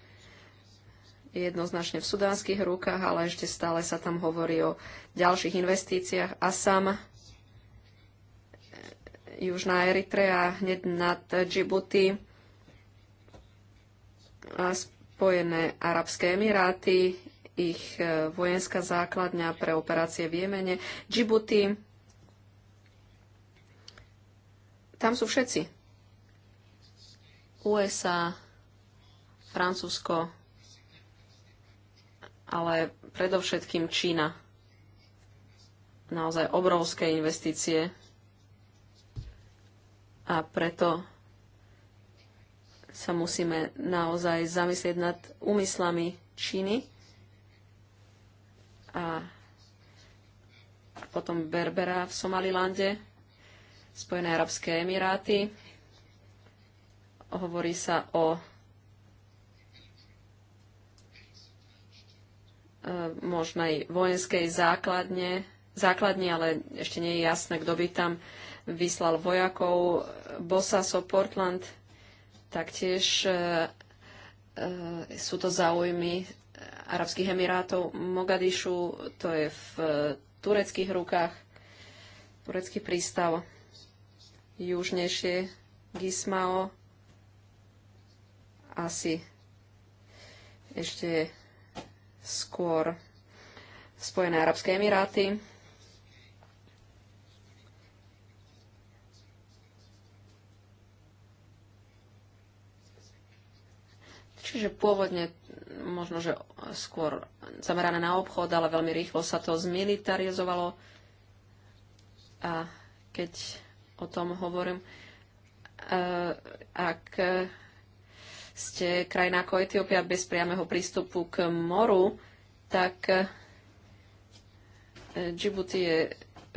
je jednoznačne v sudánskych rukách, ale ešte stále sa tam hovorí o ďalších investíciách. A sam Južná Eritrea, hneď nad Djibouti, a Spojené Arabské Emiráty, ich e, vojenská základňa pre operácie v Jemene, Djibouti. Tam sú všetci. USA, Francúzsko, ale predovšetkým Čína. Naozaj obrovské investície. A preto sa musíme naozaj zamyslieť nad úmyslami Číny a potom Berbera v Somalilande, Spojené arabské emiráty. Hovorí sa o e, možnej vojenskej základne, základne, ale ešte nie je jasné, kto by tam vyslal vojakov. Bosaso, Portland, taktiež e, e sú to záujmy Arabských Emirátov, Mogadišu, to je v e, tureckých rukách, turecký prístav, južnejšie Gismao, asi ešte skôr Spojené Arabské Emiráty. Čiže pôvodne možno, že skôr zamerané na obchod, ale veľmi rýchlo sa to zmilitarizovalo. A keď o tom hovorím, e, ak ste krajina ako Etiópia bez priameho prístupu k moru, tak e, Djibouti je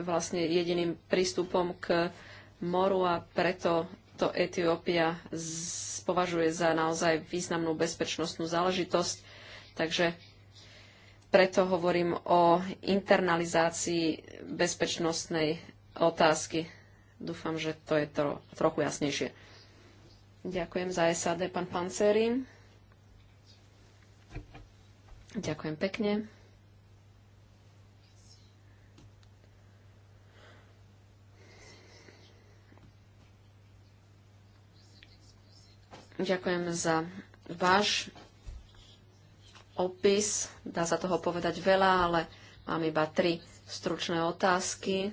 vlastne jediným prístupom k moru a preto to Etiópia považuje za naozaj významnú bezpečnostnú záležitosť, takže preto hovorím o internalizácii bezpečnostnej otázky. Dúfam, že to je to trochu jasnejšie. Ďakujem za SAD, pán Panceri. Ďakujem pekne. Ďakujem za váš opis. Dá sa toho povedať veľa, ale mám iba tri stručné otázky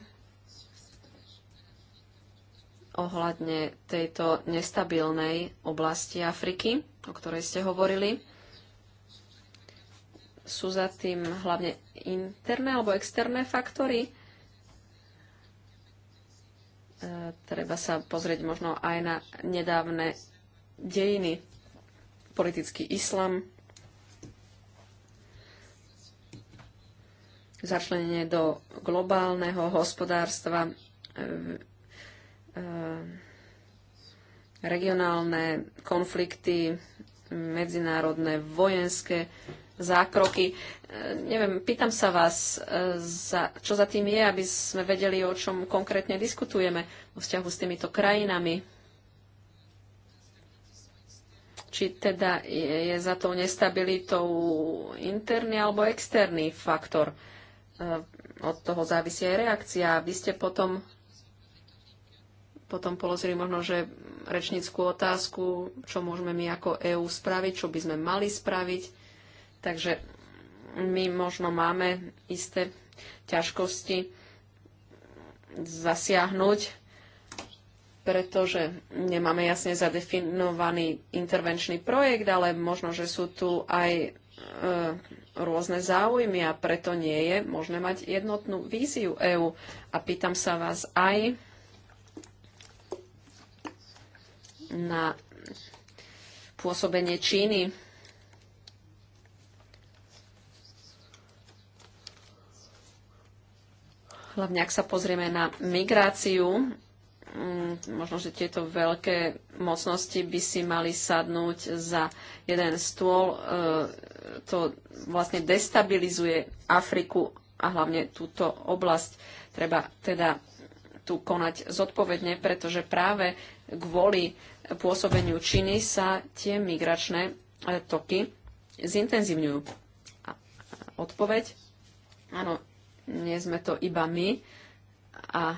ohľadne tejto nestabilnej oblasti Afriky, o ktorej ste hovorili. Sú za tým hlavne interné alebo externé faktory? E, treba sa pozrieť možno aj na nedávne dejiny. Politický islam, začlenenie do globálneho hospodárstva, e, e, regionálne konflikty, medzinárodné vojenské zákroky. E, neviem, pýtam sa vás, za, čo za tým je, aby sme vedeli, o čom konkrétne diskutujeme vo vzťahu s týmito krajinami či teda je za tou nestabilitou interný alebo externý faktor. E, od toho závisí aj reakcia. Vy ste potom, potom položili možno, že rečníckú otázku, čo môžeme my ako EÚ spraviť, čo by sme mali spraviť. Takže my možno máme isté ťažkosti zasiahnuť pretože nemáme jasne zadefinovaný intervenčný projekt, ale možno, že sú tu aj e, rôzne záujmy a preto nie je možné mať jednotnú víziu EÚ. A pýtam sa vás aj na pôsobenie Číny. Hlavne ak sa pozrieme na migráciu Mm, možno, že tieto veľké mocnosti by si mali sadnúť za jeden stôl. E, to vlastne destabilizuje Afriku a hlavne túto oblasť. Treba teda tu konať zodpovedne, pretože práve kvôli pôsobeniu Číny sa tie migračné e, toky zintenzívňujú. Odpoveď? Áno, nie sme to iba my a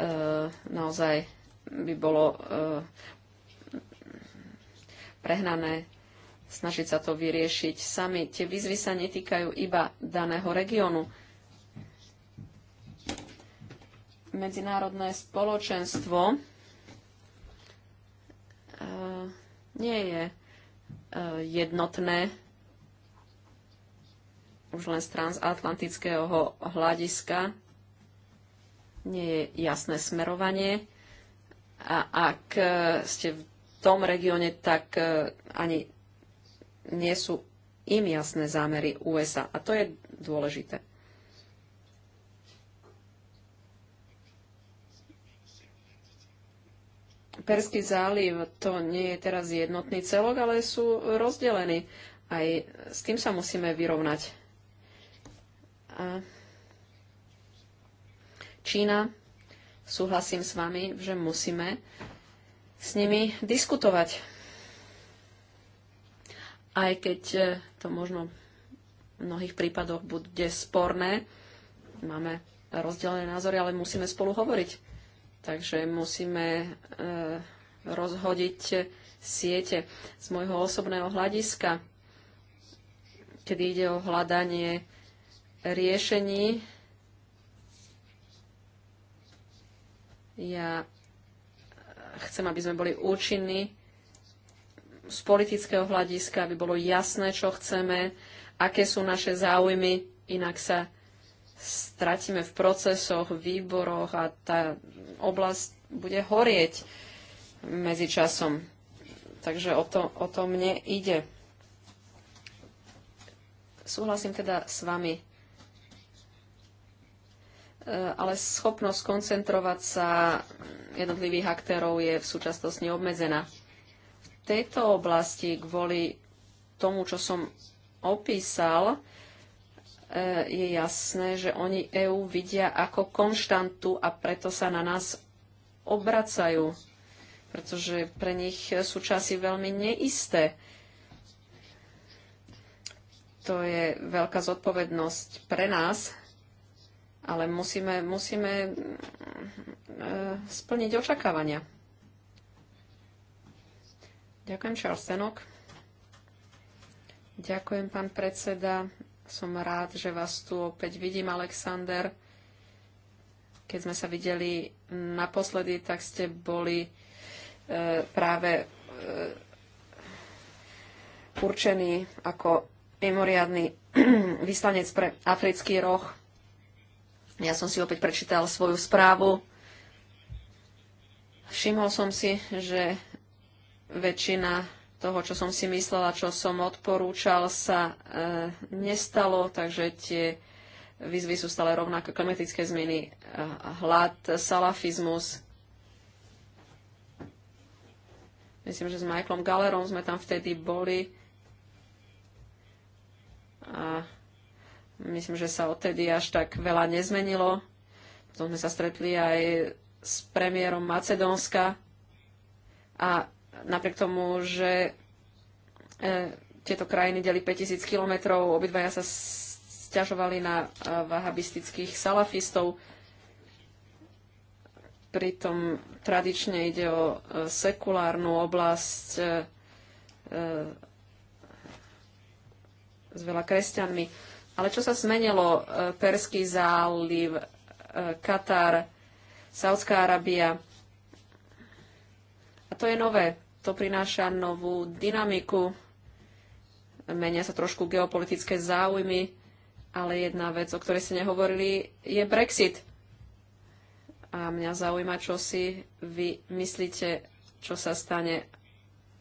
Eh, naozaj by bolo eh, prehnané snažiť sa to vyriešiť sami. Tie výzvy sa netýkajú iba daného regiónu. Medzinárodné spoločenstvo eh, nie je jednotné už len z transatlantického hľadiska nie je jasné smerovanie a ak e, ste v tom regióne, tak e, ani nie sú im jasné zámery USA. A to je dôležité. Perský záliv to nie je teraz jednotný celok, ale sú rozdelení. Aj s tým sa musíme vyrovnať. A Čína. Súhlasím s vami, že musíme s nimi diskutovať. Aj keď e, to možno v mnohých prípadoch bude sporné, máme rozdelené názory, ale musíme spolu hovoriť. Takže musíme e, rozhodiť siete z môjho osobného hľadiska, kedy ide o hľadanie riešení Ja eh, chcem, aby sme boli účinní z politického hľadiska, aby bolo jasné, čo chceme, aké sú naše záujmy, inak sa stratíme v procesoch, výboroch a tá oblasť bude horieť medzi časom. Takže o to, o to mne ide. Súhlasím teda s vami Eh, ale schopnosť koncentrovať sa jednotlivých aktérov je v súčasnosti obmedzená. V tejto oblasti kvôli tomu, čo som opísal, eh, je jasné, že oni EÚ vidia ako konštantu a preto sa na nás obracajú, pretože pre nich sú časy veľmi neisté. To je veľká zodpovednosť pre nás, ale musíme, musíme eh, splniť očakávania. Ďakujem, Charles Senok. Ďakujem, pán predseda. Som rád, že vás tu opäť vidím, Alexander. Keď sme sa videli naposledy, tak ste boli e, práve e, eh, určení ako mimoriadný vyslanec pre africký roh ja som si opäť prečítal svoju správu. Všimol som si, že väčšina toho, čo som si myslela, čo som odporúčal, sa e, nestalo, takže tie výzvy sú stále rovnaké. Klimatické zmeny, e, hlad, salafizmus. Myslím, že s Michaelom Gallerom sme tam vtedy boli. A Myslím, že sa odtedy až tak veľa nezmenilo. Potom sme sa stretli aj s premiérom Macedónska a napriek tomu, že e, tieto krajiny deli 5000 kilometrov, obidvaja sa sťažovali na e, vahabistických salafistov, pritom tradične ide o e, sekulárnu oblasť e, e, s veľa kresťanmi. Ale čo sa zmenilo? E, Perský záliv, e, Katar, Saudská Arábia. A to je nové. To prináša novú dynamiku. Menia sa trošku geopolitické záujmy, ale jedna vec, o ktorej ste nehovorili, je Brexit. A mňa zaujíma, čo si vy myslíte, čo sa stane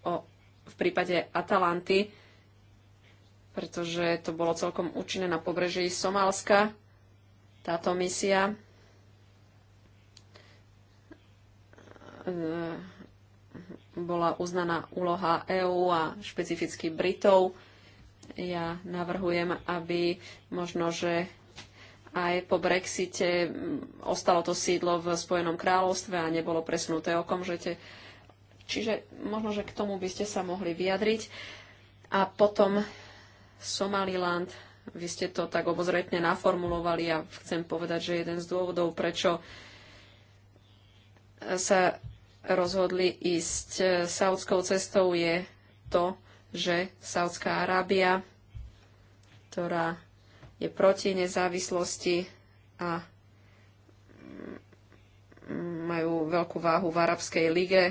o, v prípade Atalanty pretože to bolo celkom účinné na pobreží Somálska, táto misia. E, bola uznaná úloha EÚ a špecificky Britov. Ja navrhujem, aby možno, že aj po Brexite ostalo to sídlo v Spojenom kráľovstve a nebolo presunuté okomžete. Čiže možno, že k tomu by ste sa mohli vyjadriť. A potom Somaliland. Vy ste to tak obozretne naformulovali a chcem povedať, že jeden z dôvodov, prečo sa rozhodli ísť e, saudskou cestou je to, že Saudská Arábia, ktorá je proti nezávislosti a majú veľkú váhu v Arabskej lige,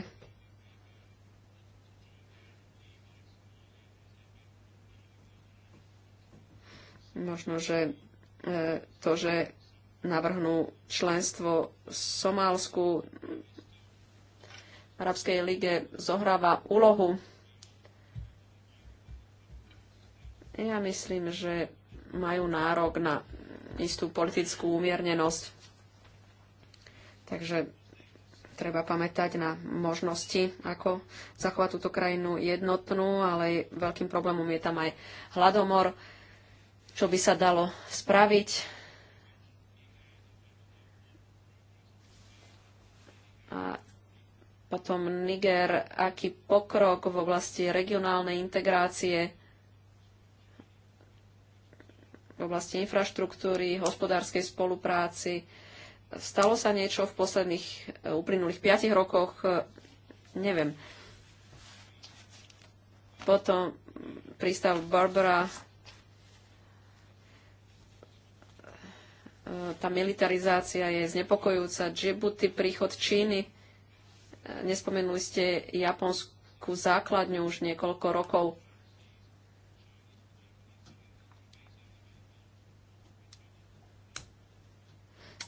Možno, že e, to, že navrhnú členstvo Somálsku v Arabskej lige zohráva úlohu. Ja myslím, že majú nárok na istú politickú umiernenosť. Takže treba pamätať na možnosti, ako zachovať túto krajinu jednotnú, ale veľkým problémom je tam aj hladomor čo by sa dalo spraviť. A potom Niger, aký pokrok v oblasti regionálnej integrácie, v oblasti infraštruktúry, hospodárskej spolupráci. Stalo sa niečo v posledných e, uplynulých piatich rokoch? E, neviem. Potom prístav Barbara tá militarizácia je znepokojúca. Džibuti, príchod Číny, nespomenuli ste japonskú základňu už niekoľko rokov.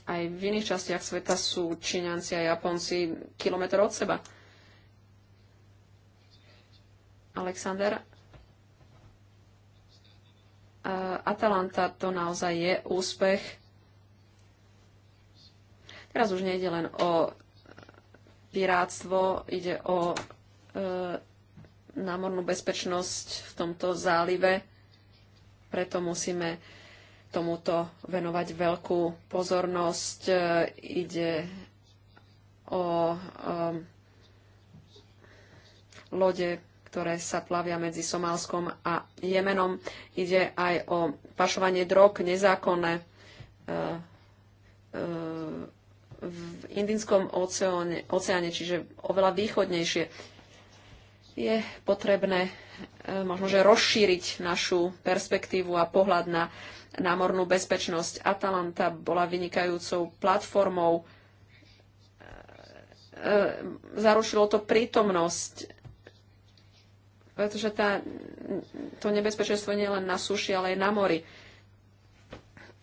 Aj v iných častiach sveta sú Číňanci a Japonci kilometr od seba. Alexander, Atalanta to naozaj je úspech Teraz už nejde len o e, pirátstvo, ide o e, námornú bezpečnosť v tomto zálive, preto musíme tomuto venovať veľkú pozornosť. E, ide o e, lode, ktoré sa plavia medzi Somálskom a Jemenom. Ide aj o pašovanie drog, nezákonné e, Indickom oceáne, oceáne, čiže oveľa východnejšie. Je potrebné e, možno, že rozšíriť našu perspektívu a pohľad na námornú bezpečnosť. Atalanta bola vynikajúcou platformou. E, e, Zarušilo to prítomnosť pretože tá, to nebezpečenstvo nie je len na suši, ale aj na mori.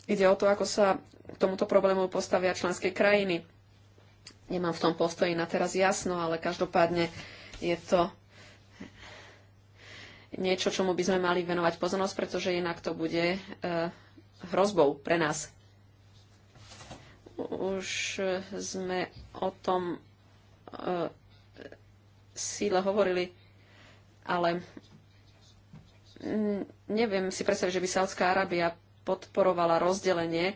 Ide o to, ako sa k tomuto problému postavia členské krajiny. Nemám v tom postoji na teraz jasno, ale každopádne je to niečo, čomu by sme mali venovať pozornosť, pretože inak to bude e, hrozbou pre nás. Už sme o tom e, síle hovorili, ale neviem si predstaviť, že by Saudská Arábia podporovala rozdelenie e,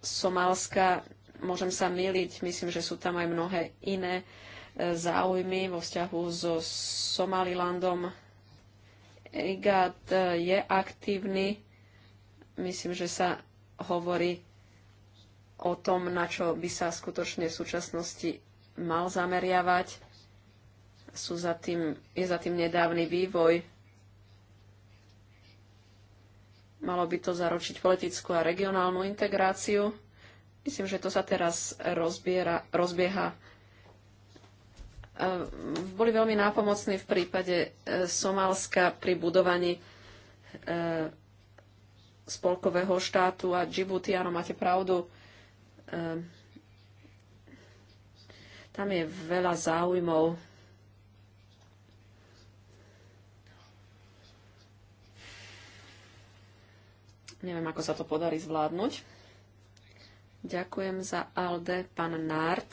Somálska Môžem sa myliť, myslím, že sú tam aj mnohé iné e, záujmy vo vzťahu so Somalilandom. EGAD je aktívny, myslím, že sa hovorí o tom, na čo by sa skutočne v súčasnosti mal zameriavať. Sú za tým, je za tým nedávny vývoj. Malo by to zaručiť politickú a regionálnu integráciu. Myslím, že to sa teraz rozbiera, rozbieha. E, boli veľmi nápomocní v prípade e, Somálska pri budovaní e, spolkového štátu a Džibuti, áno, máte pravdu. Tam je veľa záujmov. Neviem, ako sa to podarí zvládnuť. Ďakujem za Alde, pán Nárd.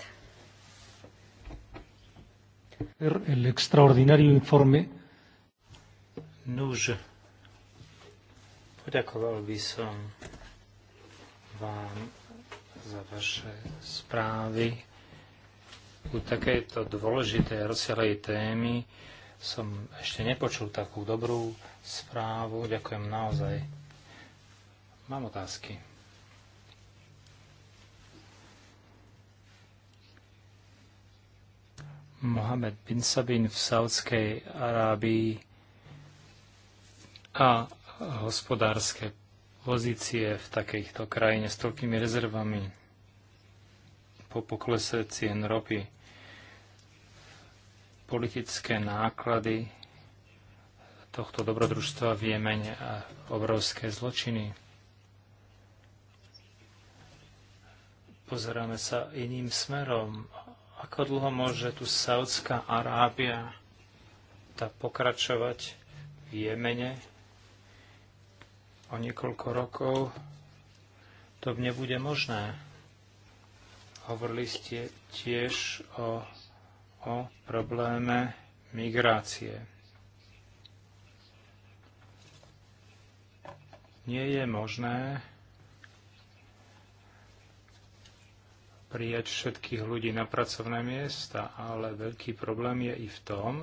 El extraordinario informe. Nuž, poďakoval by som vám za vaše správy. U takéto dôležitej rozsiahlej témy som ešte nepočul takú dobrú správu. Ďakujem naozaj. Mám otázky. Mohamed bin Sabin v Saudskej Arábii a hospodárske pozície v takejto krajine s toľkými rezervami po poklese cien ropy, politické náklady tohto dobrodružstva v Jemene a obrovské zločiny. Pozeráme sa iným smerom ako dlho môže tu Saudská Arábia tá pokračovať v Jemene o niekoľko rokov? To nebude možné. Hovorili ste tiež o, o probléme migrácie. Nie je možné, prijať všetkých ľudí na pracovné miesta, ale veľký problém je i v tom,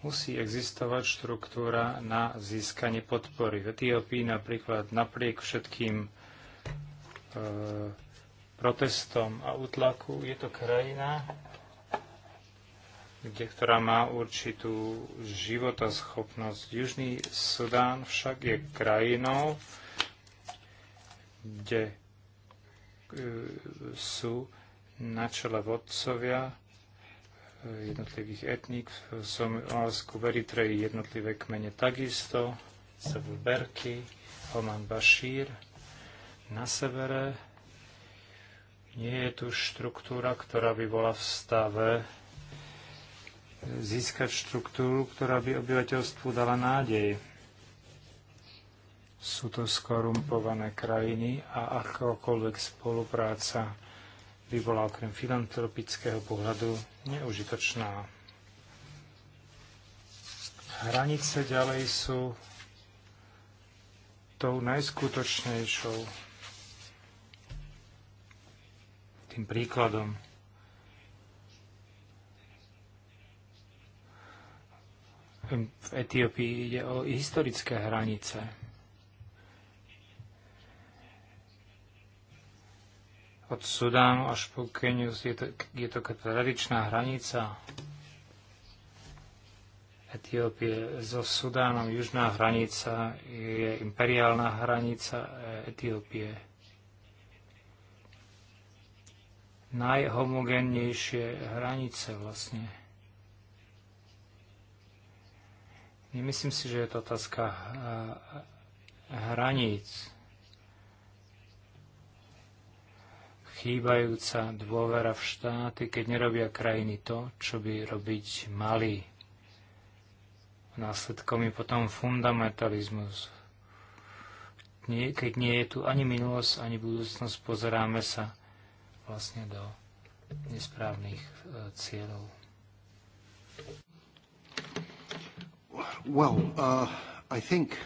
musí existovať štruktúra na získanie podpory. V Etiópii napríklad napriek všetkým e, protestom a utlaku je to krajina, kde, ktorá má určitú životaschopnosť. Južný Sudán však je krajinou, kde sú na čele vodcovia eh, jednotlivých etník v Somálsku, v Eritreji jednotlivé kmene takisto, Sevr Berky, Oman Bashir na severe. Nie je tu štruktúra, ktorá by bola v stave eh, získať štruktúru, ktorá by obyvateľstvu dala nádej. Sú to skorumpované krajiny a akákoľvek spolupráca by bola okrem filantropického pohľadu neužitočná. Hranice ďalej sú tou najskutočnejšou tým príkladom. V Etiópii ide o historické hranice. Od Sudánu až po Keniu je to, je to tradičná hranica Etiópie so Sudánom. Južná hranica je imperiálna hranica Etiópie. Najhomogénnejšie hranice vlastne. Nemyslím si, že je to otázka e, e, hraníc. chýbajúca dôvera v štáty, keď nerobia krajiny to, čo by robiť mali. Následkom je potom fundamentalizmus. Nie, keď nie je tu ani minulosť, ani budúcnosť, pozeráme sa vlastne do nesprávnych e, cieľov. Well, uh, I think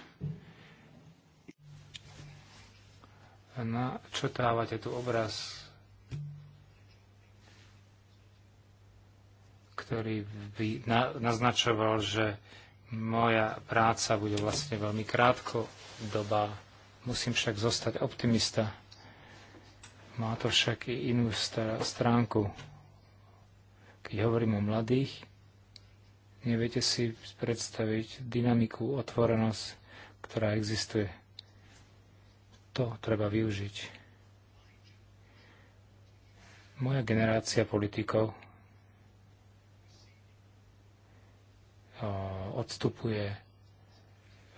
trávate tu obraz ktorý by na, naznačoval, že moja práca bude vlastne veľmi krátko doba. Musím však zostať optimista. Má to však i inú stránku. Keď hovorím o mladých, neviete si predstaviť dynamiku, otvorenosť, ktorá existuje. To treba využiť. Moja generácia politikov Eh, odstupuje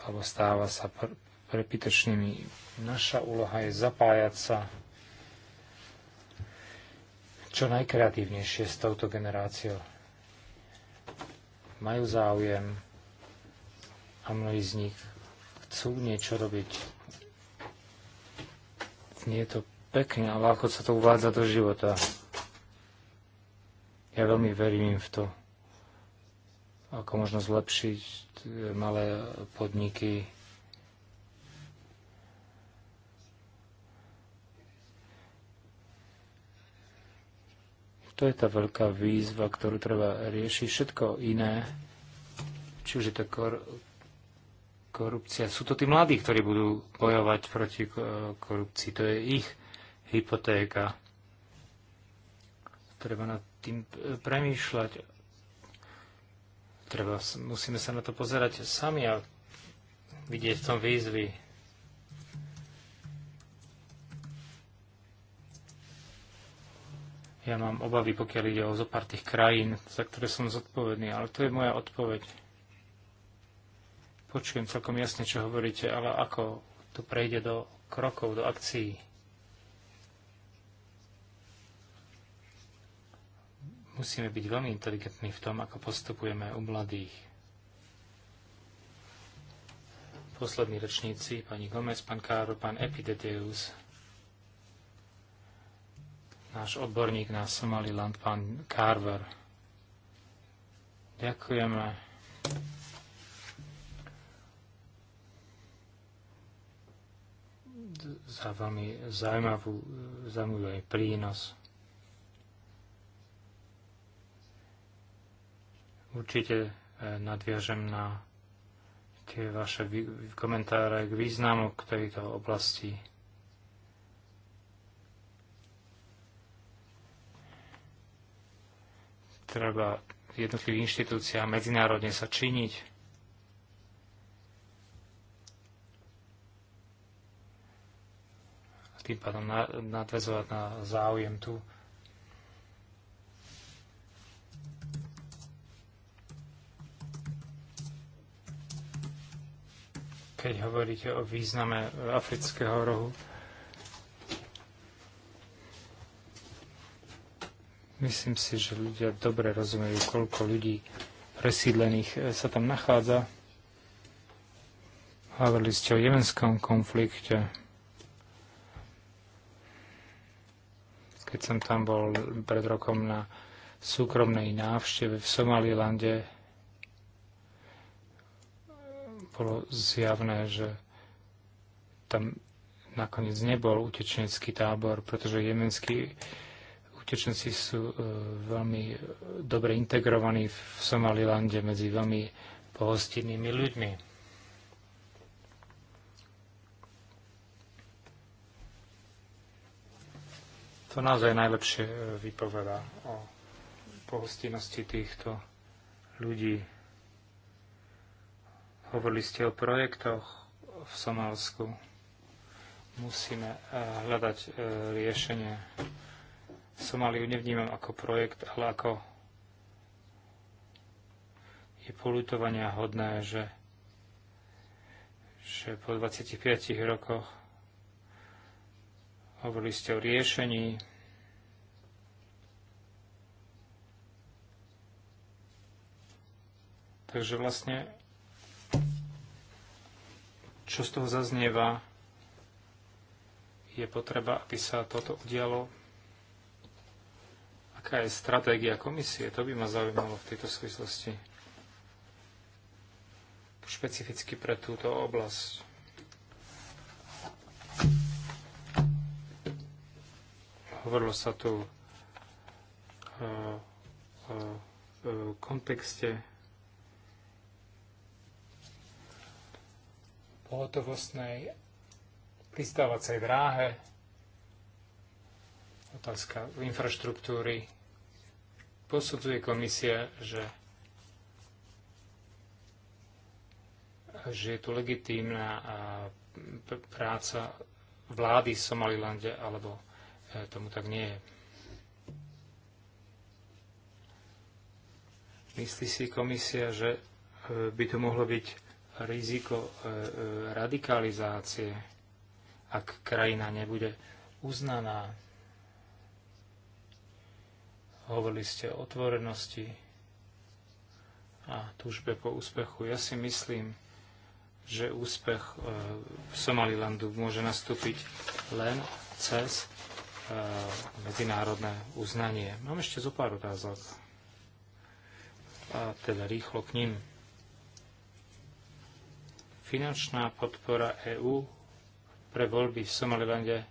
alebo stáva sa pr- prepitočnými. Naša úloha je zapájať sa čo najkreatívnejšie s touto generáciou. Majú záujem a mnohí z nich chcú niečo robiť. Nie je to pekne, ale ako sa to uvádza do života. Ja veľmi verím v to ako možno zlepšiť e, malé podniky. To je tá veľká výzva, ktorú treba riešiť. Všetko iné, či už je to kor- korupcia, sú to tí mladí, ktorí budú bojovať proti korupcii. To je ich hypotéka. Treba nad tým premýšľať Treba, musíme sa na to pozerať sami a vidieť v tom výzvy. Ja mám obavy, pokiaľ ide o zopár tých krajín, za ktoré som zodpovedný, ale to je moja odpoveď. Počujem celkom jasne, čo hovoríte, ale ako to prejde do krokov, do akcií. Musíme byť veľmi inteligentní v tom, ako postupujeme u mladých. Poslední rečníci, pani Gomez, pán Káro, pán Epidedeus, náš odborník na Somaliland, pán Carver. Ďakujeme. za veľmi zaujímavú, zaujímavý prínos. Určite e, nadviažem na tie vaše komentáre k významu k tejto oblasti. Treba jednotlivých inštitúciách medzinárodne sa činiť. Tým pádom nadvezovať na záujem tu keď hovoríte o význame afrického rohu. Myslím si, že ľudia dobre rozumejú, koľko ľudí presídlených eh, sa tam nachádza. Hovorili ste o jemenskom konflikte. Keď som tam bol pred rokom na súkromnej návšteve v Somalilande, bolo zjavné, že tam nakoniec nebol utečenecký tábor, pretože jemenskí utečenci sú e, veľmi dobre integrovaní v Somalilande medzi veľmi pohostinnými ľuďmi. To naozaj najlepšie e, vypovedá o pohostinnosti týchto ľudí. Hovorili ste o projektoch v Somálsku. Musíme eh, hľadať eh, riešenie. Somáliu nevnímam ako projekt, ale ako je polutovania hodné, že, že po 25 rokoch hovorili ste o riešení, Takže vlastne čo z toho zaznieva, je potreba, aby sa toto udialo. Aká je stratégia komisie? To by ma zaujímalo v tejto súvislosti. Špecificky pre túto oblasť. Hovorilo sa tu o, o, o kontexte pohotovostnej pristávacej dráhe, otázka infraštruktúry. Posudzuje komisia, že, že je tu legitímna práca vlády v Somalilande, alebo e, tomu tak nie je. Myslí si komisia, že e, by to mohlo byť riziko e, e, radikalizácie, ak krajina nebude uznaná. Hovorili ste o otvorenosti a túžbe po úspechu. Ja si myslím, že úspech e, v Somalilandu môže nastúpiť len cez medzinárodné uznanie. Mám ešte zo pár otázok. A teda rýchlo k ním. Finančná podpora EÚ pre voľby v Somalilande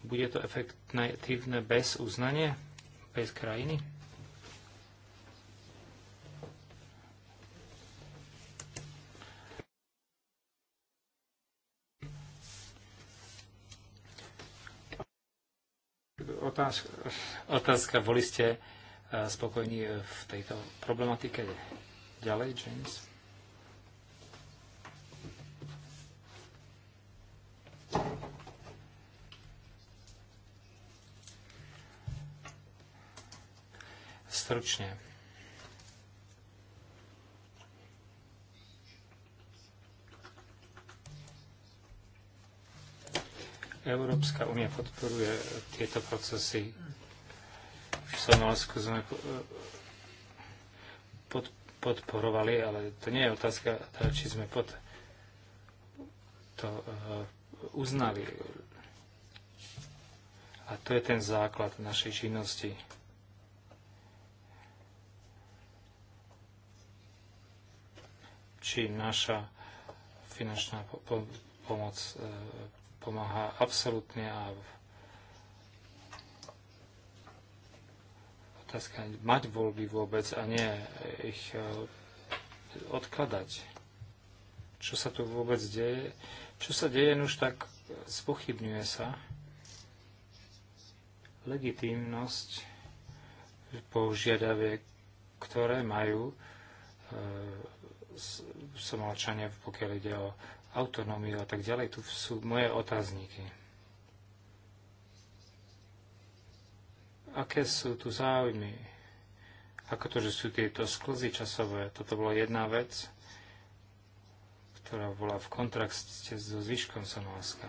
bude to efektívne bez uznania, bez krajiny? Otázka, otázka boli ste eh, spokojní eh, v tejto problematike? Ďalej, James. stručne. Európska únia podporuje tieto procesy. V Somálsku sme pod, podporovali, ale to nie je otázka, teda, či sme pod to eh, uznali. A to je ten základ našej činnosti. či naša finančná pomoc e, pomáha absolútne a otázka mať voľby vôbec a nie ich e, odkladať. Čo sa tu vôbec deje? Čo sa deje, no už tak spochybňuje sa legitímnosť požiadaviek, ktoré majú e, Somalčania, pokiaľ ide o autonómiu a tak ďalej. Tu sú moje otázniky. Aké sú tu záujmy? Ako to, že sú tieto sklzy časové? Toto bola jedna vec, ktorá bola v kontrakte so zvyškom Somálska.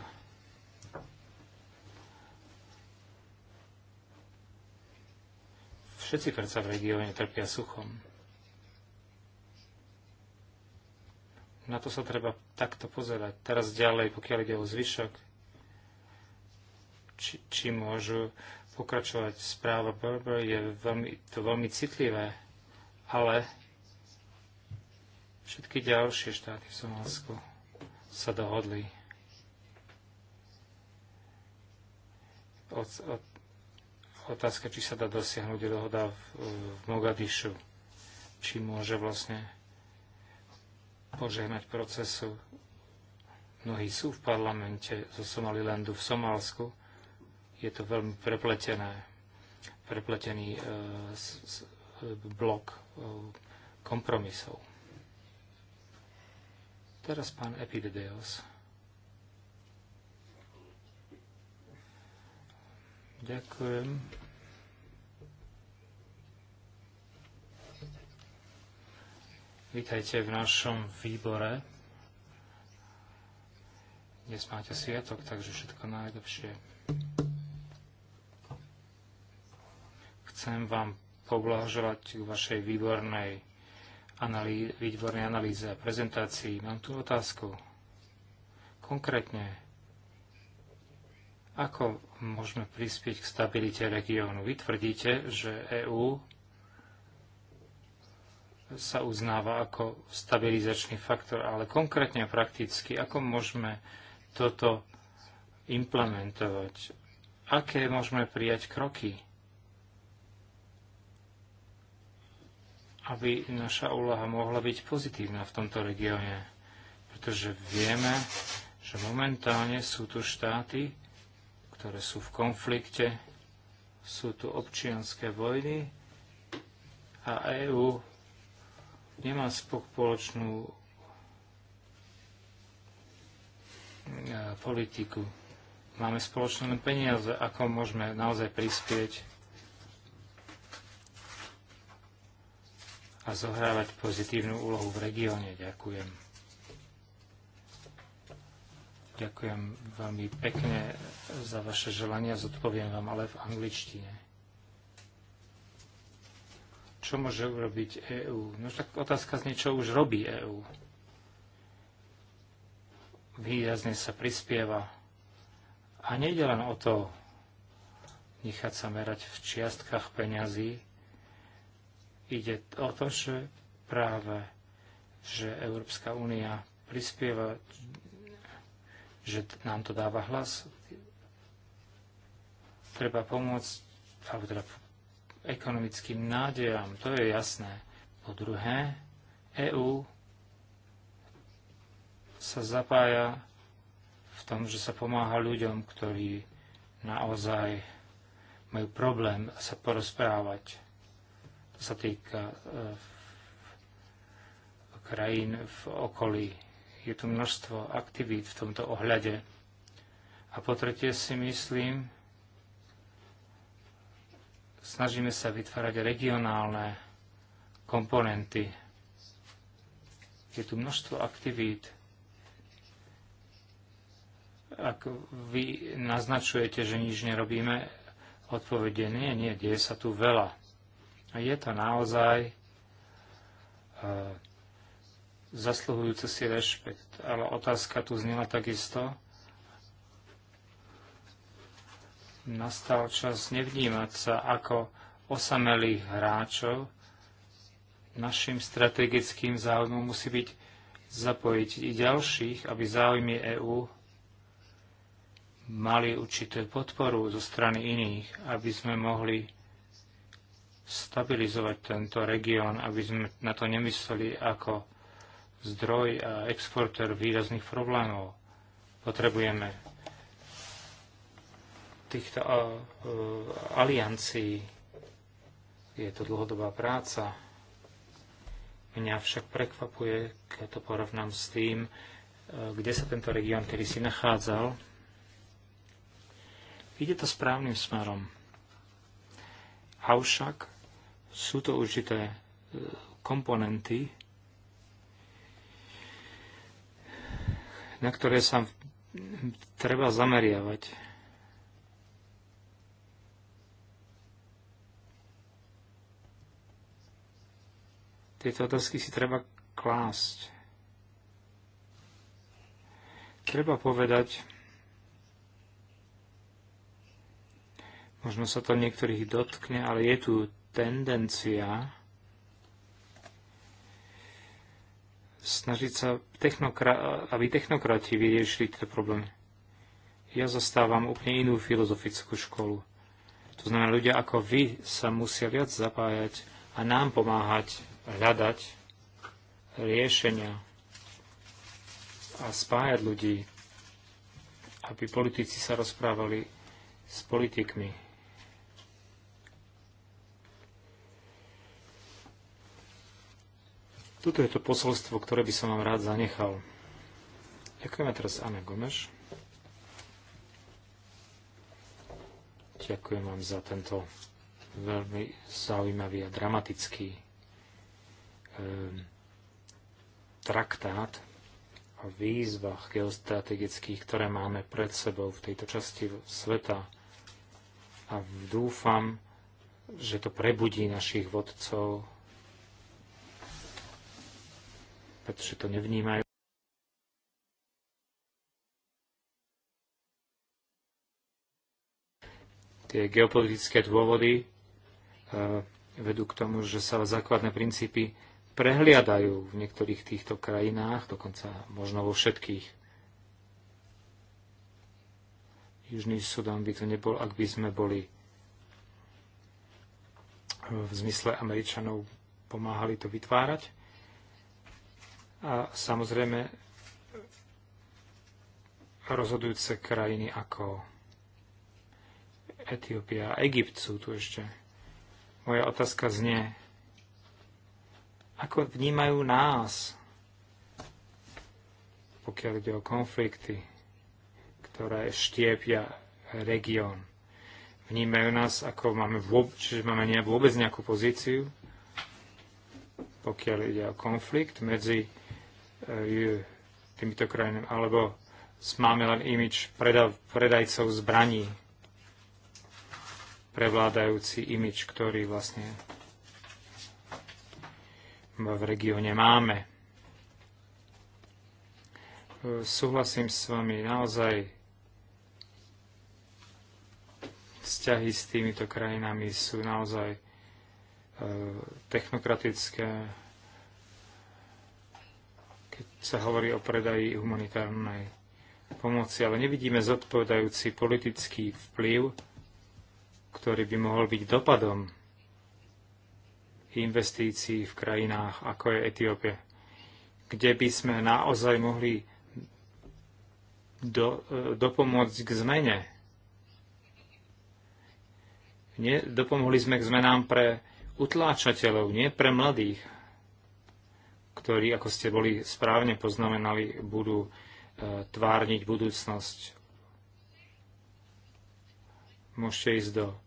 Všetci predsa v regióne trpia suchom Na to sa treba takto pozerať. Teraz ďalej, pokiaľ ide o zvyšok, či, či môžu pokračovať správa Berber, je veľmi, to veľmi citlivé, ale všetky ďalšie štáty v Somálsku sa dohodli. Od, od, otázka, či sa dá dosiahnuť dohoda v, v Mogadišu, či môže vlastne požehnať procesu. Mnohí sú v parlamente zo Somalilandu v Somálsku. Je to veľmi prepletené, prepletený e, s, s, e, blok e, kompromisov. Teraz pán Epidedeos. Ďakujem. Vítajte v našom výbore. Dnes máte sviatok, takže všetko najlepšie. Chcem vám poblahoželať k vašej výbornej výbornej analýze a prezentácii. Mám tu otázku. Konkrétne, ako môžeme prispieť k stabilite regiónu? Vy tvrdíte, že EÚ sa uznáva ako stabilizačný faktor, ale konkrétne a prakticky, ako môžeme toto implementovať? Aké môžeme prijať kroky? aby naša úloha mohla byť pozitívna v tomto regióne. Pretože vieme, že momentálne sú tu štáty, ktoré sú v konflikte, sú tu občianské vojny a EÚ nemá spoločnú eh, politiku. Máme spoločné peniaze, ako môžeme naozaj prispieť a zohrávať pozitívnu úlohu v regióne. Ďakujem. Ďakujem veľmi pekne za vaše želania, zodpoviem vám ale v angličtine. Čo môže urobiť EÚ? No tak otázka z niečo už robí EÚ. Výrazne sa prispieva. A nejde len o to nechať sa merať v čiastkách peňazí. Ide o to, že práve že Európska únia prispieva, že nám to dáva hlas. Treba pomôcť, alebo teda ekonomickým nádejam, to je jasné. Po druhé, EÚ sa zapája v tom, že sa pomáha ľuďom, ktorí naozaj majú problém sa porozprávať. To sa týka e, krajín v okolí. Je tu množstvo aktivít v tomto ohľade. A po tretie si myslím, Snažíme sa vytvárať regionálne komponenty. Je tu množstvo aktivít. Ak vy naznačujete, že nič nerobíme, odpovede nie, nie, deje sa tu veľa. A je to naozaj e, zasluhujúce si rešpekt. Ale otázka tu znela takisto, Nastal čas nevnímať sa ako osamelých hráčov. Našim strategickým záujmom musí byť zapojiť i ďalších, aby záujmy EÚ mali určitú podporu zo strany iných, aby sme mohli stabilizovať tento región, aby sme na to nemysleli ako zdroj a exporter výrazných problémov. Potrebujeme týchto e, aliancií. Je to dlhodobá práca. Mňa však prekvapuje, keď to porovnám s tým, e, kde sa tento región kedy si nachádzal. Ide to správnym smerom. Avšak sú to určité e, komponenty, na ktoré sa treba zameriavať Tieto otázky si treba klásť. Treba povedať, možno sa to niektorých dotkne, ale je tu tendencia snažiť sa, technokra- aby technokrati vyriešili tieto problémy. Ja zastávam úplne inú filozofickú školu. To znamená, ľudia ako vy sa musia viac zapájať a nám pomáhať hľadať riešenia a spájať ľudí, aby politici sa rozprávali s politikmi. Toto je to posolstvo, ktoré by som vám rád zanechal. Ďakujeme teraz Anna Gomeš. Ďakujem vám za tento veľmi zaujímavý a dramatický Ehm, traktát o výzvach geostrategických, ktoré máme pred sebou v tejto časti sveta. A dúfam, že to prebudí našich vodcov, pretože to nevnímajú. Tie geopolitické dôvody ehm, vedú k tomu, že sa základné princípy prehliadajú v niektorých týchto krajinách, dokonca možno vo všetkých. Južný Sudan by to nebol, ak by sme boli v zmysle Američanov pomáhali to vytvárať. A samozrejme rozhodujúce krajiny ako Etiópia a Egypt sú tu ešte. Moja otázka znie, ako vnímajú nás, pokiaľ ide o konflikty, ktoré štiepia región? Vnímajú nás, ako máme, vôbec, čiže máme ne, vôbec nejakú pozíciu, pokiaľ ide o konflikt medzi e, týmito krajinami, alebo máme len imič predav, predajcov zbraní, prevládajúci imič, ktorý vlastne v regióne máme. E, súhlasím s vami, naozaj vzťahy s týmito krajinami sú naozaj e, technokratické. Keď sa hovorí o predaji humanitárnej pomoci, ale nevidíme zodpovedajúci politický vplyv, ktorý by mohol byť dopadom investícií v krajinách, ako je Etiópia, kde by sme naozaj mohli do, dopomôcť k zmene. Nie, dopomohli sme k zmenám pre utláčateľov, nie pre mladých, ktorí, ako ste boli správne poznamenali, budú e, tvárniť budúcnosť. Môžete ísť do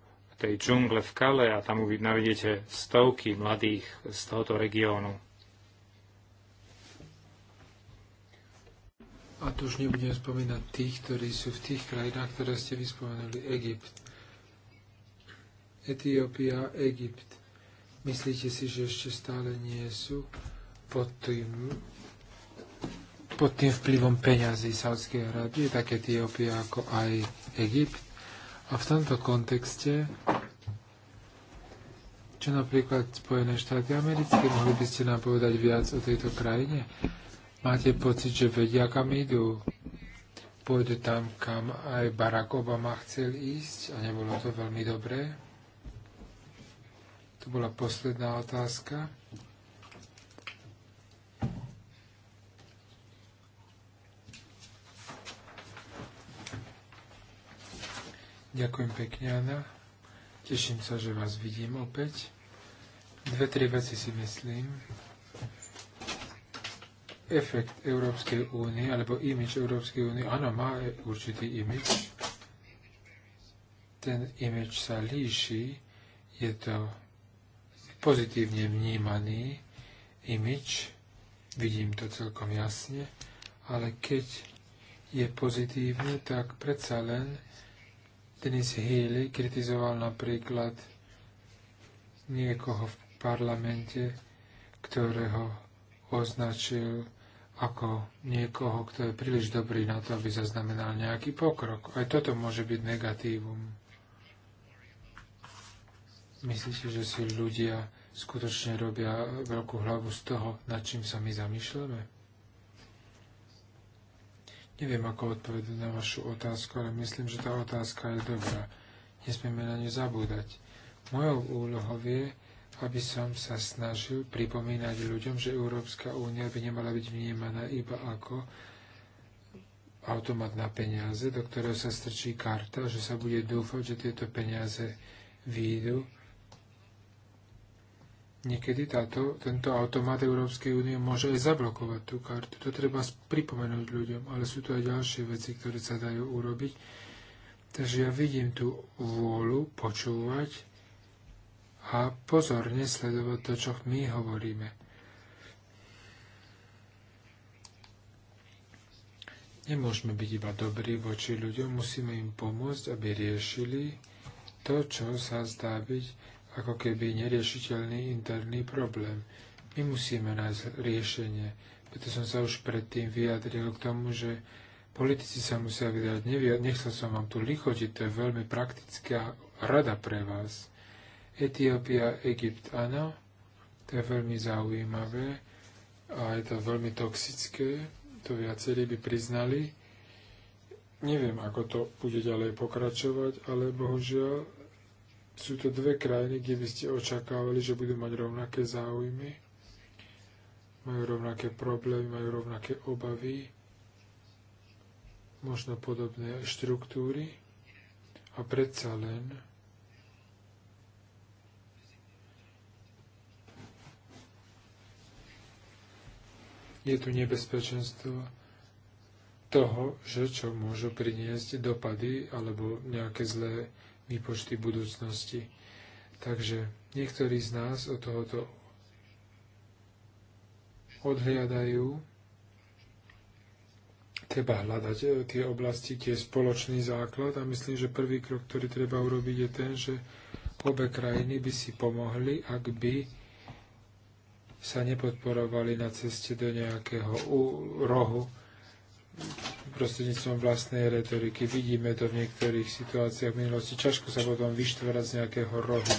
tej džungle v Kale a tam navidíte stovky mladých z tohoto regiónu. A tu už nebudem spomínať tých, ktorí sú v tých krajinách, ktoré ste vyspomenuli. Egypt, Etiópia, Egypt. Myslíte si, že ešte stále nie sú pod tým, pod tým vplyvom peňazí Sádskej Arábie, tak Etiópia ako aj Egypt? A v tomto kontexte, čo napríklad Spojené štáty americké, mohli by ste nám povedať viac o tejto krajine? Máte pocit, že vedia, kam idú? Pôjdu tam, kam aj Barack Obama chcel ísť a nebolo to veľmi dobré? To bola posledná otázka. Ďakujem pekne, Anna. Teším sa, že vás vidím opäť. Dve, tri veci si myslím. Efekt Európskej únie, alebo imič Európskej únie, áno, má určitý imič. Ten imič sa líši, je to pozitívne vnímaný imič, vidím to celkom jasne, ale keď je pozitívny, tak predsa len Denis Healy kritizoval napríklad niekoho v parlamente, ktorého označil ako niekoho, kto je príliš dobrý na to, aby zaznamenal nejaký pokrok. Aj toto môže byť negatívum. Myslíte, že si ľudia skutočne robia veľkú hlavu z toho, nad čím sa my zamýšľame? Neviem, ako odpovedať na vašu otázku, ale myslím, že tá otázka je dobrá. Nesmieme na ňu zabúdať. Mojou úlohou je, aby som sa snažil pripomínať ľuďom, že Európska únia by nemala byť vnímaná iba ako automat na peniaze, do ktorého sa strčí karta, že sa bude dúfať, že tieto peniaze výjdu Niekedy táto, tento automat Európskej únie môže aj zablokovať tú kartu. To treba pripomenúť ľuďom, ale sú tu aj ďalšie veci, ktoré sa dajú urobiť. Takže ja vidím tú vôľu počúvať a pozorne sledovať to, čo my hovoríme. Nemôžeme byť iba dobrí voči ľuďom, musíme im pomôcť, aby riešili to, čo sa zdá byť ako keby neriešiteľný interný problém. My musíme nájsť riešenie. Preto som sa už predtým vyjadril k tomu, že politici sa musia Nech Nechcel som vám tu lichotiť, to je veľmi praktická rada pre vás. Etiópia, Egypt, áno, to je veľmi zaujímavé a je to veľmi toxické, to viacerí by priznali. Neviem, ako to bude ďalej pokračovať, ale bohužiaľ sú to dve krajiny, kde by ste očakávali, že budú mať rovnaké záujmy, majú rovnaké problémy, majú rovnaké obavy, možno podobné štruktúry a predsa len je tu nebezpečenstvo toho, že čo môžu priniesť dopady alebo nejaké zlé výpočty budúcnosti. Takže niektorí z nás od tohoto odhliadajú, treba hľadať e, tie oblasti, tie spoločný základ a myslím, že prvý krok, ktorý treba urobiť je ten, že obe krajiny by si pomohli, ak by sa nepodporovali na ceste do nejakého rohu prostredníctvom vlastnej retoriky. Vidíme to v niektorých situáciách v minulosti. Ťažko sa potom vyštverať z nejakého rohu.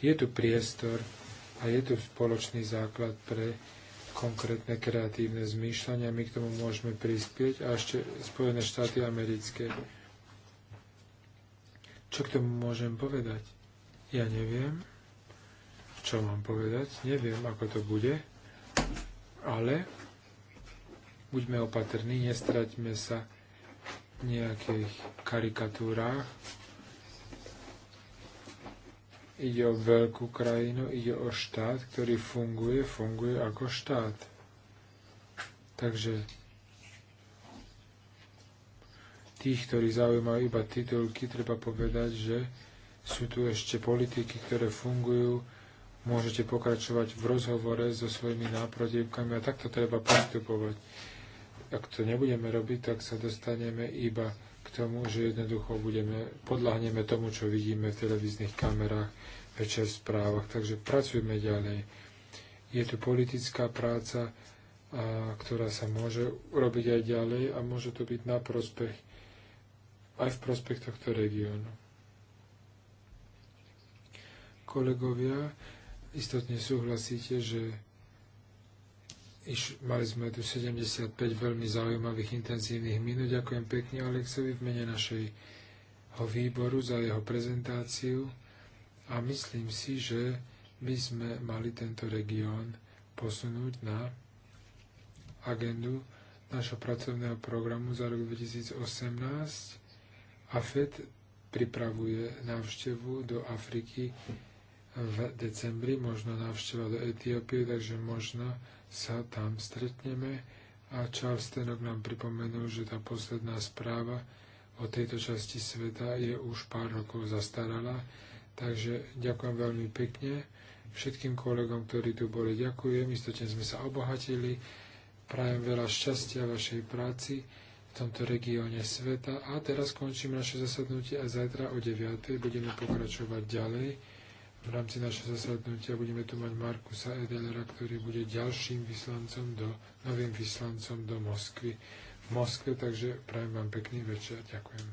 Je tu priestor a je tu spoločný základ pre konkrétne kreatívne zmýšľania. My k tomu môžeme prispieť a ešte Spojené štáty americké. Čo k tomu môžem povedať? Ja neviem. Čo mám povedať? Neviem, ako to bude. Ale buďme opatrní, nestraťme sa v nejakých karikatúrách. Ide o veľkú krajinu, ide o štát, ktorý funguje, funguje ako štát. Takže tých, ktorí zaujímajú iba titulky, treba povedať, že sú tu ešte politiky, ktoré fungujú, môžete pokračovať v rozhovore so svojimi náprotivkami a takto treba postupovať ak to nebudeme robiť, tak sa dostaneme iba k tomu, že jednoducho budeme, podľahneme tomu, čo vidíme v televíznych kamerách, večer v správach. Takže pracujme ďalej. Je tu politická práca, a, ktorá sa môže urobiť aj ďalej a môže to byť na prospech, aj v prospech tohto regiónu. Kolegovia, istotne súhlasíte, že Iš, mali sme tu 75 veľmi zaujímavých intenzívnych minút. Ďakujem pekne Alexovi v mene našeho výboru za jeho prezentáciu a myslím si, že by sme mali tento región posunúť na agendu našho pracovného programu za rok 2018. AFED pripravuje návštevu do Afriky v decembri, možno návšteva do Etiópie, takže možno sa tam stretneme. A Charles Tenok nám pripomenul, že tá posledná správa o tejto časti sveta je už pár rokov zastarala. Takže ďakujem veľmi pekne všetkým kolegom, ktorí tu boli. Ďakujem, istotne sme sa obohatili. Prajem veľa šťastia vašej práci v tomto regióne sveta. A teraz končím naše zasadnutie a zajtra o 9.00 budeme pokračovať ďalej v rámci našeho zasadnutia budeme tu mať Markusa Edelera, ktorý bude ďalším vyslancom do, novým vyslancom do Moskvy. V Moskve, takže prajem vám pekný večer. Ďakujem.